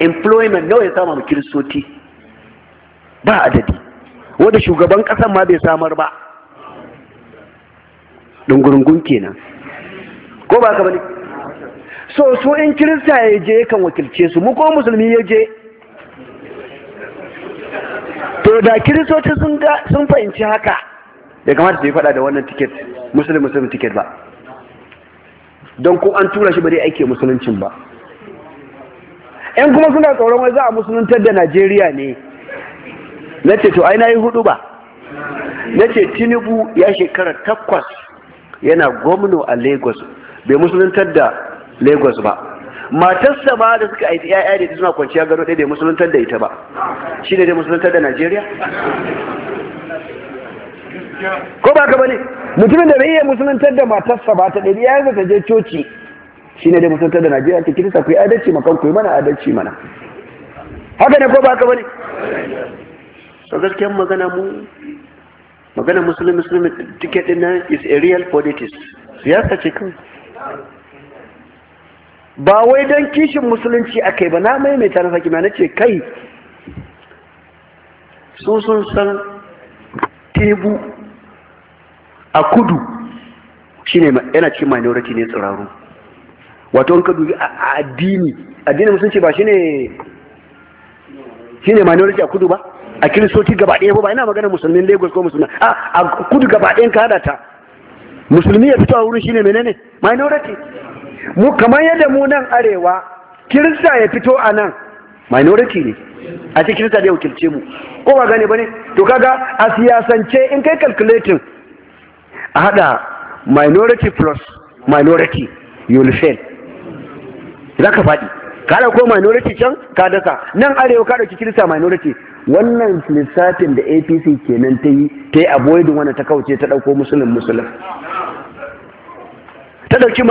employment nawa ya samu kiristoci ba adadi wadda shugaban ƙasan ma bai samar ba dungurungun kenan ko ba ka bane so su in kirista ya je kan wakilce su mu ko musulmi ya je to da kiristoci sun ga sun fahimci haka ya kamata su yi fada da wannan tiket musulmi musulmi tiket ba don ko an tura shi ba dai aike musuluncin ba yan kuma suna tsoron wai za a musuluntar da najeriya ne na ce to aina yi hudu ba na ce tinubu ya shekara takwas yana gwamno a lagos bai musuluntar da lagos ba matarsa ba da suka aiki ya'ya da suna kwanciya gano ɗaya bai musuluntar da ita ba shi ne dai musuluntar da najeriya ko ba ka bane mutumin da bai iya musuluntar da matarsa ba ta ɗari yayin ta je coci shi ne dai musuluntar da najeriya ta kirista ku yi adalci makan ku yi mana adalci mana haka ne ko ba ka bane so gaskiyar magana mu magana musulmi musulmi ticket din nan is a real politics siyasa ce kan ba wai don kishin musulunci a kai ba na maimaita na sakina na ce kai su sun san tebu a kudu shine yana cikin minority ne tsiraru wato an ka dubi a addini addinin musulunci ba shine shine minority a kudu ba a kiristoci gaba ɗaya ba ina magana musulmin lagos ko musulmi a kudu gaba ɗayan ka ta musulmi ya fito a wurin shine menene minority mu kamar yadda mu nan arewa kirista ya fito a nan minority ne a cikin kirista da ya wakilce mu ko ba gane ba ne to kaga a siyasance in kai calculating a hada minority plus minority you will fail za ka faɗi kada ko minority can ka dasa nan arewa ka ɗauki kirista minority wannan lissafin da apc kenan ta yi ta yi avoidin wani ta kauce ta ɗauko musulun musulun ta ɗauki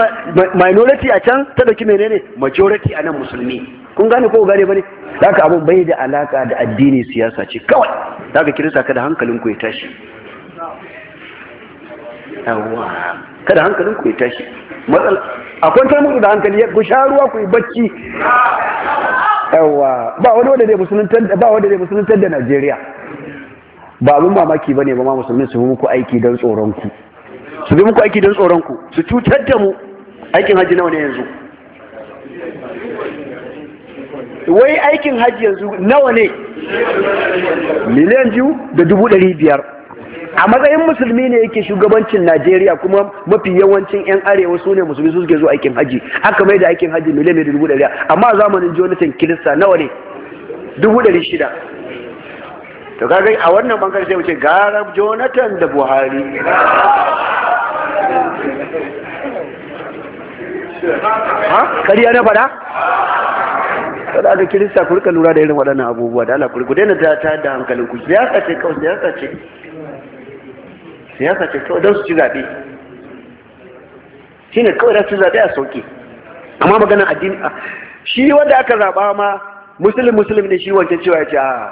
minority a can ta ɗauki menene majority a nan musulmi kun gane ko gane bane da haka abun bai da alaka da addini siyasa ce kawai da haka kirisa kada hankalin ku ya tashi kada hankalin ku ya tashi Akwai a da hankali ku sha ruwa ku yi bacci yawa ba wani wanda zai musulunta ba wanda zai da Najeriya ba abin mamaki bane ba ma musulmin su muku aiki don tsoron ku su bi muku aiki don tsoron ku su cutar da mu aikin haji nawa ne yanzu wai aikin haji yanzu nawa ne miliyan biyu da dubu ɗari biyar a matsayin musulmi ne yake shugabancin Najeriya kuma mafi yawancin 'yan arewa su ne musulmi su suke zuwa aikin haji aka mai da aikin haji miliyan da dubu ɗari amma zamanin Jonathan Kirista nawa ne dubu ɗari shida to kaga a wannan bangare sai mu ce gara Jonathan da Buhari ha kariya na fada kada aka kirista ku rika lura da irin waɗannan abubuwa da Allah ku daina ta da hankalin ku ya ce kawai ya ce siyasa ce kawai don su ci zaɓe shi ne kawai don su zaɓe a sauƙi amma maganar addini shi wanda aka zaɓa ma musulun musulun ne shi wancan cewa ya ce a ah,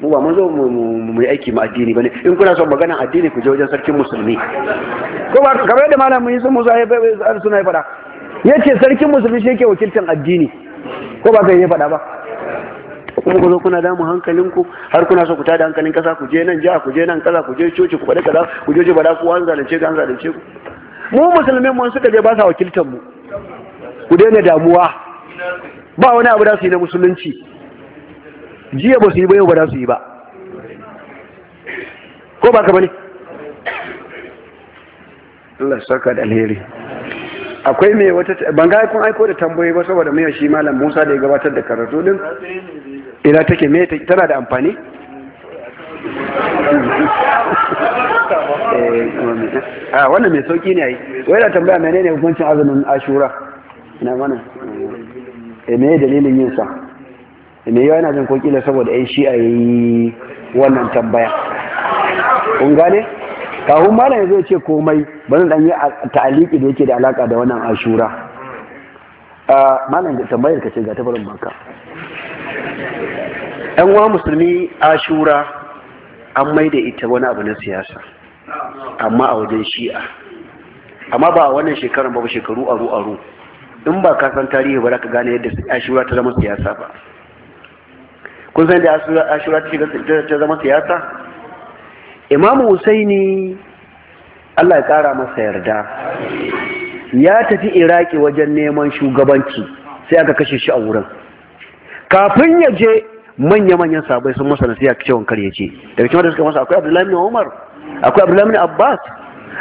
mu ba mun zo mu yi aiki ma addini ba ne in kuna son magana addini ku je wajen sarkin musulmi ko ba kamar yadda yi sun musa ya suna ya faɗa ya ce sarkin musulmi shi yake wakiltar addini ko ba kai ya faɗa ba kuma ku zo kuna damu hankalinku har kuna so ku tada hankalin kasa ku je nan jiha ku je nan kaza ku je coci ku faɗi kaza ku je bada ku an zalunce ku an zalunce ku mu musulmin mun suka je ba sa wakiltar mu ku daina damuwa ba wani abu da su yi na musulunci jiya ba su yi ba yau ba da su yi ba ko ba ka bane Allah saka da alheri akwai mai wata ban ga kun aiko da tambayoyi ba saboda mai shi malam Musa da ya gabatar da karatu din ina take me tana da amfani eh, a ah, wannan mai sauki ne yi wai da tambaya ne hukuncin azumin ashura ina mana e eh, me dalilin yin sa eh, me yawa yana jin koki kila saboda ai shi yi wannan tambaya kun gane Kahun malam yanzu zai ce komai bari dan yi ta'aliki da yake da alaka da wannan ashura ah, malam tambayar ka ce ga tabarin banka yan wa musulmi ashura an maida ita wani abu na siyasa amma a wajen shi'a amma ba a wannan shekarun ba shekaru aru aru in ba ka san tarihi ba za ka gane yadda ashura ta zama siyasa ba kun san da ashura ta zama siyasa imamu husaini allah ya kara masa yarda ya tafi iraki wajen neman shugabanci sai aka kashe shi a wurin kafin ya je manya-manyan sabai sun masa nasiha cewa kar ya ce daga cewa wanda suka masa akwai abdullahi bin umar akwai abdullahi bin abbas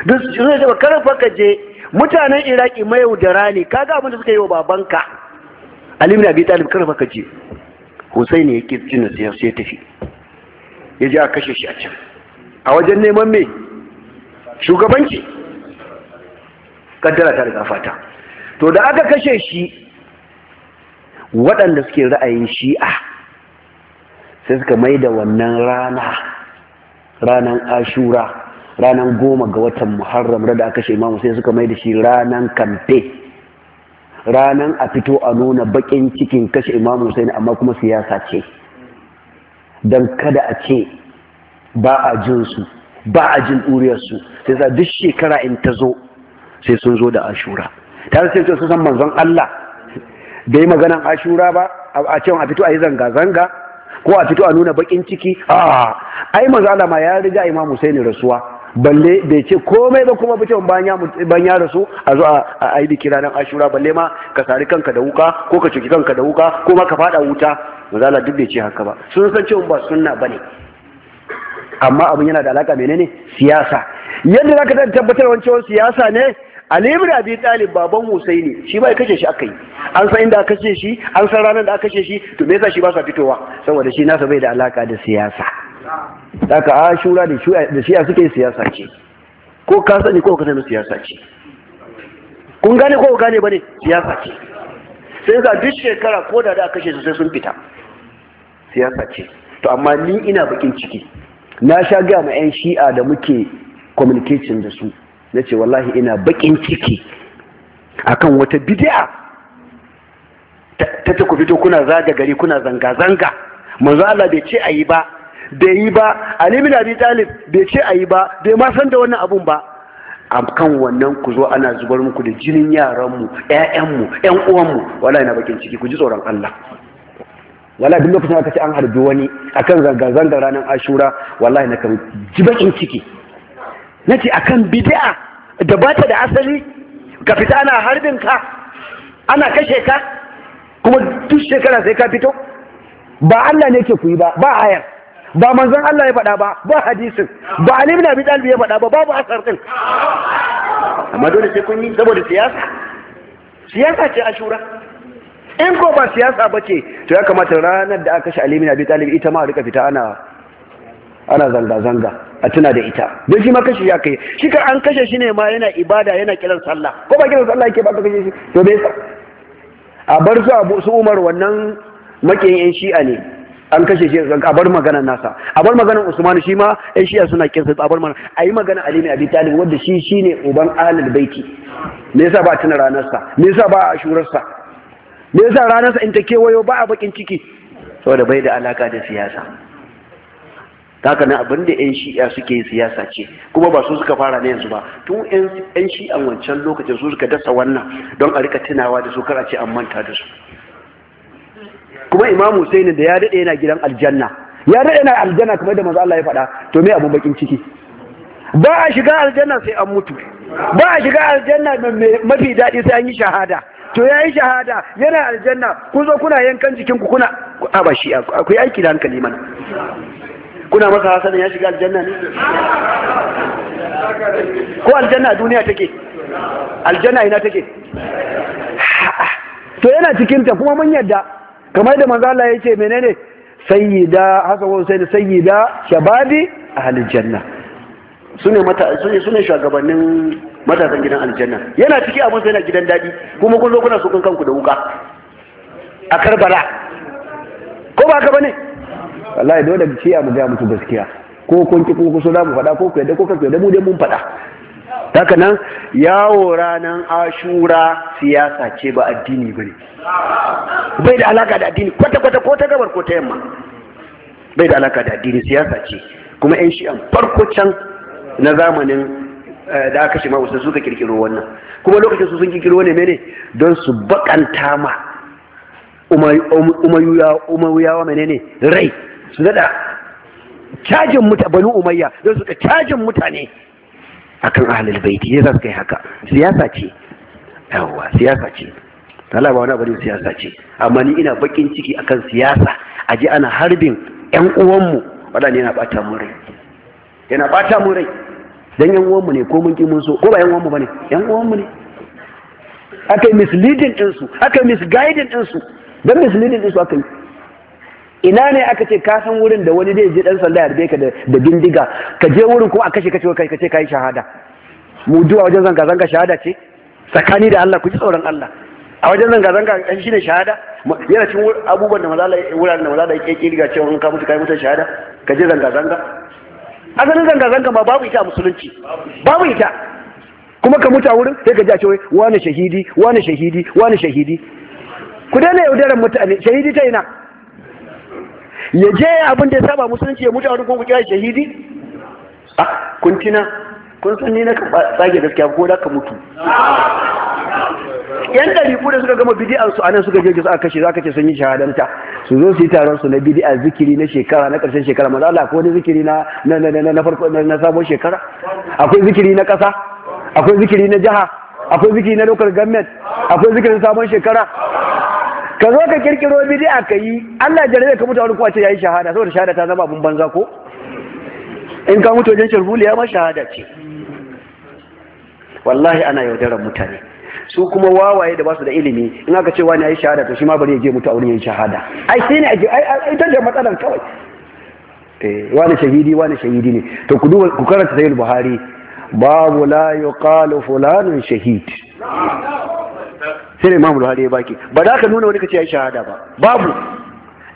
duk sun ce kar fa ka je mutanen iraki mai mayaudara ne kaga abin da suka yi wa babanka ali bin abi talib kar fa ka je husaini ya ki cin nasiha sai ya tafi ya je a kashe shi a can a wajen neman me shugabanci kaddara ta riga fata to da aka kashe shi waɗanda suke ra'ayin shi'a sai suka mai da wannan rana ranan ashura ranan goma ga watan muharram da aka imamu sai suka mai da shi ranan kamfe ranan a fito a nuna baƙin cikin kashe imamu sai amma kuma siyasa ce don kada a ce ba a jinsu ba a jin ɗuriyarsu sai sa duk shekara in ta zo sai sun zo da ashura ta sai sun san manzon Allah da yi maganan ashura ba a cewa a fito a yi zanga-zanga ko a fito a nuna bakin ciki a ai manzo Allah ma ya riga imam ne rasuwa balle bai ce komai ba kuma bace ban ya rasu a zo a ai bikin ranar ashura balle ma ka sari kanka da wuka ko ka ciki kanka da wuka ko ma ka fada wuta manzo Allah duk bai ce haka ba sun san cewa ba sunna bane amma abin yana da alaka menene siyasa yadda zaka tabbatar wancan siyasa ne Ali ibn Abi Talib baban Husaini shi bai kashe shi akai an san inda aka kashe shi an san ranar da aka kashe shi to me yasa shi ba sa fitowa saboda shi nasa bai da alaka da siyasa daga ashura da da shi suke siyasa ce ko ka sani ko ka sani siyasa ce kun gane ko gane bane siyasa ce sai ga duk shekara ko da da aka kashe su sai sun fita siyasa ce to amma ni ina bakin ciki na sha ga ma yan shi'a da muke communication da su na ce wallahi ina bakin ciki akan wata bidiya ta ta ku fito kuna zaga gari kuna zanga-zanga manzo Allah bai ce ayi yi ba bai yi ba Ali bin Abi Talib bai ce ayi ba bai ma san da wannan abun ba akan wannan ku zo ana zubar muku da jinin yaran mu yaranmu mu ƴan uwanmu wallahi na bakin ciki ku ji tsoron Allah wallahi duk lokacin da ce an harbi wani akan zanga zanga ranar Ashura wallahi na kan ji bakin ciki na ce akan bid'a da ba ta da asali ka fita ana harbin ka ana kashe ka kuma duk shekara sai ka fito ba Allah ne ke kuyi ba ba ayar ba manzon Allah ya faɗa ba ba hadisin ba Ali ibn Abi Talib ya faɗa ba babu asar din amma dole sai kun yi saboda siyasa siyasa ce ashura in ko ba siyasa ba ce to ya kamata ranar da aka shi Ali ibn Abi Talib ita ma rika fita ana ana zanga zanga a tuna da ita don shi ma kashe shi aka yi shi kar an kashe shi ne ma yana ibada yana kiran sallah ko ba kiran sallah yake ba ka kashe shi to bai sa a bar su abu su umar wannan makiyin yan shi'a ne an kashe shi a bar maganar nasa a bar maganar usman shi ma yan shi'a suna kinsa a bar maganar a yi magana ali ne abi talib wanda shi shine uban alal baiti me yasa ba a tuna ranarsa me yasa ba a ashurarsa me yasa ranarsa in ta kewayo ba a bakin ciki saboda bai da alaka da siyasa haka nan abinda yan shi'a suke siyasa ce kuma ba su suka fara ne yanzu ba tun yan shi'an wancan lokacin su suka dasa wannan don a rika tunawa da su kar a ce an manta da su kuma imamu ne da ya daɗe yana gidan aljanna ya daɗe yana aljanna kamar da manzo Allah ya faɗa to me abun bakin ciki ba a shiga aljanna sai an mutu ba a shiga aljanna mafi daɗi sai an yi shahada to ya yi shahada yana aljanna kun zo kuna yankan jikinku kuna a ba shi'a ku yi aiki da hankali mana kuna masa hasanin ya shiga aljanna ne ko aljanna a duniya take aljanna ina take to yana cikin ta kuma mun yadda kamar da manzo Allah yace menene sayyida haka ko sai sayyida shababi ahli janna sune mata sune sune shugabannin matasan gidan aljanna yana ciki abun sai na gidan dadi kuma kun zo kuna so kanku da wuka a Karbala ko ba ka bane wallahi dole da ya mu ga musu gaskiya ko kun ki ko kusa mu faɗa ko ku yadda ko ka da mu dai mun faɗa haka nan yawo ranan ashura siyasa ce ba addini ba ne bai da alaka da addini kwata-kwata ko ta gabar ko ta yamma bai da alaka da addini siyasa ce kuma 'yan shi'an farko can na zamanin da aka shi mawusa suka kirkiro wannan kuma lokacin su sun kirkiro ne mene don su bakanta ma umayuyawa menene rai su daɗa cajin mutane banu umayya don su cajin mutane akan ahalil baiti ya za su kai haka siyasa ce yawwa siyasa ce Allah ba wani abu siyasa ce amma ni ina bakin ciki akan siyasa a ji ana harbin yan uwanmu waɗanda yana ɓata mun rai yana ɓata mun rai dan yan uwanmu ne ko mun ki mun so ko ba yan uwanmu ne? yan uwanmu ne aka yi misleading ɗinsu aka yi misguiding ɗinsu don misleading ɗinsu aka yi ina ne aka ce ka san wurin da wani zai je dan sanda ya harbe ka da bindiga ka je wurin kuma a kashe ka ce ka yi kai shahada mu duwa wajen zanga zanga shahada ce tsakani da Allah ku ji tsoron Allah a wajen zanga zanga shi ne shahada yana cin abubuwan da malala wuraren da malala yake riga cewa in ka mutu kai mutu shahada ka je zanga zanga asalin zanga zanga ma babu ita a musulunci babu ita kuma ka mutu a wurin sai ka ji a cewa wani shahidi wani shahidi wani shahidi ku daina yaudaran mutane shahidi ta ina ya je abin da ya saba musulunci ya mutu a wurin kuma kira shahidi A kuntina? kun san ni na ka tsage gaskiya ko da ka mutu yan ɗariku da suka gama bidiyar su anan suka su a kashe za ka ce sun yi shahadanta su zo su yi taron su na bidiyar zikiri na shekara na ƙarshen shekara maza Allah ko wani zikiri na farko na sabon shekara akwai zikiri na ƙasa akwai zikiri na jiha akwai zikiri na local government akwai zikirin sabon shekara ka zo ka kirkiro bid'a ka yi Allah jarabe ka mutu wani kuwa ce yayi shahada saboda shahada ta zama abun banza ko in ka mutu wajen sharhuliya ma shahada ce wallahi ana yaudarar mutane su kuma wawaye da basu da ilimi in aka ce wani yayi shahada to shi ma bari ya je mutu a wurin yayi shahada ai sai ne aje ai ita da matsalan kawai eh wani shahidi wani shahidi ne to ku duba ku karanta sahih buhari babu la yuqalu fulanun shahid sai da imam buhari ya baki ba da ka nuna wani kace ya shahada ba babu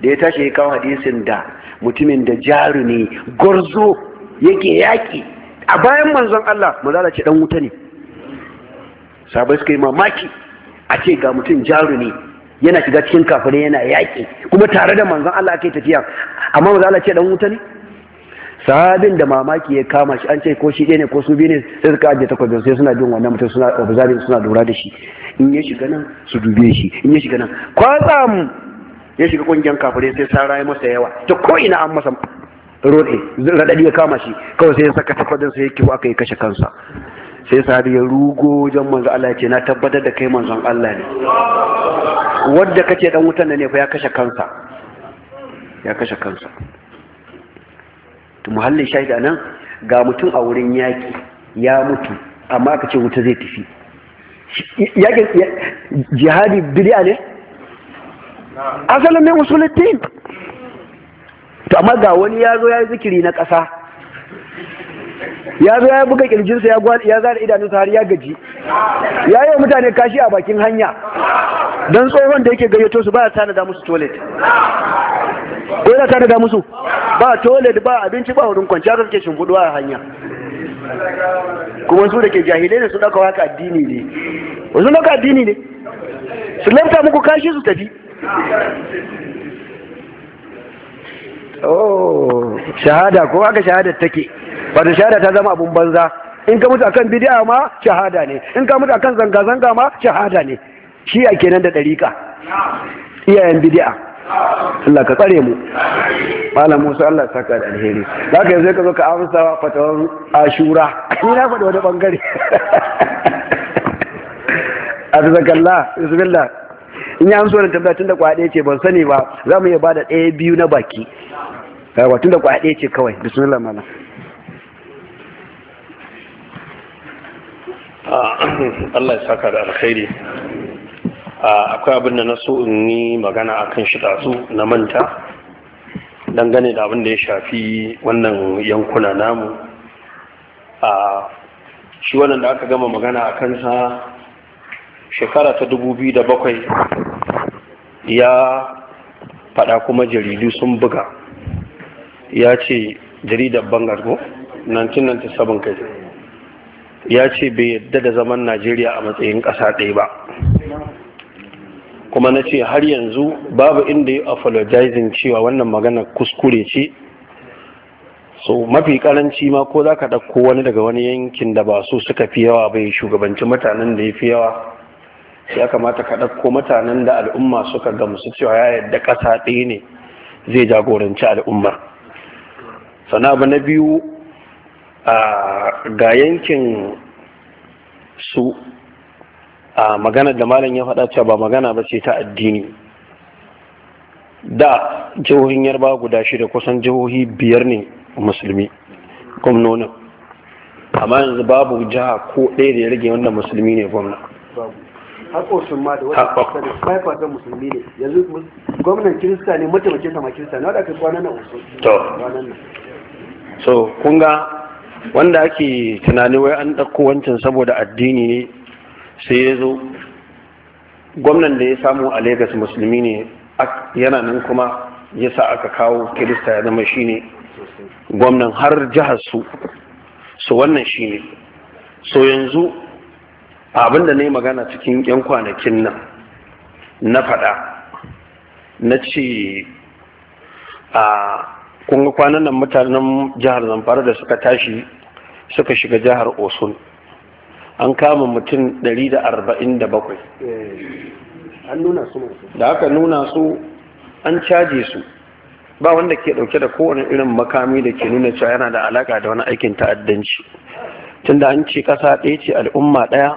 da ya tashi ya kawo hadisin da mutumin da jaru ne gorzo yake yaki a bayan manzon Allah mu lalace dan wuta ne sabai suka yi mamaki a ce ga mutum jaru ne yana shiga cikin kafirai yana yaki kuma tare da manzon Allah ake tafiya amma mu lalace dan wuta ne sahabin da mamaki ya kama shi an ce ko shi ɗaya ne ko su biyu ne sai suka ajiye takwabin sai suna bin wannan mutum suna observing suna lura da shi in ya shiga nan su dube shi in ya shiga nan kwatsam ya shiga kungiyar kafirai sai sa rayu masa yawa ta ko ina an masa rode radadi ya kama shi kawai sai ya saka takwabin sai ya kiwo aka yi kashe kansa sai sahabi ya rugo wajen manzo Allah ya ce na tabbatar da kai manzon Allah ne wanda kace dan wutan ne fa ya kashe kansa ya kashe kansa to muhallin shahid anan ga mutum a wurin yaki ya mutu amma aka ce wuta zai tafi yakin jihadi bid'a ne asalin ne usuluddin to amma ga wani ya zo ya yi zikiri na ƙasa ya zo ya buga kirjinsa ya gwada ya zara idanunsa har ya gaji ya yi wa mutane kashi a bakin hanya don tsohon da yake gayyato su ba a tanada musu toilet ko yana tanada musu ba toilet ba abinci ba wurin kwanciya da suke shimfiɗuwa a hanya kuma su da ke jahilai ne su ɗauka haka addini ne wasu ɗauka addini ne su lafta muku kashi su tafi oh shahada ko aka shahadar take da shahada ta zama abun banza in ka mutu akan bidiya ma shahada ne in ka mutu akan zanga zanga ma shahada ne shi a kenan da dariƙa iyayen bidiya Allah ka tsare mu malam Musa Allah ya saka da alheri zaka yanzu ka zo ka amsa fatawan ashura ni na faɗi wani bangare arzakallah bismillah in ya amsa wannan tambaya tunda kwaɗe ce ban sani ba za mu iya bada ɗaya biyu na baki wato tunda kwaɗe ce kawai bismillah malam Ah, Allah ya saka da alkhairi ah, akwai abin da na so in yi magana a kan shiɗasu na manta dangane da abin da ya shafi wannan yankuna namu a ah, shi wannan da aka gama magana a kansa shekara ta da bakwai ya faɗa kuma jaridu sun buga ya ce jaridar bangar 1997 kai ya ce bai yadda da zaman najeriya a matsayin ƙasa ɗaya ba kuma na ce har yanzu babu inda ya apologizing cewa wannan magana kuskure ce so mafi karanci ma ko za ka ɗauko wani daga wani yankin da ba su suka fi yawa bai shugabanci mutanen da ya fi yawa ya kamata ka ɗauko mutanen da al'umma suka gamsu cewa ya yadda ƙasa ɗaya ne zai jagoranci al'umma sana abu na biyu ga yankin su a maganar da malam ya faɗa cewa ba magana ba ce ta addini da jihohin yarba guda shida kusan jihohi biyar ne musulmi gwamnonin amma yanzu babu jiha ko ɗaya da ya rage wanda musulmi ne gwamna har osun ma da wata da musulmi ne yanzu gwamnan kirista ne mataimakin sama kirista ne wadda aka kwanan na so kun ga wanda ake tunani wai an ɗauko wancan saboda addini ne sai ya zo gwamnan da ya samu a Legas musulmi ne yana nan kuma ya sa aka kawo kirista ya zama shine gwamnan har jihar su so wannan shine so yanzu abinda na yi magana cikin 'yan kwanakin nan na faɗa na ce a kun ga kwanan nan mutanen jihar zamfara da suka tashi suka shiga jihar osun an kama mutum 147 eh, an nuna su da aka nuna su an caje su ba wanda ke dauke da kowane irin makami da ke nuna cewa yana da alaka da wani aikin ta'addanci tunda an ce kasa ɗaya ce al'umma ɗaya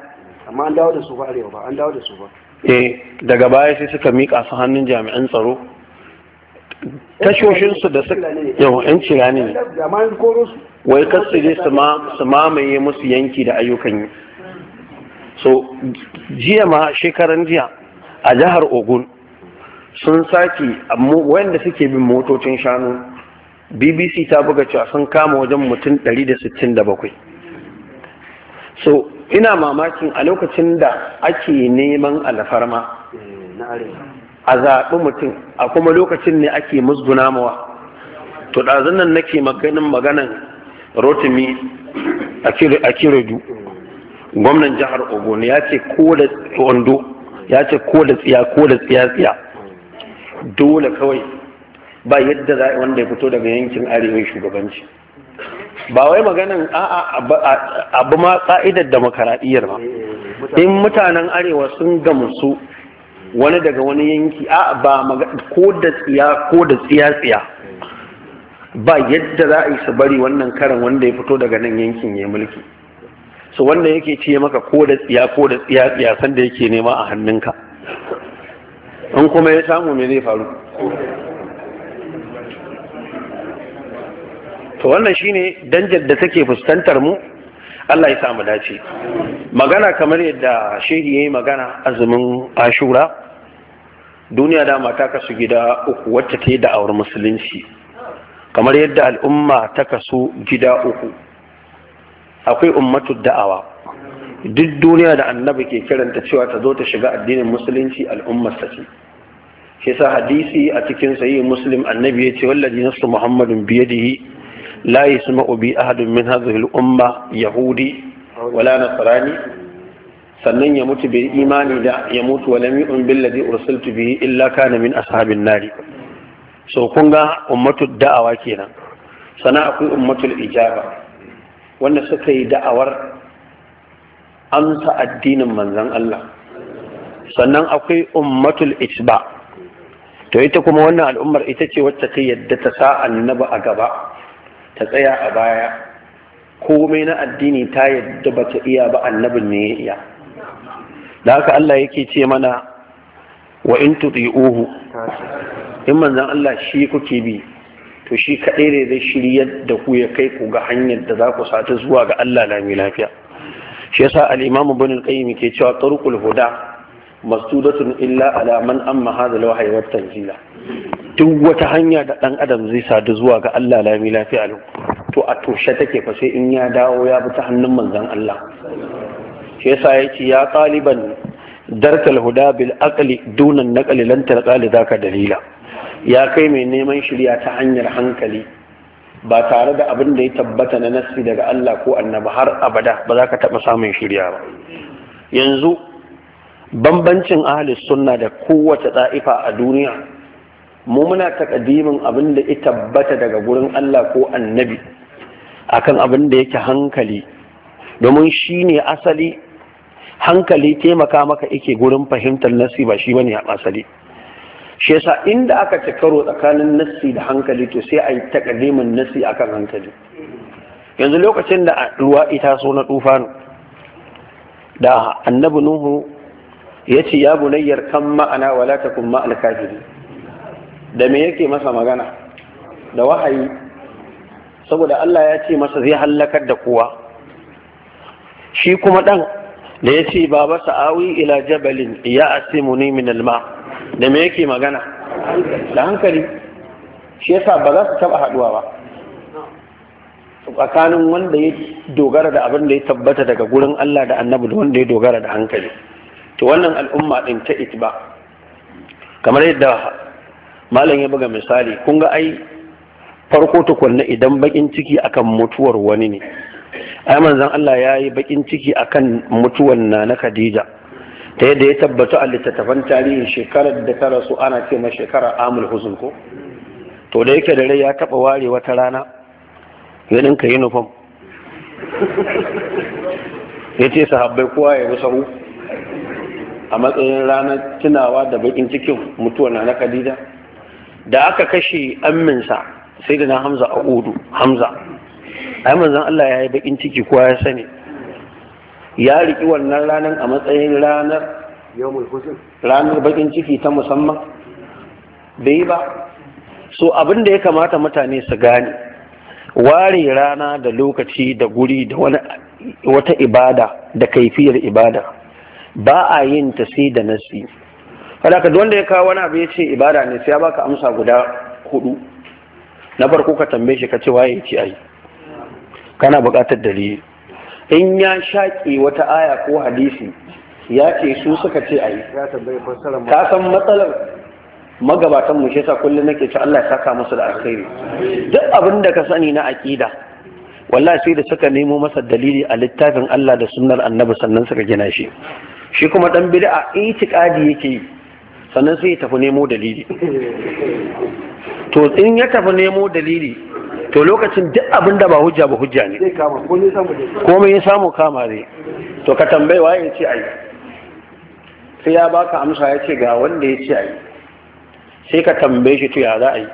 amma an dawo da su ba arewa ba an dawo da su ba eh daga baya sai suka miƙa su hannun jami'an tsaro tashoshinsu da suka yawan 'yan cira ne wai kasu je su mamaye musu yanki da ayyukan yi so jiya ma shekaran jiya a jihar ogun sun sake wayanda suke bin motocin shanu bbc ta buga cewa sun kama wajen mutum 167 so ina mamakin a lokacin da ake neman alfarma eh, a zaɓi mutum a kuma lokacin ne ake musguna mawa to ɗazun nan nake maganin maganan rotimi a kiradu gwamnan jihar ogun ya ce ko da ya ce ko da tsiya ko da tsiya tsiya dole kawai ba yadda za wanda ya fito daga yankin arewa shugabanci ba wai maganin abu ma ka'idar da makaraɗiyar ba in mutanen arewa sun gamsu wani daga wani yanki a ba ko ko da tsiya tsiya ba yadda za a yi su bari wannan karin wanda ya fito daga nan yankin ya mulki so wanda yake ce maka ko da tsiya ko da tsiya tsiya sanda yake nema a hannunka in kuma ya samu me zai faru to wannan shine danjar da take fuskantar mu Allah ya samu dace magana kamar yadda shehi yi magana azumin ashura duniya dama ta kasu gida uku wacce ta yi da'awar musulunci kamar yadda al'umma ta kasu gida uku akwai ummatu da'awa duk duniya da annabi ke kiranta cewa ta zo ta shiga addinin musulunci al'ummar ta ce shi sa hadisi a cikin sayi muslim annabi ya ce wallazi nasu muhammadun biyadihi la yasma'u bi ahadun min hadhihi al-umma yahudi wala nasrani sannan ya mutu bai imani da ya mutu wa lam yu'min billadhi ursiltu bihi illa kana min ashabin nari so kun ga ummatu da'awa kenan sana akwai ummatu ijaba wanda suka yi da'awar amsa addinin manzon Allah sannan akwai ummatu isba to ita kuma wannan al'ummar ita ce wacce ta yadda ta sa annabi a gaba ta tsaya a baya komai na addini ta yadda ba ta iya ba annabin ne ya iya da haka Allah yake ce mana wa in tuti'uhu in manzon Allah shi kuke bi to shi kaɗai ne zai shiryar da ku ya kai ku ga hanyar da za ku sata zuwa ga Allah lami lafiya shi yasa al-imam ibn al-qayyim ke cewa tarqul huda datun illa alaman man amma hadha al-wahyi wa tanzila duk wata hanya da ɗan adam zai sadu zuwa ga Allah lami lafiya to a toshe take fa sai in ya dawo ya bi ta hannun manzon Allah shi yasa ya ce ya ƙaliban darkal huda bil aqli dunan naqli lan za zaka dalila ya kai mai neman shirya ta hanyar hankali ba tare da abin da ya tabbata na nassi daga Allah ko annabi har abada ba za ka taɓa samun shirya ba yanzu bambancin ahalis sunna da kowace ta'ifa a duniya mu muna takadimin abin da ya tabbata daga gurin Allah ko annabi akan abin da yake hankali domin shi ne asali hankali taimaka maka ike gurin fahimtar nassi ba shi bane a asali shi yasa inda aka ci karo tsakanin nassi da hankali to sai a yi takalimin nassi akan hankali yanzu lokacin da ruwa ita so na tufanu da annabi nuhu ya ce ya bunayyar kan ma'ana wala ta ma'al kafiri da me yake masa magana da wahayi saboda Allah ya ce masa zai hallakar da kowa shi kuma dan da ya ce baba awi ila jabalin ya muni min alma da me yake magana da hankali shi yasa ba za su taba haduwa ba tsakanin wanda ya dogara da abin da ya tabbata daga gurin Allah da annabi da wanda ya dogara da hankali to wannan al'umma din ta itba kamar yadda malam ya buga misali kun ga ai farko tukunna idan bakin ciki akan mutuwar wani ne ai manzon Allah ya yi bakin ciki akan mutuwan na na Khadija ta yadda ya tabbata a littattafan tarihin shekarar da ta rasu ana ce ma shekara amul huzun ko to da yake da rai ya taba ware wata rana ya dinka uniform ya ce sahabbai kowa ya bi sahu a matsayin ranar tunawa da bakin cikin mutuwa na na Khadija da aka kashe aminsa sai da na Hamza a Udu Hamza ai manzon Allah ya yi bakin ciki kowa ya sani ya riki wannan ranar a matsayin ranar ranar bakin ciki ta musamman bai yi ba so abin da ya kamata mutane su gane ware rana da lokaci da guri da wani wata ibada da kaifiyar ibada ba a yin ta sai da nasi kada ka wanda ya kawo wani abu ya ce ibada ne sai ya baka amsa guda hudu na farko ka tambaye shi ka ce waye ya ce ai kana buƙatar dalili in ya shaƙe wata aya ko hadisi ya ce su suka ce a yi ta san matsalar magabatan mu yasa kullum nake ci Allah ya saka musu da alkhairi duk abin da ka sani na aƙida wallahi sai da suka nemo masa dalili a littafin Allah da sunnar annabi sannan suka gina shi shi kuma dan bid'a itiqadi yake sannan sai ya tafi nemo dalili to in ya tafi nemo dalili to lokacin duk abin da ba hujja ba hujja ne komai ya samu kama ne to ka tambayi wa ya ce ai sai ya baka amsa ya ce ga wanda ya ce ai sai ka tambaye shi to ya za a yi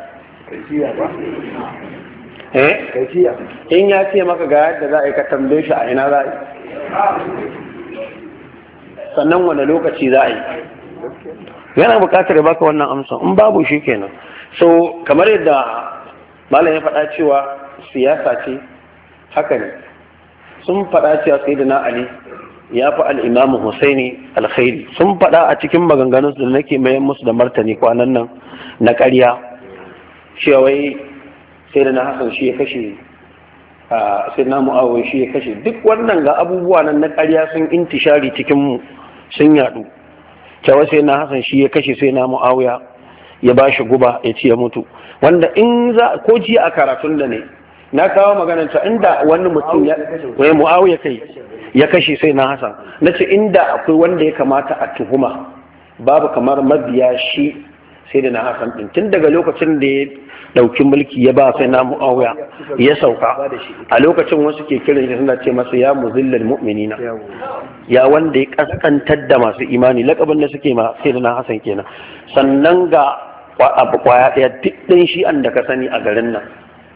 eh? in ya ce maka ga yadda za a yi ka tambaye shi a ina za a yi sannan wane lokaci za a yi yana bukatar baka wannan amsa in babu shi kenan so kamar yadda malam ya faɗa cewa siyasa ce haka ne sun faɗa cewa sayyidina ali ya fi al'imamu husaini alkhairi sun faɗa a cikin maganganun da nake mayan musu da martani kwanan nan na ƙarya cewa wai sai da na hasan shi ya kashe sai na mu'awai shi ya kashe duk wannan ga abubuwa nan na ƙarya sun intishari cikin mu sun yadu, cewa sai na hasan shi ya kashe sai na mu'awiya ya ba shi guba ya ci ya mutu wanda in za ko jiya a karatun da ne na kawo maganar ta inda wani mutum ya wai muawiya kai ya kashe sai na hasan nace inda akwai wanda ya kamata a tuhuma babu kamar mabiya shi sai da na hasan din tun daga lokacin da ya dauki mulki ya ba sai na muawiya ya sauka a lokacin wasu ke kiran shi suna ce masa ya muzillal mu'minina ya wanda ya kaskantar da masu imani lakabin da suke ma sai da na hasan kenan sannan ga kwaya ɗaya duk ɗin an da ka sani a garin nan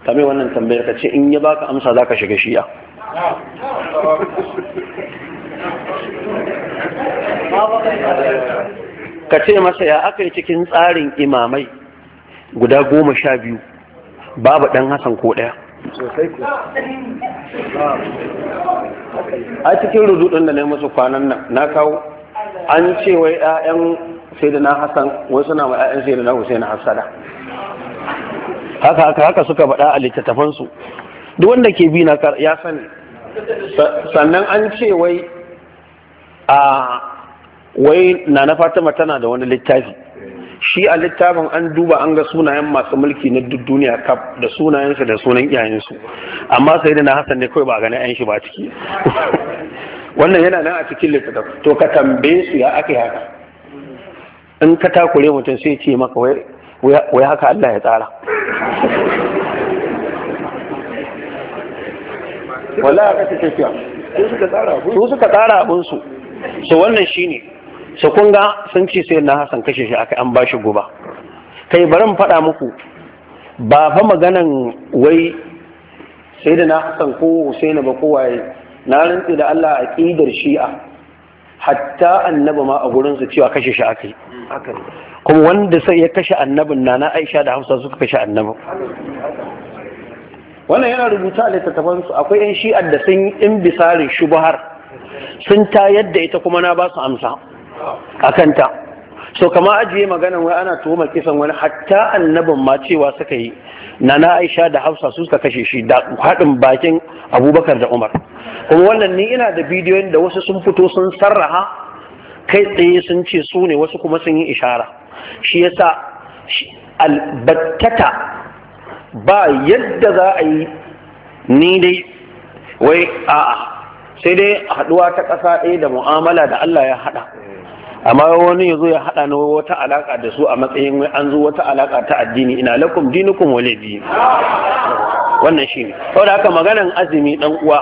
kame wannan tambayar ka ce in ya baka amsa za ka shiga shi'a ka ce masa ya aka yi cikin tsarin imamai guda goma sha biyu babu ɗan hasan ko ɗaya a cikin rududin da na yi musu kwanan nan na kawo an ce wai 'ya'yan sai da na hasan wai suna ma 'ya'yan sai da na husaini hassada haka haka haka suka faɗa a littattafansu duk wanda ke bi na ya sani sannan an ce wai a wai na na fatima tana da wani littafi shi a littafin an duba an ga sunayen masu mulki na duk duniya kaf da sunayensu da sunan iyayensu amma sai da na hasan ne kawai ba gani 'yan shi ba ciki wannan yana nan a cikin littafin to ka tambaye su ya aka haka in ka takure mutum sai ce maka wai haka Allah ya tsara wallahi aka ce cewa su suka tsara su su wannan shine su kun ga sun ce sai na hasan kashe shi aka an ba shi guba kai bari mu faɗa muku ba fa maganan wai sai da na hasan ko sai na ba kowaye na rantsi da Allah a ƙidar shi'a hatta annaba ma a su cewa kashe shi aka yi kuma wanda sai ya kashe annabin na na aisha da hausa suka kashe annabin wannan yana rubuta a su akwai 'yan shi'ar da sun in bisarin shubuhar sun tayar da ita kuma na ba su amsa a kanta so kama ajiye magana wai ana tuhumar kisan wani hatta annabin ma cewa suka yi na na aisha da hafsa su suka kashe shi da haɗin bakin abubakar da umar kuma wannan ni ina da bidiyon da wasu sun fito sun sarraha kai tsaye sun ce su ne wasu kuma sun yi ishara shi yasa albattata ba yadda za a yi ni dai wai a'a sai dai haɗuwa ta ƙasa ɗaya da mu'amala da Allah ya haɗa amma wani ya zo ya haɗa na wata alaƙa da su a matsayin wai an zo wata alaka ta addini ina lakum dinukum waladi wannan shi ne saboda haka maganan azumi dan uwa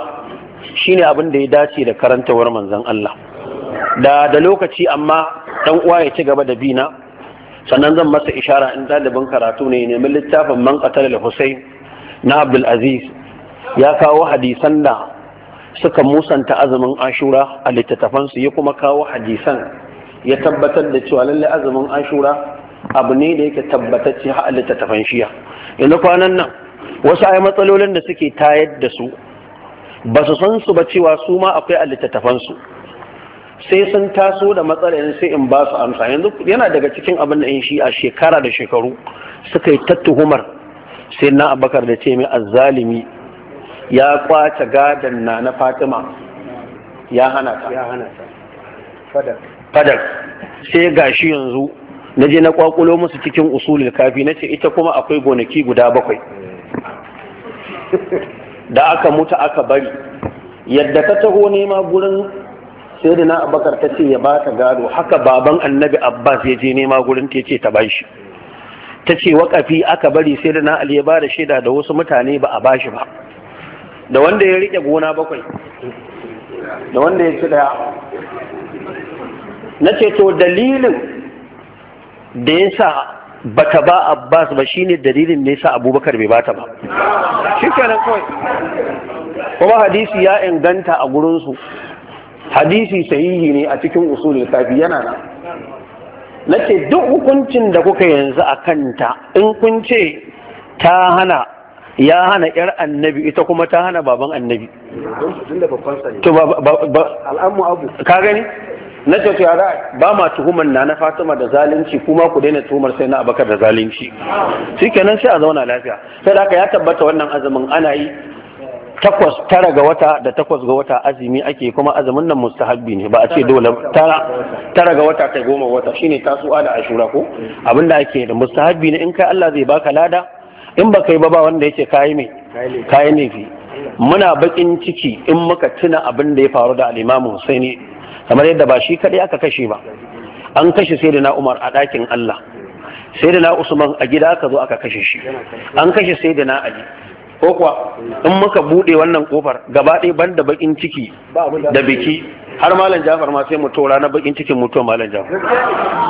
shine abin da ya dace da karantawar manzon Allah da da lokaci amma dan uwa ya ci gaba da bina sannan zan masa ishara in dalibin karatu ne nemi littafin man qatala al-husayn na Abdul Aziz ya kawo hadisan da suka musanta azumin ashura a littattafansu ya kuma kawo hadisan ya tabbatar da cewa lalle azumin ashura abu ne da yake tabbatar ce har littattafan shiya yanzu kwanan nan wasu ai matsalolin da suke tayar da su ba su san su ba cewa su ma akwai a littattafan su sai sun taso da matsalolin sai in ba su amsa yanzu yana daga cikin abin da in shi a shekara da shekaru suka yi tattuhumar sai na abakar da ce mai azzalimi ya kwace gadan na na fatima ya hana ta fadar sai ga shi yanzu na je na kwakulo musu cikin usulul kafi na ce ita kuma akwai gonaki guda bakwai da aka mutu aka bari yadda ka taho nema gurin sai da na abakar ta ce ya ba ta gado haka baban annabi abbas ya je nema gurin ta ce ta bashi ta ce wakafi aka bari sai da na ali ya ba da shaida da wasu mutane ba a bashi ba da wanda ya rike gona bakwai da wanda ya ci daya na ce to dalilin da ya sa ta ba Abbas ba shine dalilin da ya sa Abubakar bai bata ba shikenan kawai kuma hadisi ya inganta a gurinsu hadisi sahihi ne a cikin usulul kafi yana nan nace duk hukuncin da kuka yanzu a kanta in kun ce ta hana ya hana yar annabi ita kuma ta hana baban annabi to ba ba ka gani na tafi yara ba ma tuhumar na na fatima da zalunci kuma ku daina tuhumar sai na abakar da zalunci kenan sai a zauna lafiya sai da ya tabbata wannan azumin ana yi takwas tara ga wata da takwas ga wata azumi ake kuma azumin nan mustahabbi ne ba a ce dole tara tara ga wata ta goma wata shine tasu'a da ashura ko abinda ake da mustahabbi ne in kai Allah zai baka lada in ba kai ba ba wanda yake kayi mai kayi ne fi muna bakin ciki in muka tuna abin da ya faru da al-Imam Husaini kamar yadda ba shi kaɗai aka kashe ba an kashe sai da na umar a ɗakin allah sai da na usman a gida aka zo aka kashe shi an kashe sai da na ali ko kuwa in muka buɗe wannan kofar gaba ɗaya ban da bakin ciki da biki har malam jafar ma sai mu to ranar bakin cikin mutuwa malam jafar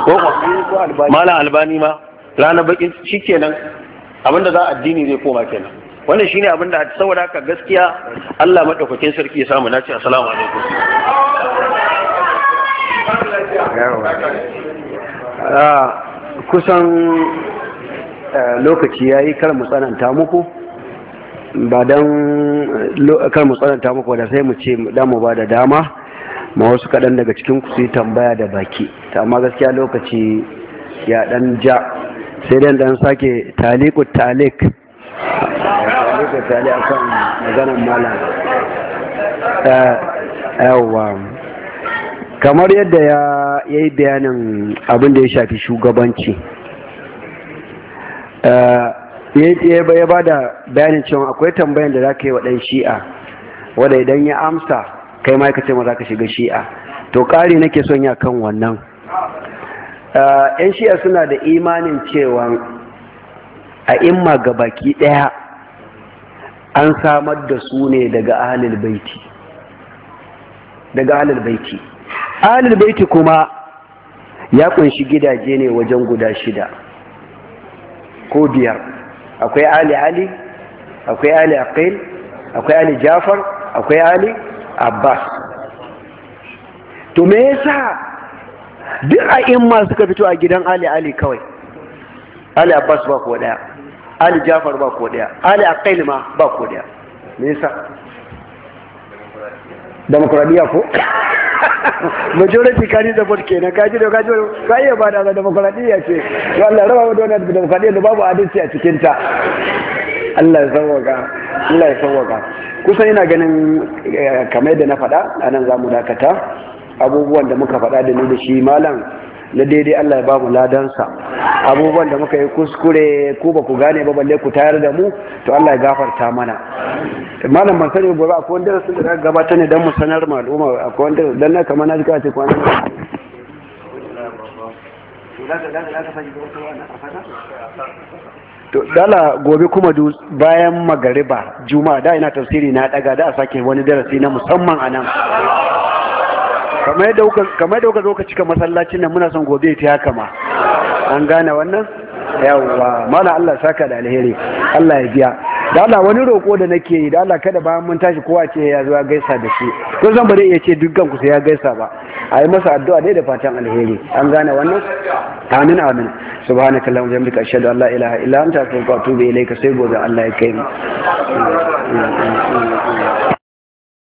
ko kuwa malam albani ma ranar bakin ciki nan abinda za addini zai koma kenan wannan shine abin da saboda haka gaskiya Allah madaukakin sarki ya samu nace assalamu alaikum Ah, kusan eh, lokaci ya yi kar mu tsananta muku ba don kar mu tsananta muku da sai mu ce dan mu ba da dama ma wasu kaɗan daga cikin ku yi tambaya da baki amma gaskiya lokaci ya ɗan ja sai dan dan sake taliku talik taliku talik akan maganar malam eh, yawwa kamar yadda ya yi bayanin abinda ya shafi shugabanci eh, ya ba da bayanin cewa akwai tambayan da za ka yi wa ɗan shi'a wadda idan ya amsa kai ma ka ma za ka shiga shi'a to ƙari nake son ya kan wannan eh, yan shi'a suna da imanin cewa a imma ga baki ɗaya an samar da su ne daga ahalil baiti daga ahalil baiti alil baiti kuma ya kunshi gidaje ne wajen guda shida ko biyar akwai ali ali akwai ali aqil akwai ali jafar akwai ali abbas to me yasa duk a imma suka fito a gidan ali ali kawai ali abbas ba ko daya ali jafar ba ko daya ali aqil ma ba ko daya me yasa demokradiyya ko majority kani da vote kenan kaji da kaji ka iya ba da demokradiyya ce to Allah raba mu da wannan demokradiyya da babu adalci a cikin ta Allah ya sauwaka Allah ya sauwaka kusan ina ganin eh, kamar da na faɗa anan zamu dakata abubuwan da muka faɗa da ni da shi malam na daidai Allah ya bamu ladansa abubuwan da muka yi kuskure ku ba ku gane ba balle ku tayar da mu to Allah ya gafarta mana malam ban sani gobe akwai wanda sun da gabata ne dan mu sanar mu al'umma akwai wanda dan na kamar na ji kace kwana to dala gobe kuma bayan magariba juma'a da ina tafsiri na daga da a sake wani darasi na musamman anan kamar yadda kuka zo ka cika masallacin nan muna son gobe ta haka ma an gane wannan yawwa mala Allah saka da alheri Allah ya biya da Allah wani roƙo da nake yi da Allah kada bayan mun tashi kowa ce ya zo ya gaisa da shi ko zan bari ya iya ce dukkan ku sai ya gaisa ba a yi masa addu'a dai da fatan alheri an gane wannan amin amin subhanaka allahumma bihamdika ashhadu an la ilaha illa anta astaghfiruka wa atubu ilayka sai gobe Allah ya kai mu